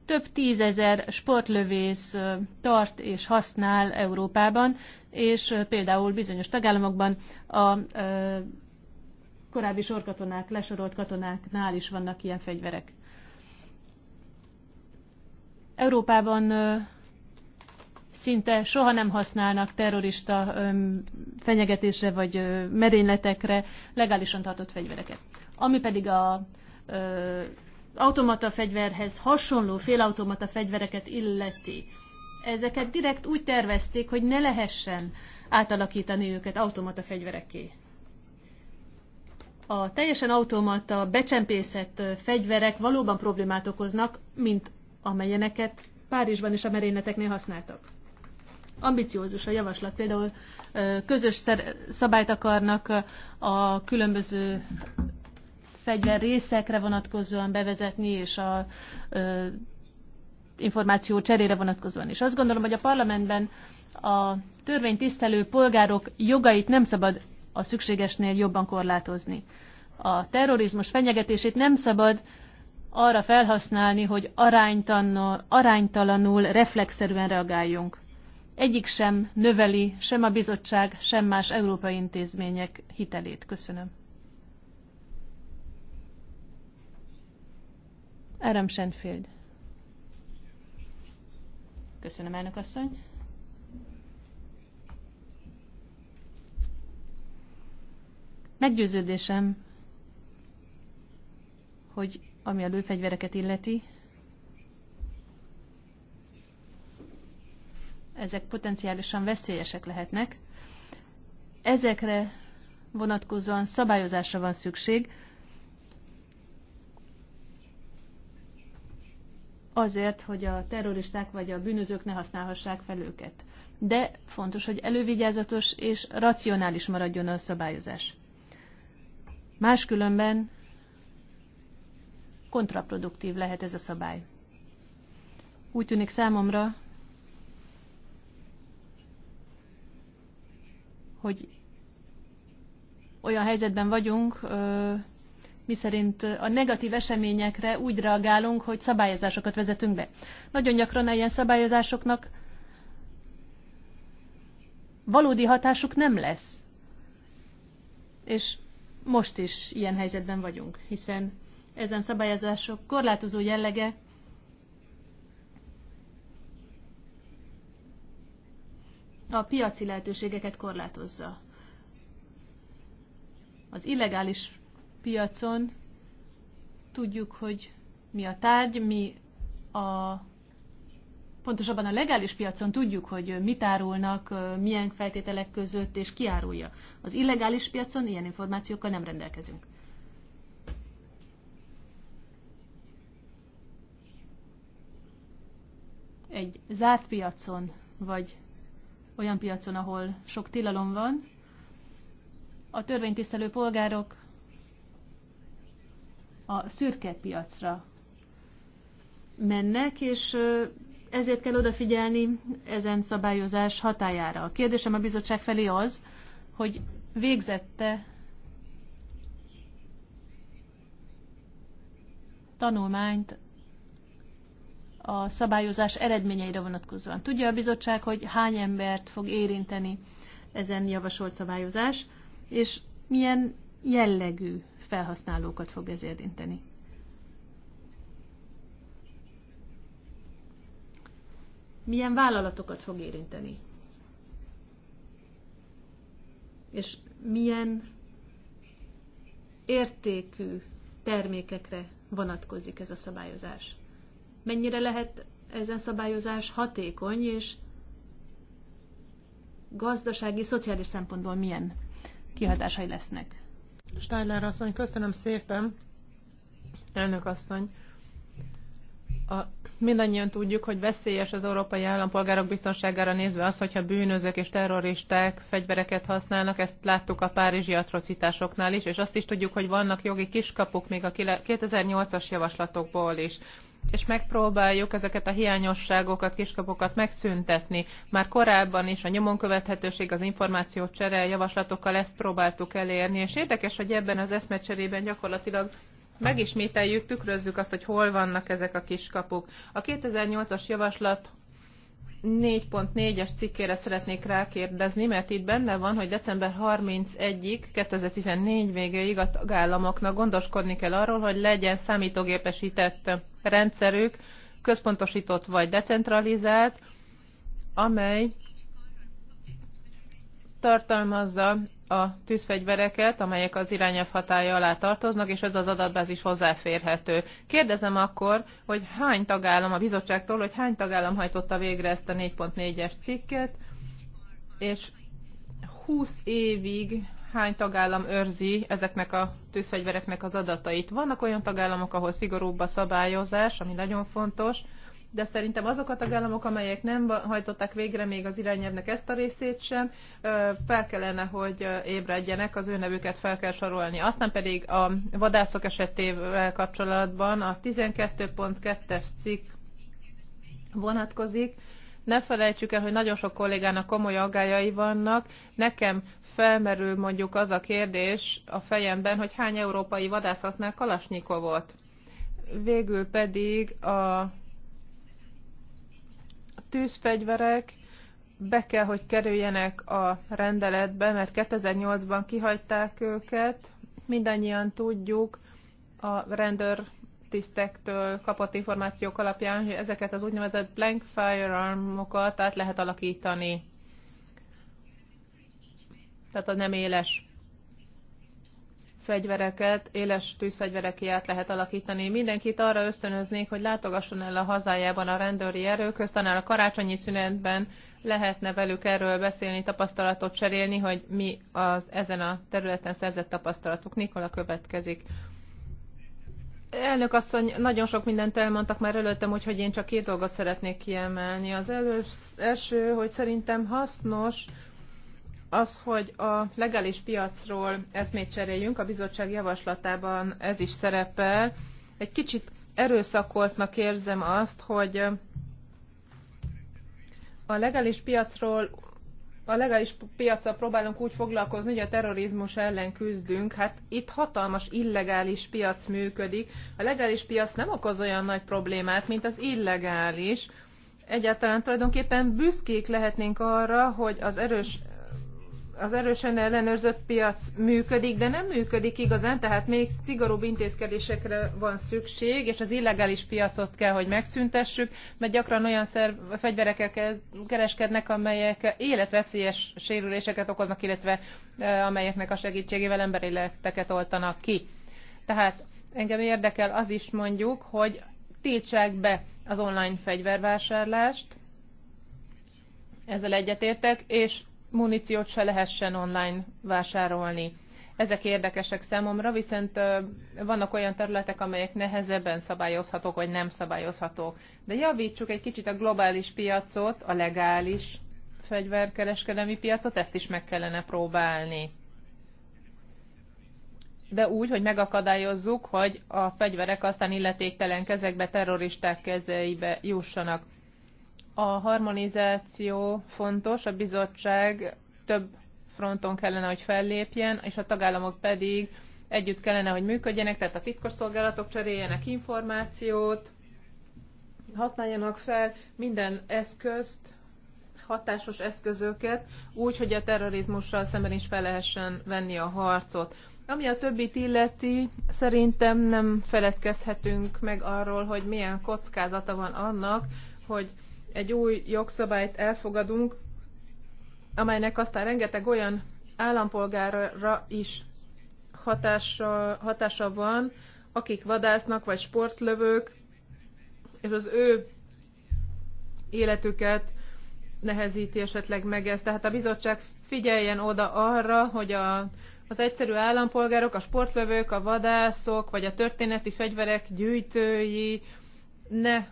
több tízezer sportlövész tart és használ Európában, és például bizonyos tagállamokban a korábbi sorkatonák, lesorolt katonáknál is vannak ilyen fegyverek. Európában szinte soha nem használnak terrorista fenyegetésre vagy merényletekre legálisan tartott fegyvereket. Ami pedig a automata fegyverhez hasonló félautomata fegyvereket illeti. Ezeket direkt úgy tervezték, hogy ne lehessen átalakítani őket automata fegyverekké. A teljesen automata becsempészett fegyverek valóban problémát okoznak, mint amelyeneket Párizsban is a merényleteknél használtak ambiciózus a javaslat. Például közös szabályt akarnak a különböző fegyver részekre vonatkozóan bevezetni, és a információ cserére vonatkozóan is. Azt gondolom, hogy a parlamentben a törvénytisztelő polgárok jogait nem szabad a szükségesnél jobban korlátozni. A terrorizmus fenyegetését nem szabad arra felhasználni, hogy aránytalanul reflexzerűen reagáljunk egyik sem növeli sem a bizottság, sem más európai intézmények hitelét. Köszönöm. Áram Senfield. Köszönöm, elnök asszony. Meggyőződésem, hogy ami a lőfegyvereket illeti, ezek potenciálisan veszélyesek lehetnek. Ezekre vonatkozóan szabályozásra van szükség, azért, hogy a terroristák vagy a bűnözők ne használhassák fel őket. De fontos, hogy elővigyázatos és racionális maradjon a szabályozás. Máskülönben kontraproduktív lehet ez a szabály. Úgy tűnik számomra, hogy olyan helyzetben vagyunk, miszerint a negatív eseményekre úgy reagálunk, hogy szabályozásokat vezetünk be. Nagyon gyakran ilyen szabályozásoknak valódi hatásuk nem lesz. És most is ilyen helyzetben vagyunk, hiszen ezen szabályozások korlátozó jellege a piaci lehetőségeket korlátozza. Az illegális piacon tudjuk, hogy mi a tárgy, mi a pontosabban a legális piacon tudjuk, hogy mit árulnak, milyen feltételek között és ki árulja. Az illegális piacon ilyen információkkal nem rendelkezünk. Egy zárt piacon, vagy olyan piacon, ahol sok tilalom van. A törvénytisztelő polgárok a szürke piacra mennek, és ezért kell odafigyelni ezen szabályozás hatájára. A kérdésem a bizottság felé az, hogy végzette tanulmányt a szabályozás eredményeire vonatkozóan. Tudja a bizottság, hogy hány embert fog érinteni ezen javasolt szabályozás, és milyen jellegű felhasználókat fog ez érinteni. Milyen vállalatokat fog érinteni? És milyen értékű termékekre vonatkozik ez a szabályozás? mennyire lehet ezen szabályozás hatékony, és gazdasági, szociális szempontból milyen kihatásai lesznek. Steiner asszony, köszönöm szépen. Elnök asszony, a, mindannyian tudjuk, hogy veszélyes az európai állampolgárok biztonságára nézve az, hogyha bűnözők és terroristák fegyvereket használnak, ezt láttuk a párizsi atrocitásoknál is, és azt is tudjuk, hogy vannak jogi kiskapuk még a 2008-as javaslatokból is és megpróbáljuk ezeket a hiányosságokat, kiskapokat megszüntetni. Már korábban is a nyomon követhetőség, az információ csere javaslatokkal ezt próbáltuk elérni, és érdekes, hogy ebben az eszmecserében gyakorlatilag megismételjük, tükrözzük azt, hogy hol vannak ezek a kiskapuk. A 2008-as javaslat 4.4-es cikkére szeretnék rákérdezni, mert itt benne van, hogy december 31-ig, 2014 végéig a tagállamoknak gondoskodni kell arról, hogy legyen számítógépesített rendszerük, központosított vagy decentralizált, amely tartalmazza a tűzfegyvereket, amelyek az irányelv hatája alá tartoznak, és ez az adatbázis hozzáférhető. Kérdezem akkor, hogy hány tagállam a bizottságtól, hogy hány tagállam hajtotta végre ezt a 4.4-es cikket, és 20 évig hány tagállam őrzi ezeknek a tűzfegyvereknek az adatait. Vannak olyan tagállamok, ahol szigorúbb a szabályozás, ami nagyon fontos, de szerintem azok a tagállamok, amelyek nem hajtották végre még az irányelvnek ezt a részét sem, fel kellene, hogy ébredjenek, az ő nevüket fel kell sorolni. Aztán pedig a vadászok esetével kapcsolatban a 12.2-es cikk vonatkozik, ne felejtsük el, hogy nagyon sok kollégának komoly aggájai vannak. Nekem felmerül mondjuk az a kérdés a fejemben, hogy hány európai vadász használ kalasnyikovot. Végül pedig a tűzfegyverek be kell, hogy kerüljenek a rendeletbe, mert 2008-ban kihagyták őket. Mindannyian tudjuk a rendőr tisztektől kapott információk alapján, hogy ezeket az úgynevezett blank firearmokat át lehet alakítani. Tehát a nem éles fegyvereket, éles tűzfegyvereké át lehet alakítani. Mindenkit arra ösztönöznék, hogy látogasson el a hazájában a rendőri erőköz, talán a karácsonyi szünetben lehetne velük erről beszélni, tapasztalatot cserélni, hogy mi az ezen a területen szerzett tapasztalatuk. Nikola következik. Elnök asszony, nagyon sok mindent elmondtak már előttem, úgyhogy én csak két dolgot szeretnék kiemelni. Az elős, első, hogy szerintem hasznos, az, hogy a legális piacról eszmét cseréljünk, a bizottság javaslatában ez is szerepel. Egy kicsit erőszakoltnak érzem azt, hogy a legális piacról a legális piacra próbálunk úgy foglalkozni, hogy a terrorizmus ellen küzdünk. Hát itt hatalmas illegális piac működik. A legális piac nem okoz olyan nagy problémát, mint az illegális. Egyáltalán tulajdonképpen büszkék lehetnénk arra, hogy az erős az erősen ellenőrzött piac működik, de nem működik igazán, tehát még szigorúbb intézkedésekre van szükség, és az illegális piacot kell, hogy megszüntessük, mert gyakran olyan szerv, fegyverekkel kereskednek, amelyek életveszélyes sérüléseket okoznak, illetve amelyeknek a segítségével emberi életeket oltanak ki. Tehát engem érdekel az is mondjuk, hogy tiltsák be az online fegyvervásárlást, ezzel egyetértek, és muníciót se lehessen online vásárolni. Ezek érdekesek számomra, viszont vannak olyan területek, amelyek nehezebben szabályozhatók, vagy nem szabályozhatók. De javítsuk egy kicsit a globális piacot, a legális fegyverkereskedelmi piacot, ezt is meg kellene próbálni. De úgy, hogy megakadályozzuk, hogy a fegyverek aztán illetéktelen kezekbe, terroristák kezeibe jussanak. A harmonizáció fontos, a bizottság több fronton kellene, hogy fellépjen, és a tagállamok pedig együtt kellene, hogy működjenek, tehát a titkosszolgálatok cseréljenek információt, használjanak fel minden eszközt, hatásos eszközöket, úgy, hogy a terrorizmussal szemben is fel lehessen venni a harcot. Ami a többit illeti, szerintem nem feledkezhetünk meg arról, hogy milyen kockázata van annak, hogy egy új jogszabályt elfogadunk, amelynek aztán rengeteg olyan állampolgárra is hatása, hatása van, akik vadásznak, vagy sportlövők, és az ő életüket nehezíti esetleg meg ezt. Tehát a bizottság figyeljen oda arra, hogy a, az egyszerű állampolgárok, a sportlövők, a vadászok, vagy a történeti fegyverek gyűjtői ne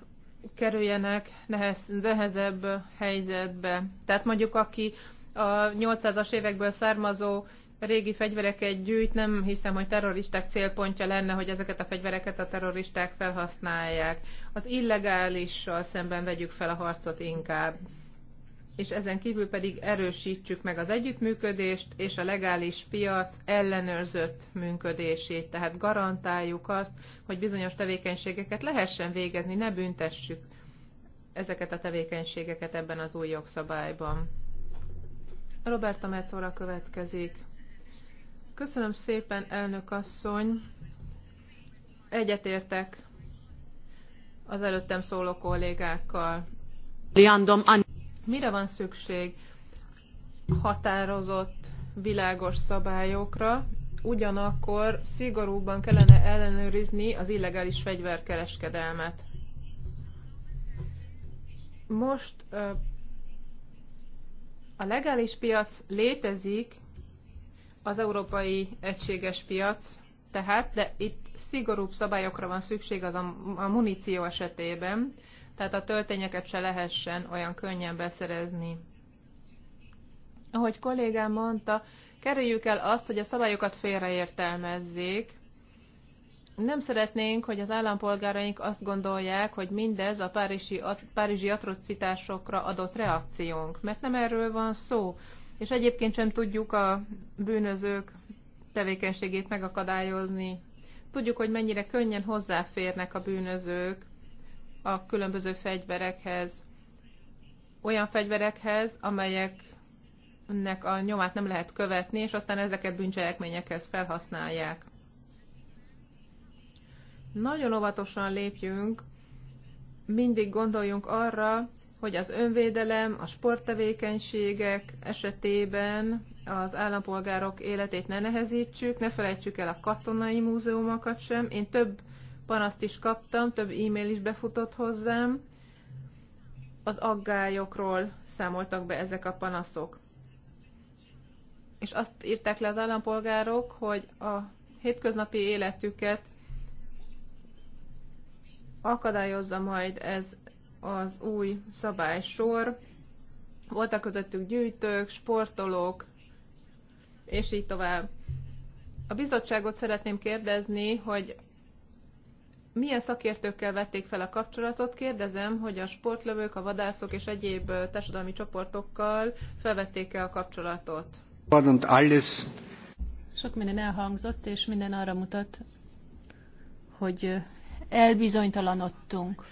kerüljenek nehez, nehezebb helyzetbe. Tehát mondjuk aki a 800-as évekből származó régi fegyvereket gyűjt, nem hiszem, hogy terroristák célpontja lenne, hogy ezeket a fegyvereket a terroristák felhasználják. Az illegálissal szemben vegyük fel a harcot inkább és ezen kívül pedig erősítsük meg az együttműködést és a legális piac ellenőrzött működését, tehát garantáljuk azt, hogy bizonyos tevékenységeket lehessen végezni, ne büntessük ezeket a tevékenységeket ebben az új jogszabályban. Roberta Metzola következik. Köszönöm szépen, elnök asszony. Egyetértek az előttem szóló kollégákkal. Liandom, Mire van szükség? Határozott, világos szabályokra, ugyanakkor szigorúban kellene ellenőrizni az illegális fegyverkereskedelmet. Most a legális piac létezik, az európai egységes piac, tehát, de itt szigorúbb szabályokra van szükség az a, muníció esetében, tehát a töltényeket se lehessen olyan könnyen beszerezni. Ahogy kollégám mondta, kerüljük el azt, hogy a szabályokat félreértelmezzék. Nem szeretnénk, hogy az állampolgáraink azt gondolják, hogy mindez a párizsi, a, párizsi atrocitásokra adott reakciónk, mert nem erről van szó. És egyébként sem tudjuk a bűnözők tevékenységét megakadályozni. Tudjuk, hogy mennyire könnyen hozzáférnek a bűnözők a különböző fegyverekhez, olyan fegyverekhez, amelyeknek a nyomát nem lehet követni, és aztán ezeket bűncselekményekhez felhasználják. Nagyon óvatosan lépjünk, mindig gondoljunk arra, hogy az önvédelem, a sporttevékenységek esetében az állampolgárok életét ne nehezítsük, ne felejtsük el a katonai múzeumokat sem. Én több panaszt is kaptam, több e-mail is befutott hozzám. Az aggályokról számoltak be ezek a panaszok. És azt írták le az állampolgárok, hogy a hétköznapi életüket akadályozza majd ez az új szabálysor. Voltak közöttük gyűjtők, sportolók, és így tovább. A bizottságot szeretném kérdezni, hogy milyen szakértőkkel vették fel a kapcsolatot? Kérdezem, hogy a sportlövők, a vadászok és egyéb társadalmi csoportokkal felvették-e a kapcsolatot? Sok minden elhangzott, és minden arra mutat, hogy elbizonytalanodtunk,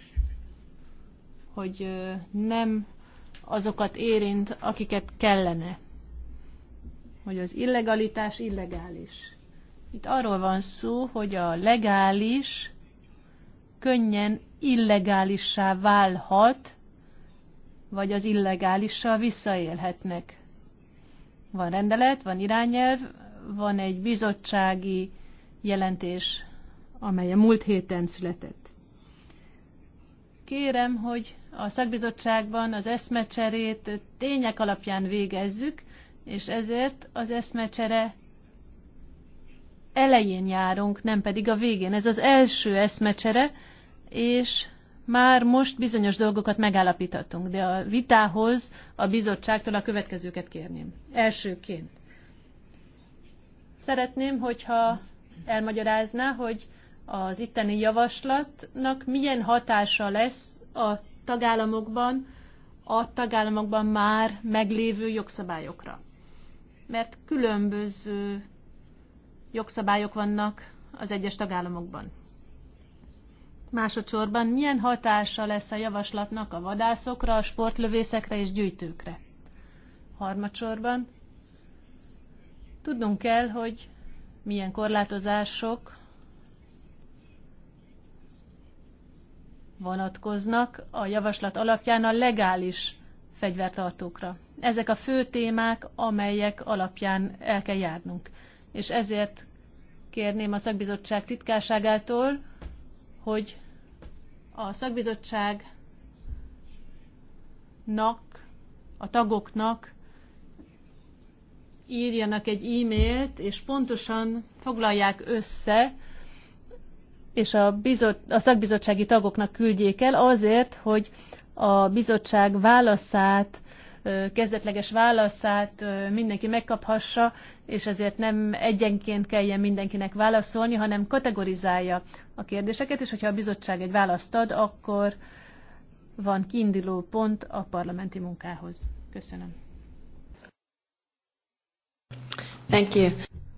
hogy nem azokat érint, akiket kellene. Hogy az illegalitás illegális. Itt arról van szó, hogy a legális könnyen illegálissá válhat, vagy az illegálissal visszaélhetnek. Van rendelet, van irányelv, van egy bizottsági jelentés, amely a múlt héten született. Kérem, hogy a szakbizottságban az eszmecserét tények alapján végezzük, és ezért az eszmecsere elején járunk, nem pedig a végén. Ez az első eszmecsere, és már most bizonyos dolgokat megállapítottunk, de a vitához a bizottságtól a következőket kérném. Elsőként. Szeretném, hogyha elmagyarázná, hogy az itteni javaslatnak milyen hatása lesz a tagállamokban, a tagállamokban már meglévő jogszabályokra. Mert különböző jogszabályok vannak az egyes tagállamokban. Másodszorban milyen hatása lesz a javaslatnak a vadászokra, a sportlövészekre és gyűjtőkre? Harmadsorban tudnunk kell, hogy milyen korlátozások vonatkoznak a javaslat alapján a legális fegyvertartókra. Ezek a fő témák, amelyek alapján el kell járnunk. És ezért kérném a szakbizottság titkárságától, hogy a szakbizottságnak, a tagoknak írjanak egy e-mailt, és pontosan foglalják össze, és a, bizot, a szakbizottsági tagoknak küldjék el azért, hogy a bizottság válaszát kezdetleges válaszát mindenki megkaphassa, és ezért nem egyenként kelljen mindenkinek válaszolni, hanem kategorizálja a kérdéseket, és hogyha a bizottság egy választ ad, akkor van kiinduló pont a parlamenti munkához. Köszönöm. Thank you.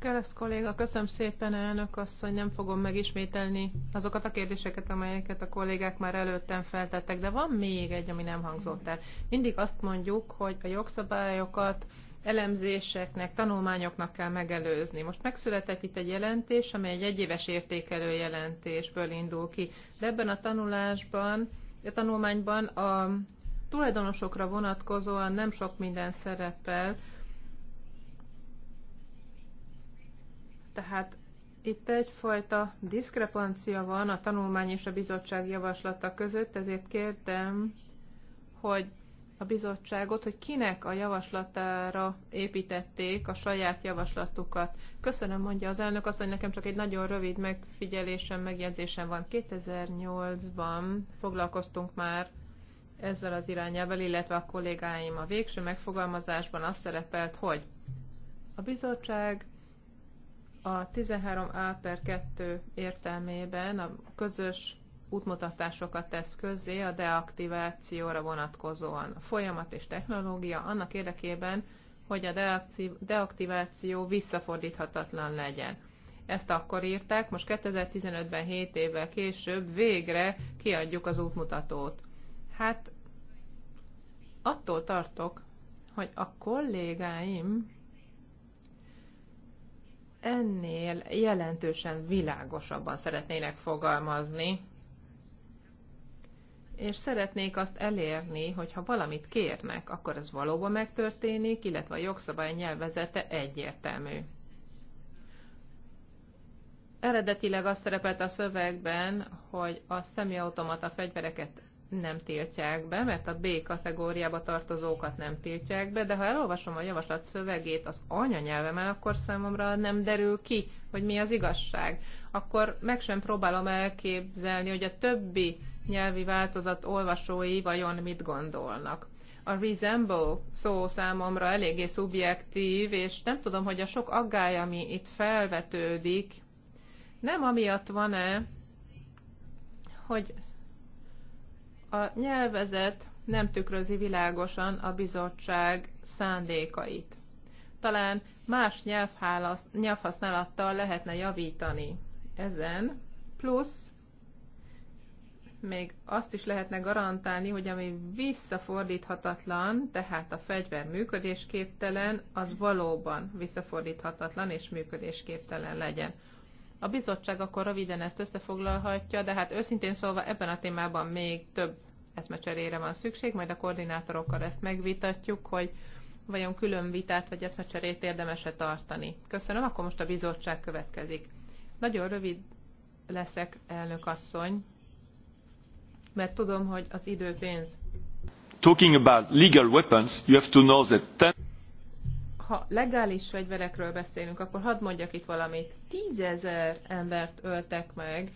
Kelesz kolléga, köszönöm szépen, elnök asszony, nem fogom megismételni azokat a kérdéseket, amelyeket a kollégák már előttem feltettek, de van még egy, ami nem hangzott el. Mindig azt mondjuk, hogy a jogszabályokat elemzéseknek, tanulmányoknak kell megelőzni. Most megszületett itt egy jelentés, amely egy egyéves értékelő jelentésből indul ki, de ebben a tanulásban, a tanulmányban a tulajdonosokra vonatkozóan nem sok minden szerepel, Tehát itt egyfajta diszkrepancia van a tanulmány és a bizottság javaslata között, ezért kérdem, hogy a bizottságot, hogy kinek a javaslatára építették a saját javaslatukat. Köszönöm, mondja az elnök azt, hogy nekem csak egy nagyon rövid megfigyelésem, megjegyzésem van. 2008-ban foglalkoztunk már ezzel az irányával, illetve a kollégáim a végső megfogalmazásban azt szerepelt, hogy a bizottság a 13A per 2 értelmében a közös útmutatásokat tesz közzé a deaktivációra vonatkozóan. A folyamat és technológia annak érdekében, hogy a deaktiváció visszafordíthatatlan legyen. Ezt akkor írták, most 2015-ben 7 évvel később végre kiadjuk az útmutatót. Hát attól tartok, hogy a kollégáim ennél jelentősen világosabban szeretnének fogalmazni, és szeretnék azt elérni, hogy ha valamit kérnek, akkor ez valóban megtörténik, illetve a jogszabály nyelvezete egyértelmű. Eredetileg azt szerepelt a szövegben, hogy a személyautomata fegyvereket nem tiltják be, mert a B kategóriába tartozókat nem tiltják be, de ha elolvasom a javaslat szövegét az anyanyelvemen, akkor számomra nem derül ki, hogy mi az igazság. Akkor meg sem próbálom elképzelni, hogy a többi nyelvi változat olvasói vajon mit gondolnak a resemble szó számomra eléggé szubjektív, és nem tudom, hogy a sok aggály, ami itt felvetődik, nem amiatt van-e, hogy a nyelvezet nem tükrözi világosan a bizottság szándékait. Talán más nyelvhasználattal lehetne javítani ezen, plusz még azt is lehetne garantálni, hogy ami visszafordíthatatlan, tehát a fegyver működésképtelen, az valóban visszafordíthatatlan és működésképtelen legyen. A bizottság akkor röviden ezt összefoglalhatja, de hát őszintén szólva ebben a témában még több eszmecserére van szükség, majd a koordinátorokkal ezt megvitatjuk, hogy vajon külön vitát vagy eszmecserét érdemese tartani. Köszönöm, akkor most a bizottság következik. Nagyon rövid leszek, elnök asszony, mert tudom, hogy az idő pénz. Talking about legal weapons, you have to know that ten ha legális fegyverekről beszélünk, akkor hadd mondjak itt valamit. Tízezer embert öltek meg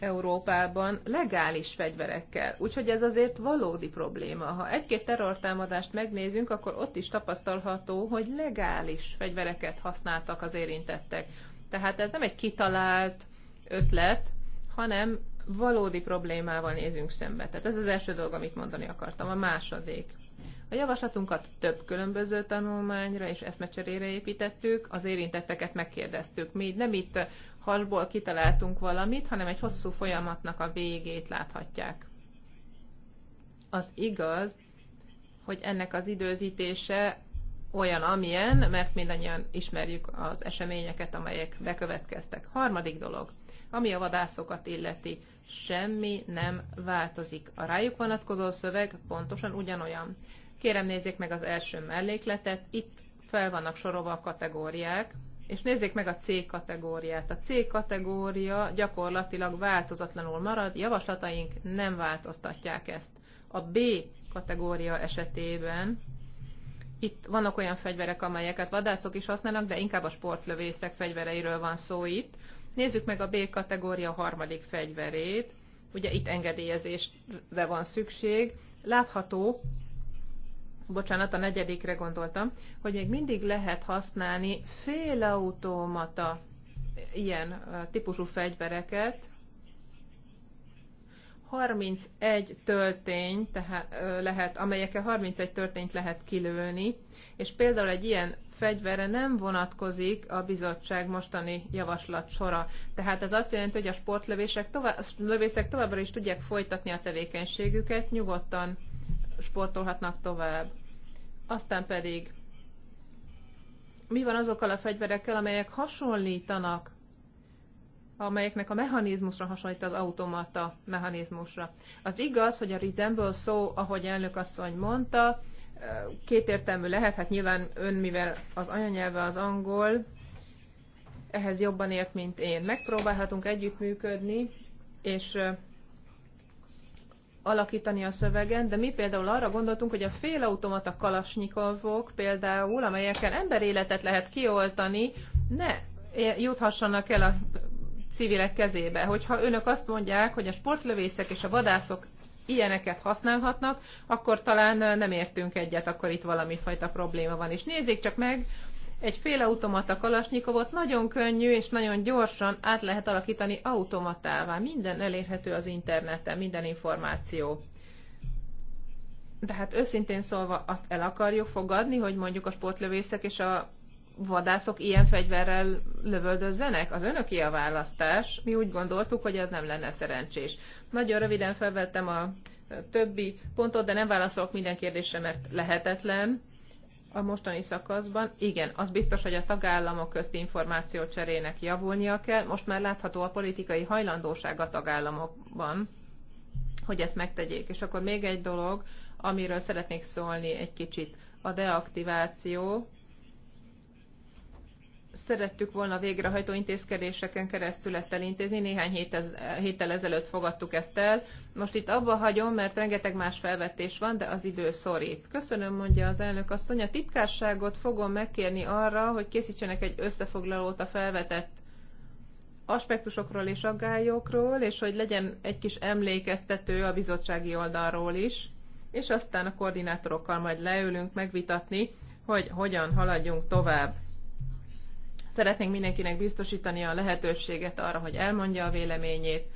Európában legális fegyverekkel. Úgyhogy ez azért valódi probléma. Ha egy-két terrortámadást megnézünk, akkor ott is tapasztalható, hogy legális fegyvereket használtak az érintettek. Tehát ez nem egy kitalált ötlet, hanem valódi problémával nézünk szembe. Tehát ez az első dolog, amit mondani akartam. A második a javaslatunkat több különböző tanulmányra és eszmecserére építettük, az érintetteket megkérdeztük. Mi nem itt hasból kitaláltunk valamit, hanem egy hosszú folyamatnak a végét láthatják. Az igaz, hogy ennek az időzítése olyan, amilyen, mert mindannyian ismerjük az eseményeket, amelyek bekövetkeztek. Harmadik dolog, ami a vadászokat illeti, semmi nem változik. A rájuk vonatkozó szöveg pontosan ugyanolyan. Kérem nézzék meg az első mellékletet, itt fel vannak sorolva a kategóriák, és nézzék meg a C kategóriát. A C kategória gyakorlatilag változatlanul marad, javaslataink nem változtatják ezt. A B kategória esetében itt vannak olyan fegyverek, amelyeket vadászok is használnak, de inkább a sportlövészek fegyvereiről van szó itt. Nézzük meg a B kategória harmadik fegyverét. Ugye itt engedélyezésre van szükség. Látható, bocsánat, a negyedikre gondoltam, hogy még mindig lehet használni félautomata ilyen típusú fegyvereket, 31 töltény tehát, lehet, amelyekkel 31 töltényt lehet kilőni, és például egy ilyen fegyvere nem vonatkozik a bizottság mostani javaslat sora. Tehát ez azt jelenti, hogy a sportlövészek tovább, lövészek továbbra is tudják folytatni a tevékenységüket, nyugodtan sportolhatnak tovább. Aztán pedig mi van azokkal a fegyverekkel, amelyek hasonlítanak, amelyeknek a mechanizmusra hasonlít az automata mechanizmusra. Az igaz, hogy a Rizemből szó, ahogy elnök asszony mondta, kétértelmű lehet, hát nyilván ön, mivel az anyanyelve az angol, ehhez jobban ért, mint én. Megpróbálhatunk együttműködni, és alakítani a szövegen, de mi például arra gondoltunk, hogy a félautomata kalasnyikovok például, amelyekkel emberéletet lehet kioltani, ne juthassanak el a civilek kezébe. Hogyha önök azt mondják, hogy a sportlövészek és a vadászok ilyeneket használhatnak, akkor talán nem értünk egyet, akkor itt valami fajta probléma van. És nézzék csak meg, egy félautomata kalasnyikovot nagyon könnyű és nagyon gyorsan át lehet alakítani automatává. Minden elérhető az interneten, minden információ. De hát őszintén szólva azt el akarjuk fogadni, hogy mondjuk a sportlövészek és a vadászok ilyen fegyverrel lövöldözzenek? Az önöké a választás. Mi úgy gondoltuk, hogy ez nem lenne szerencsés. Nagyon röviden felvettem a többi pontot, de nem válaszolok minden kérdésre, mert lehetetlen a mostani szakaszban, igen, az biztos, hogy a tagállamok közt információ cserének javulnia kell. Most már látható a politikai hajlandóság a tagállamokban, hogy ezt megtegyék. És akkor még egy dolog, amiről szeretnék szólni egy kicsit. A deaktiváció, szerettük volna végrehajtó intézkedéseken keresztül ezt elintézni. Néhány hétez, héttel ezelőtt fogadtuk ezt el. Most itt abba hagyom, mert rengeteg más felvetés van, de az idő szorít. Köszönöm, mondja az elnök asszony. A titkárságot fogom megkérni arra, hogy készítsenek egy összefoglalót a felvetett aspektusokról és aggályokról, és hogy legyen egy kis emlékeztető a bizottsági oldalról is, és aztán a koordinátorokkal majd leülünk megvitatni, hogy hogyan haladjunk tovább. Szeretnénk mindenkinek biztosítani a lehetőséget arra, hogy elmondja a véleményét,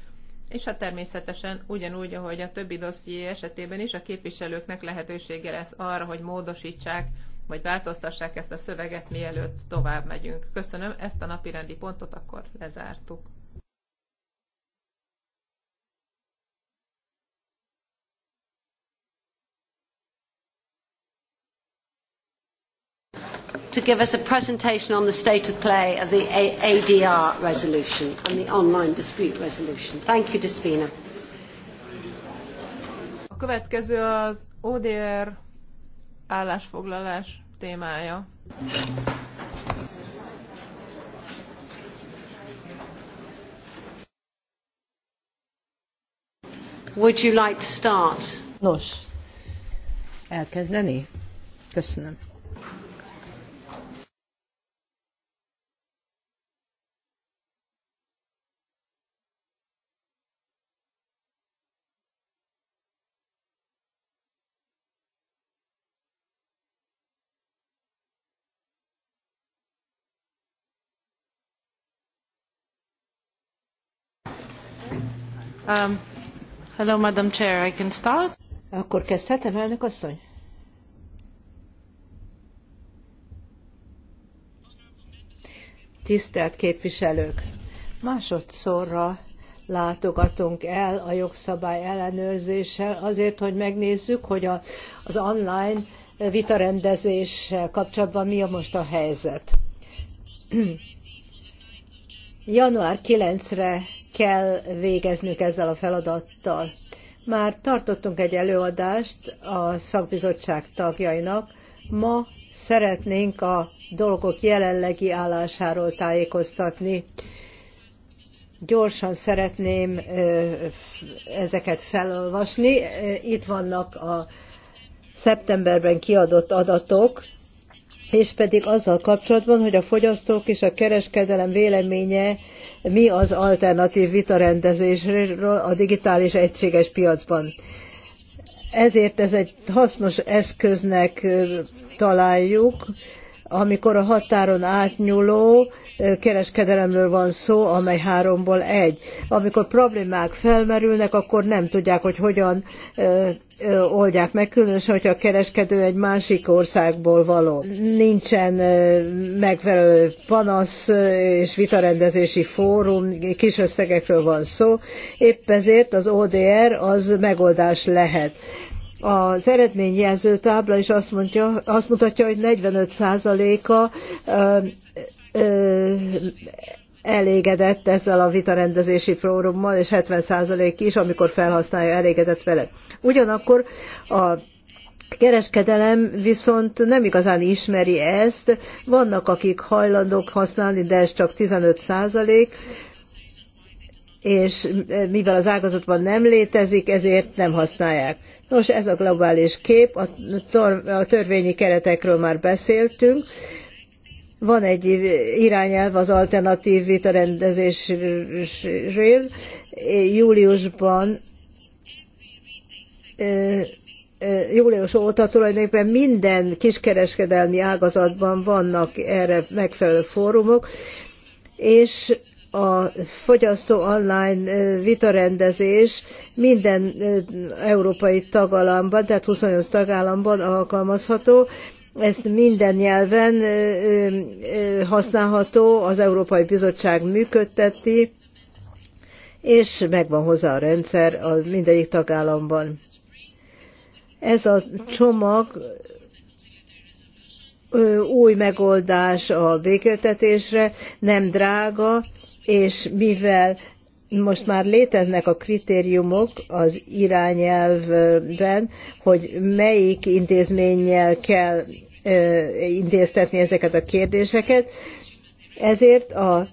és hát természetesen ugyanúgy, ahogy a többi dosszié esetében is a képviselőknek lehetősége lesz arra, hogy módosítsák vagy változtassák ezt a szöveget, mielőtt tovább megyünk. Köszönöm, ezt a napi rendi pontot akkor lezártuk. to give us a presentation on the state of play of the ADR resolution and the online dispute resolution. Thank you, Despina. A következő az ODR állásfoglalás témája. Would you like to start? Nos, elkezdeni? Köszönöm. Um, hello, Madam Chair, I can start? Akkor kezdhetem, elnök asszony? Tisztelt képviselők! Másodszorra látogatunk el a jogszabály ellenőrzéssel azért, hogy megnézzük, hogy a, az online vitarendezés kapcsolatban mi a most a helyzet. Január 9-re kell végeznünk ezzel a feladattal. Már tartottunk egy előadást a szakbizottság tagjainak. Ma szeretnénk a dolgok jelenlegi állásáról tájékoztatni. Gyorsan szeretném ezeket felolvasni. Itt vannak a szeptemberben kiadott adatok, és pedig azzal kapcsolatban, hogy a fogyasztók és a kereskedelem véleménye mi az alternatív vitarendezésről a digitális egységes piacban. Ezért ez egy hasznos eszköznek találjuk, amikor a határon átnyúló kereskedelemről van szó, amely háromból egy. Amikor problémák felmerülnek, akkor nem tudják, hogy hogyan oldják meg, különösen, hogyha a kereskedő egy másik országból való. Nincsen megfelelő panasz és vitarendezési fórum, kis összegekről van szó, épp ezért az ODR az megoldás lehet. Az eredményjelző tábla is azt, mondja, azt mutatja, hogy 45%-a elégedett ezzel a vitarendezési fórummal, és 70% is, amikor felhasználja, elégedett vele. Ugyanakkor a kereskedelem viszont nem igazán ismeri ezt, vannak akik hajlandók használni, de ez csak 15 százalék, és mivel az ágazatban nem létezik, ezért nem használják. Nos, ez a globális kép, a törvényi keretekről már beszéltünk, van egy irányelv az alternatív vitarendezésről. Júliusban július óta tulajdonképpen minden kiskereskedelmi ágazatban vannak erre megfelelő fórumok, és a fogyasztó online vitarendezés minden európai tagállamban, tehát 28 tagállamban alkalmazható, ezt minden nyelven használható, az Európai Bizottság működteti, és megvan hozzá a rendszer az mindegyik tagállamban. Ez a csomag új megoldás a végeltetésre, nem drága, és mivel most már léteznek a kritériumok az irányelvben, hogy melyik intézménnyel kell intéztetni ezeket a kérdéseket, ezért a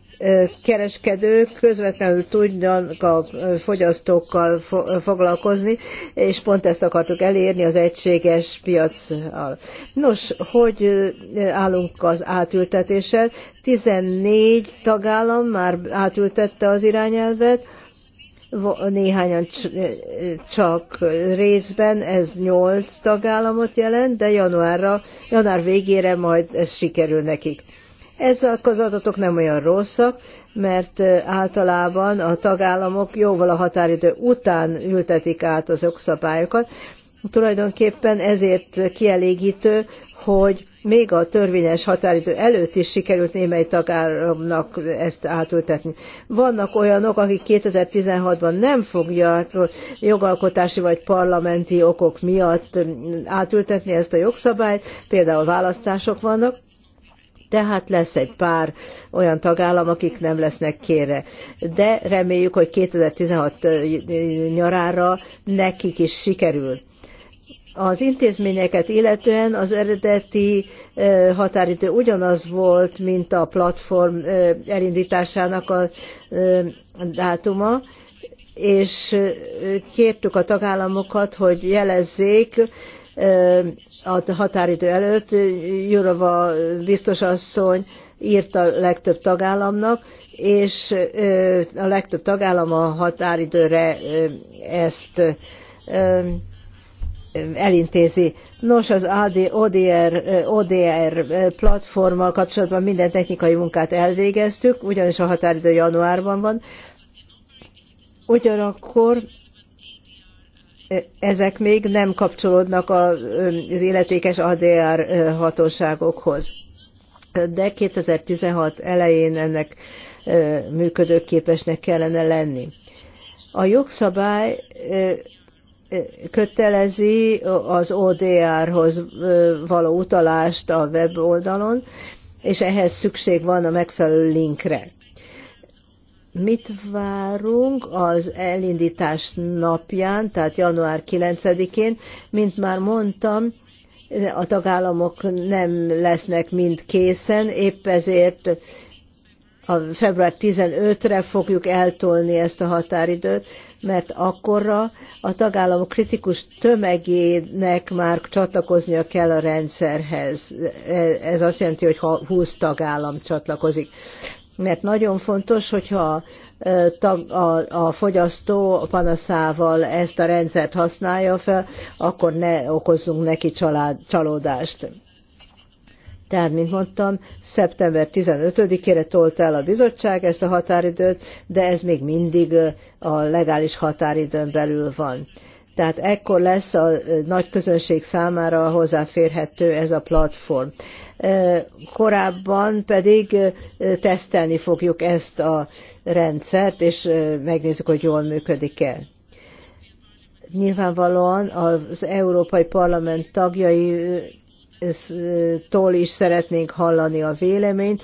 kereskedők közvetlenül tudjanak a fogyasztókkal foglalkozni, és pont ezt akartuk elérni az egységes piacsal. Nos, hogy állunk az átültetéssel? 14 tagállam már átültette az irányelvet, néhányan csak részben, ez 8 tagállamot jelent, de januárra, január végére majd ez sikerül nekik. Ezek az adatok nem olyan rosszak, mert általában a tagállamok jóval a határidő után ültetik át az szabályokat. Tulajdonképpen ezért kielégítő, hogy még a törvényes határidő előtt is sikerült némely tagállamnak ezt átültetni. Vannak olyanok, akik 2016-ban nem fogja jogalkotási vagy parlamenti okok miatt átültetni ezt a jogszabályt, például választások vannak, tehát lesz egy pár olyan tagállam, akik nem lesznek kére. De reméljük, hogy 2016 nyarára nekik is sikerül. Az intézményeket illetően az eredeti határidő ugyanaz volt, mint a platform elindításának a dátuma, és kértük a tagállamokat, hogy jelezzék a határidő előtt. Jurova biztos asszony írt a legtöbb tagállamnak, és a legtöbb tagállam a határidőre ezt elintézi. Nos, az AD, ODR, ODR platformmal kapcsolatban minden technikai munkát elvégeztük, ugyanis a határidő januárban van. Ugyanakkor ezek még nem kapcsolódnak az életékes ADR hatóságokhoz. De 2016 elején ennek működőképesnek kellene lenni. A jogszabály kötelezi az ODR-hoz való utalást a weboldalon, és ehhez szükség van a megfelelő linkre mit várunk az elindítás napján, tehát január 9-én, mint már mondtam, a tagállamok nem lesznek mind készen, épp ezért a február 15-re fogjuk eltolni ezt a határidőt, mert akkorra a tagállamok kritikus tömegének már csatlakoznia kell a rendszerhez. Ez azt jelenti, hogy 20 tagállam csatlakozik mert nagyon fontos, hogyha a fogyasztó panaszával ezt a rendszert használja fel, akkor ne okozzunk neki család, csalódást. Tehát, mint mondtam, szeptember 15-ére tolt el a bizottság ezt a határidőt, de ez még mindig a legális határidőn belül van. Tehát ekkor lesz a nagy közönség számára hozzáférhető ez a platform korábban pedig tesztelni fogjuk ezt a rendszert, és megnézzük, hogy jól működik-e. Nyilvánvalóan az Európai Parlament tagjai tól is szeretnénk hallani a véleményt,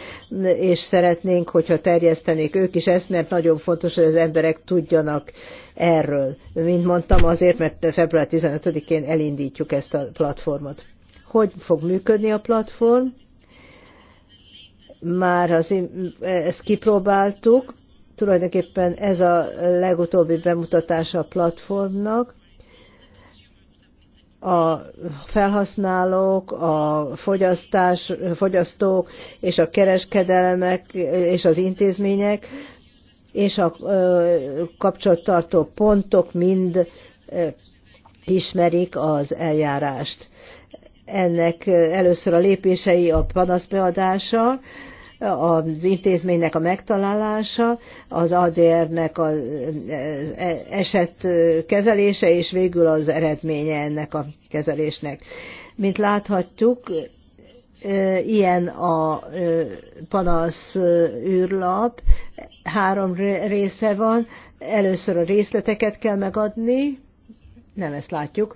és szeretnénk, hogyha terjesztenék ők is ezt, mert nagyon fontos, hogy az emberek tudjanak erről. Mint mondtam, azért, mert február 15-én elindítjuk ezt a platformot hogy fog működni a platform. Már az, ezt kipróbáltuk, tulajdonképpen ez a legutóbbi bemutatása a platformnak. A felhasználók, a fogyasztás, fogyasztók és a kereskedelemek és az intézmények és a kapcsolattartó pontok mind ismerik az eljárást ennek először a lépései a panaszbeadása, az intézménynek a megtalálása, az ADR-nek az e, eset kezelése, és végül az eredménye ennek a kezelésnek. Mint láthatjuk, ilyen a panasz űrlap, három része van, először a részleteket kell megadni, nem ezt látjuk,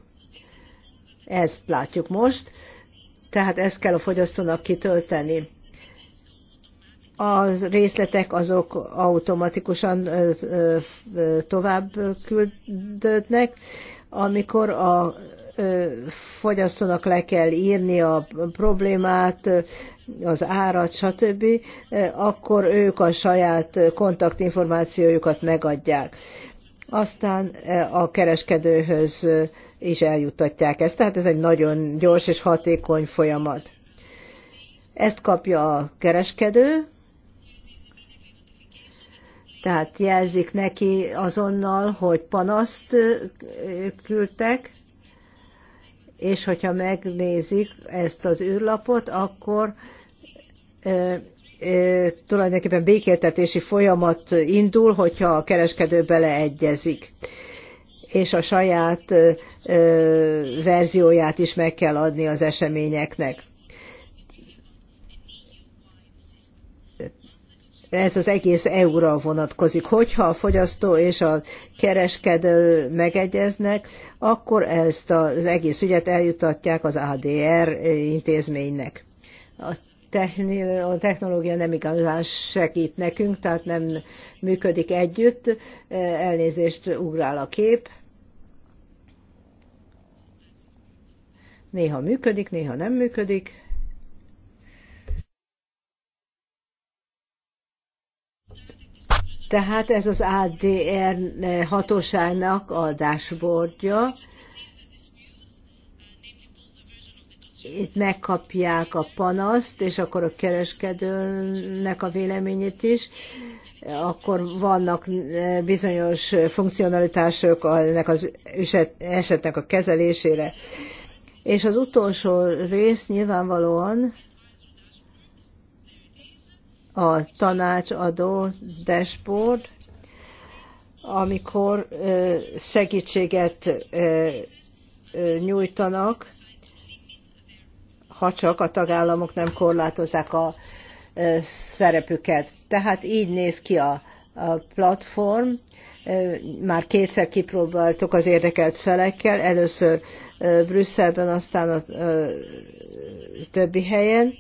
ezt látjuk most, tehát ezt kell a fogyasztónak kitölteni. A részletek azok automatikusan tovább küldődnek, amikor a fogyasztónak le kell írni a problémát, az árat, stb., akkor ők a saját kontaktinformációjukat megadják. Aztán a kereskedőhöz és eljutatják ezt. Tehát ez egy nagyon gyors és hatékony folyamat. Ezt kapja a kereskedő, tehát jelzik neki azonnal, hogy panaszt küldtek, és hogyha megnézik ezt az űrlapot, akkor e, e, tulajdonképpen békéltetési folyamat indul, hogyha a kereskedő beleegyezik és a saját verzióját is meg kell adni az eseményeknek. ez az egész EU-ra vonatkozik. Hogyha a fogyasztó és a kereskedő megegyeznek, akkor ezt az egész ügyet eljutatják az ADR intézménynek. A technológia nem igazán segít nekünk, tehát nem működik együtt. Elnézést ugrál a kép. Néha működik, néha nem működik. Tehát ez az ADR hatóságnak a dashboardja. Itt megkapják a panaszt, és akkor a kereskedőnek a véleményét is. Akkor vannak eh, bizonyos funkcionalitások ennek az esetnek a kezelésére. És az utolsó rész nyilvánvalóan a tanácsadó dashboard, amikor segítséget nyújtanak, ha csak a tagállamok nem korlátozzák a szerepüket. Tehát így néz ki a, a platform. Már kétszer kipróbáltuk az érdekelt felekkel. Először Brüsszelben, aztán a többi helyen.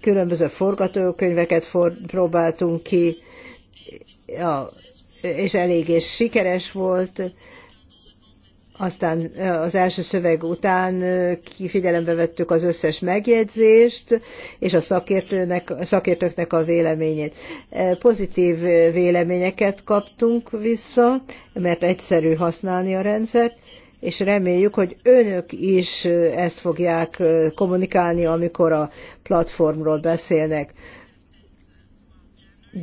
Különböző forgatókönyveket for, próbáltunk ki, ja, és és sikeres volt. Aztán az első szöveg után figyelembe vettük az összes megjegyzést és a szakértőnek, a szakértőknek a véleményét. Pozitív véleményeket kaptunk vissza, mert egyszerű használni a rendszert és reméljük, hogy önök is ezt fogják kommunikálni, amikor a platformról beszélnek.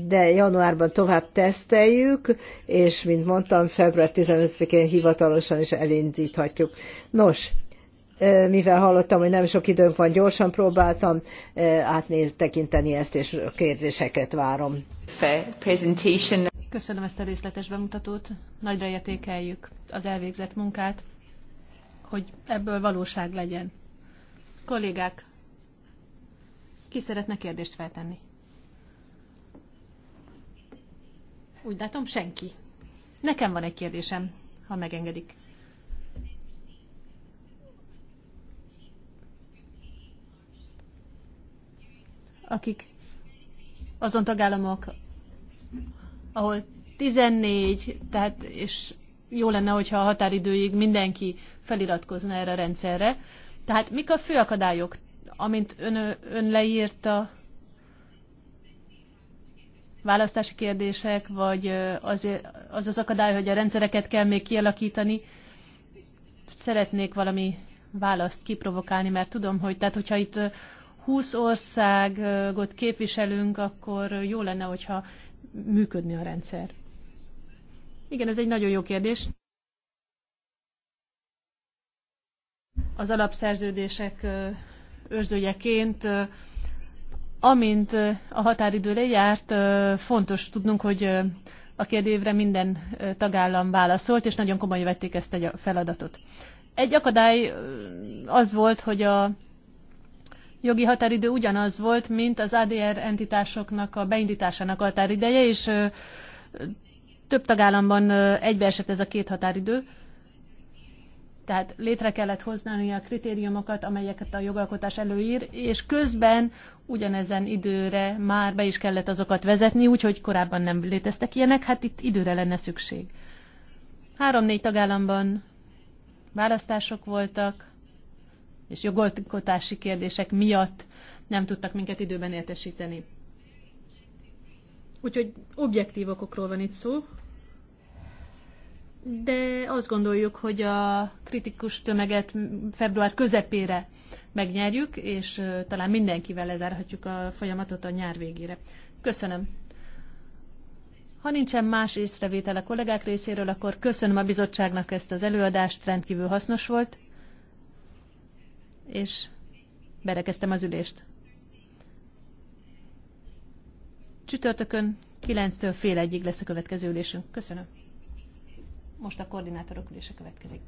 De januárban tovább teszteljük, és mint mondtam, február 15-én hivatalosan is elindíthatjuk. Nos, mivel hallottam, hogy nem sok időnk van, gyorsan próbáltam átnéz, tekinteni ezt, és kérdéseket várom. Köszönöm ezt a részletes bemutatót, nagyra értékeljük az elvégzett munkát, hogy ebből valóság legyen. Kollégák, ki szeretne kérdést feltenni? Úgy látom, senki. Nekem van egy kérdésem, ha megengedik. Akik azon tagállamok, ahol 14, tehát és jó lenne, hogyha a határidőig mindenki feliratkozna erre a rendszerre. Tehát mik a fő akadályok, amint ön, ön leírta választási kérdések, vagy az, az az akadály, hogy a rendszereket kell még kialakítani. Szeretnék valami választ kiprovokálni, mert tudom, hogy tehát hogyha itt 20 országot képviselünk, akkor jó lenne, hogyha működni a rendszer? Igen, ez egy nagyon jó kérdés. Az alapszerződések őrzőjeként, amint a határidő lejárt, fontos tudnunk, hogy a kérdévre minden tagállam válaszolt, és nagyon komolyan vették ezt a feladatot. Egy akadály az volt, hogy a jogi határidő ugyanaz volt, mint az ADR entitásoknak a beindításának határideje, és több tagállamban egybeesett ez a két határidő. Tehát létre kellett hoznani a kritériumokat, amelyeket a jogalkotás előír, és közben ugyanezen időre már be is kellett azokat vezetni, úgyhogy korábban nem léteztek ilyenek, hát itt időre lenne szükség. Három-négy tagállamban választások voltak, és jogalkotási kérdések miatt nem tudtak minket időben értesíteni. Úgyhogy objektív okokról van itt szó, de azt gondoljuk, hogy a kritikus tömeget február közepére megnyerjük, és talán mindenkivel lezárhatjuk a folyamatot a nyár végére. Köszönöm. Ha nincsen más észrevétel a kollégák részéről, akkor köszönöm a bizottságnak ezt az előadást, rendkívül hasznos volt és berekeztem az ülést. Csütörtökön 9-től fél egyig lesz a következő ülésünk. Köszönöm. Most a koordinátorok ülése következik.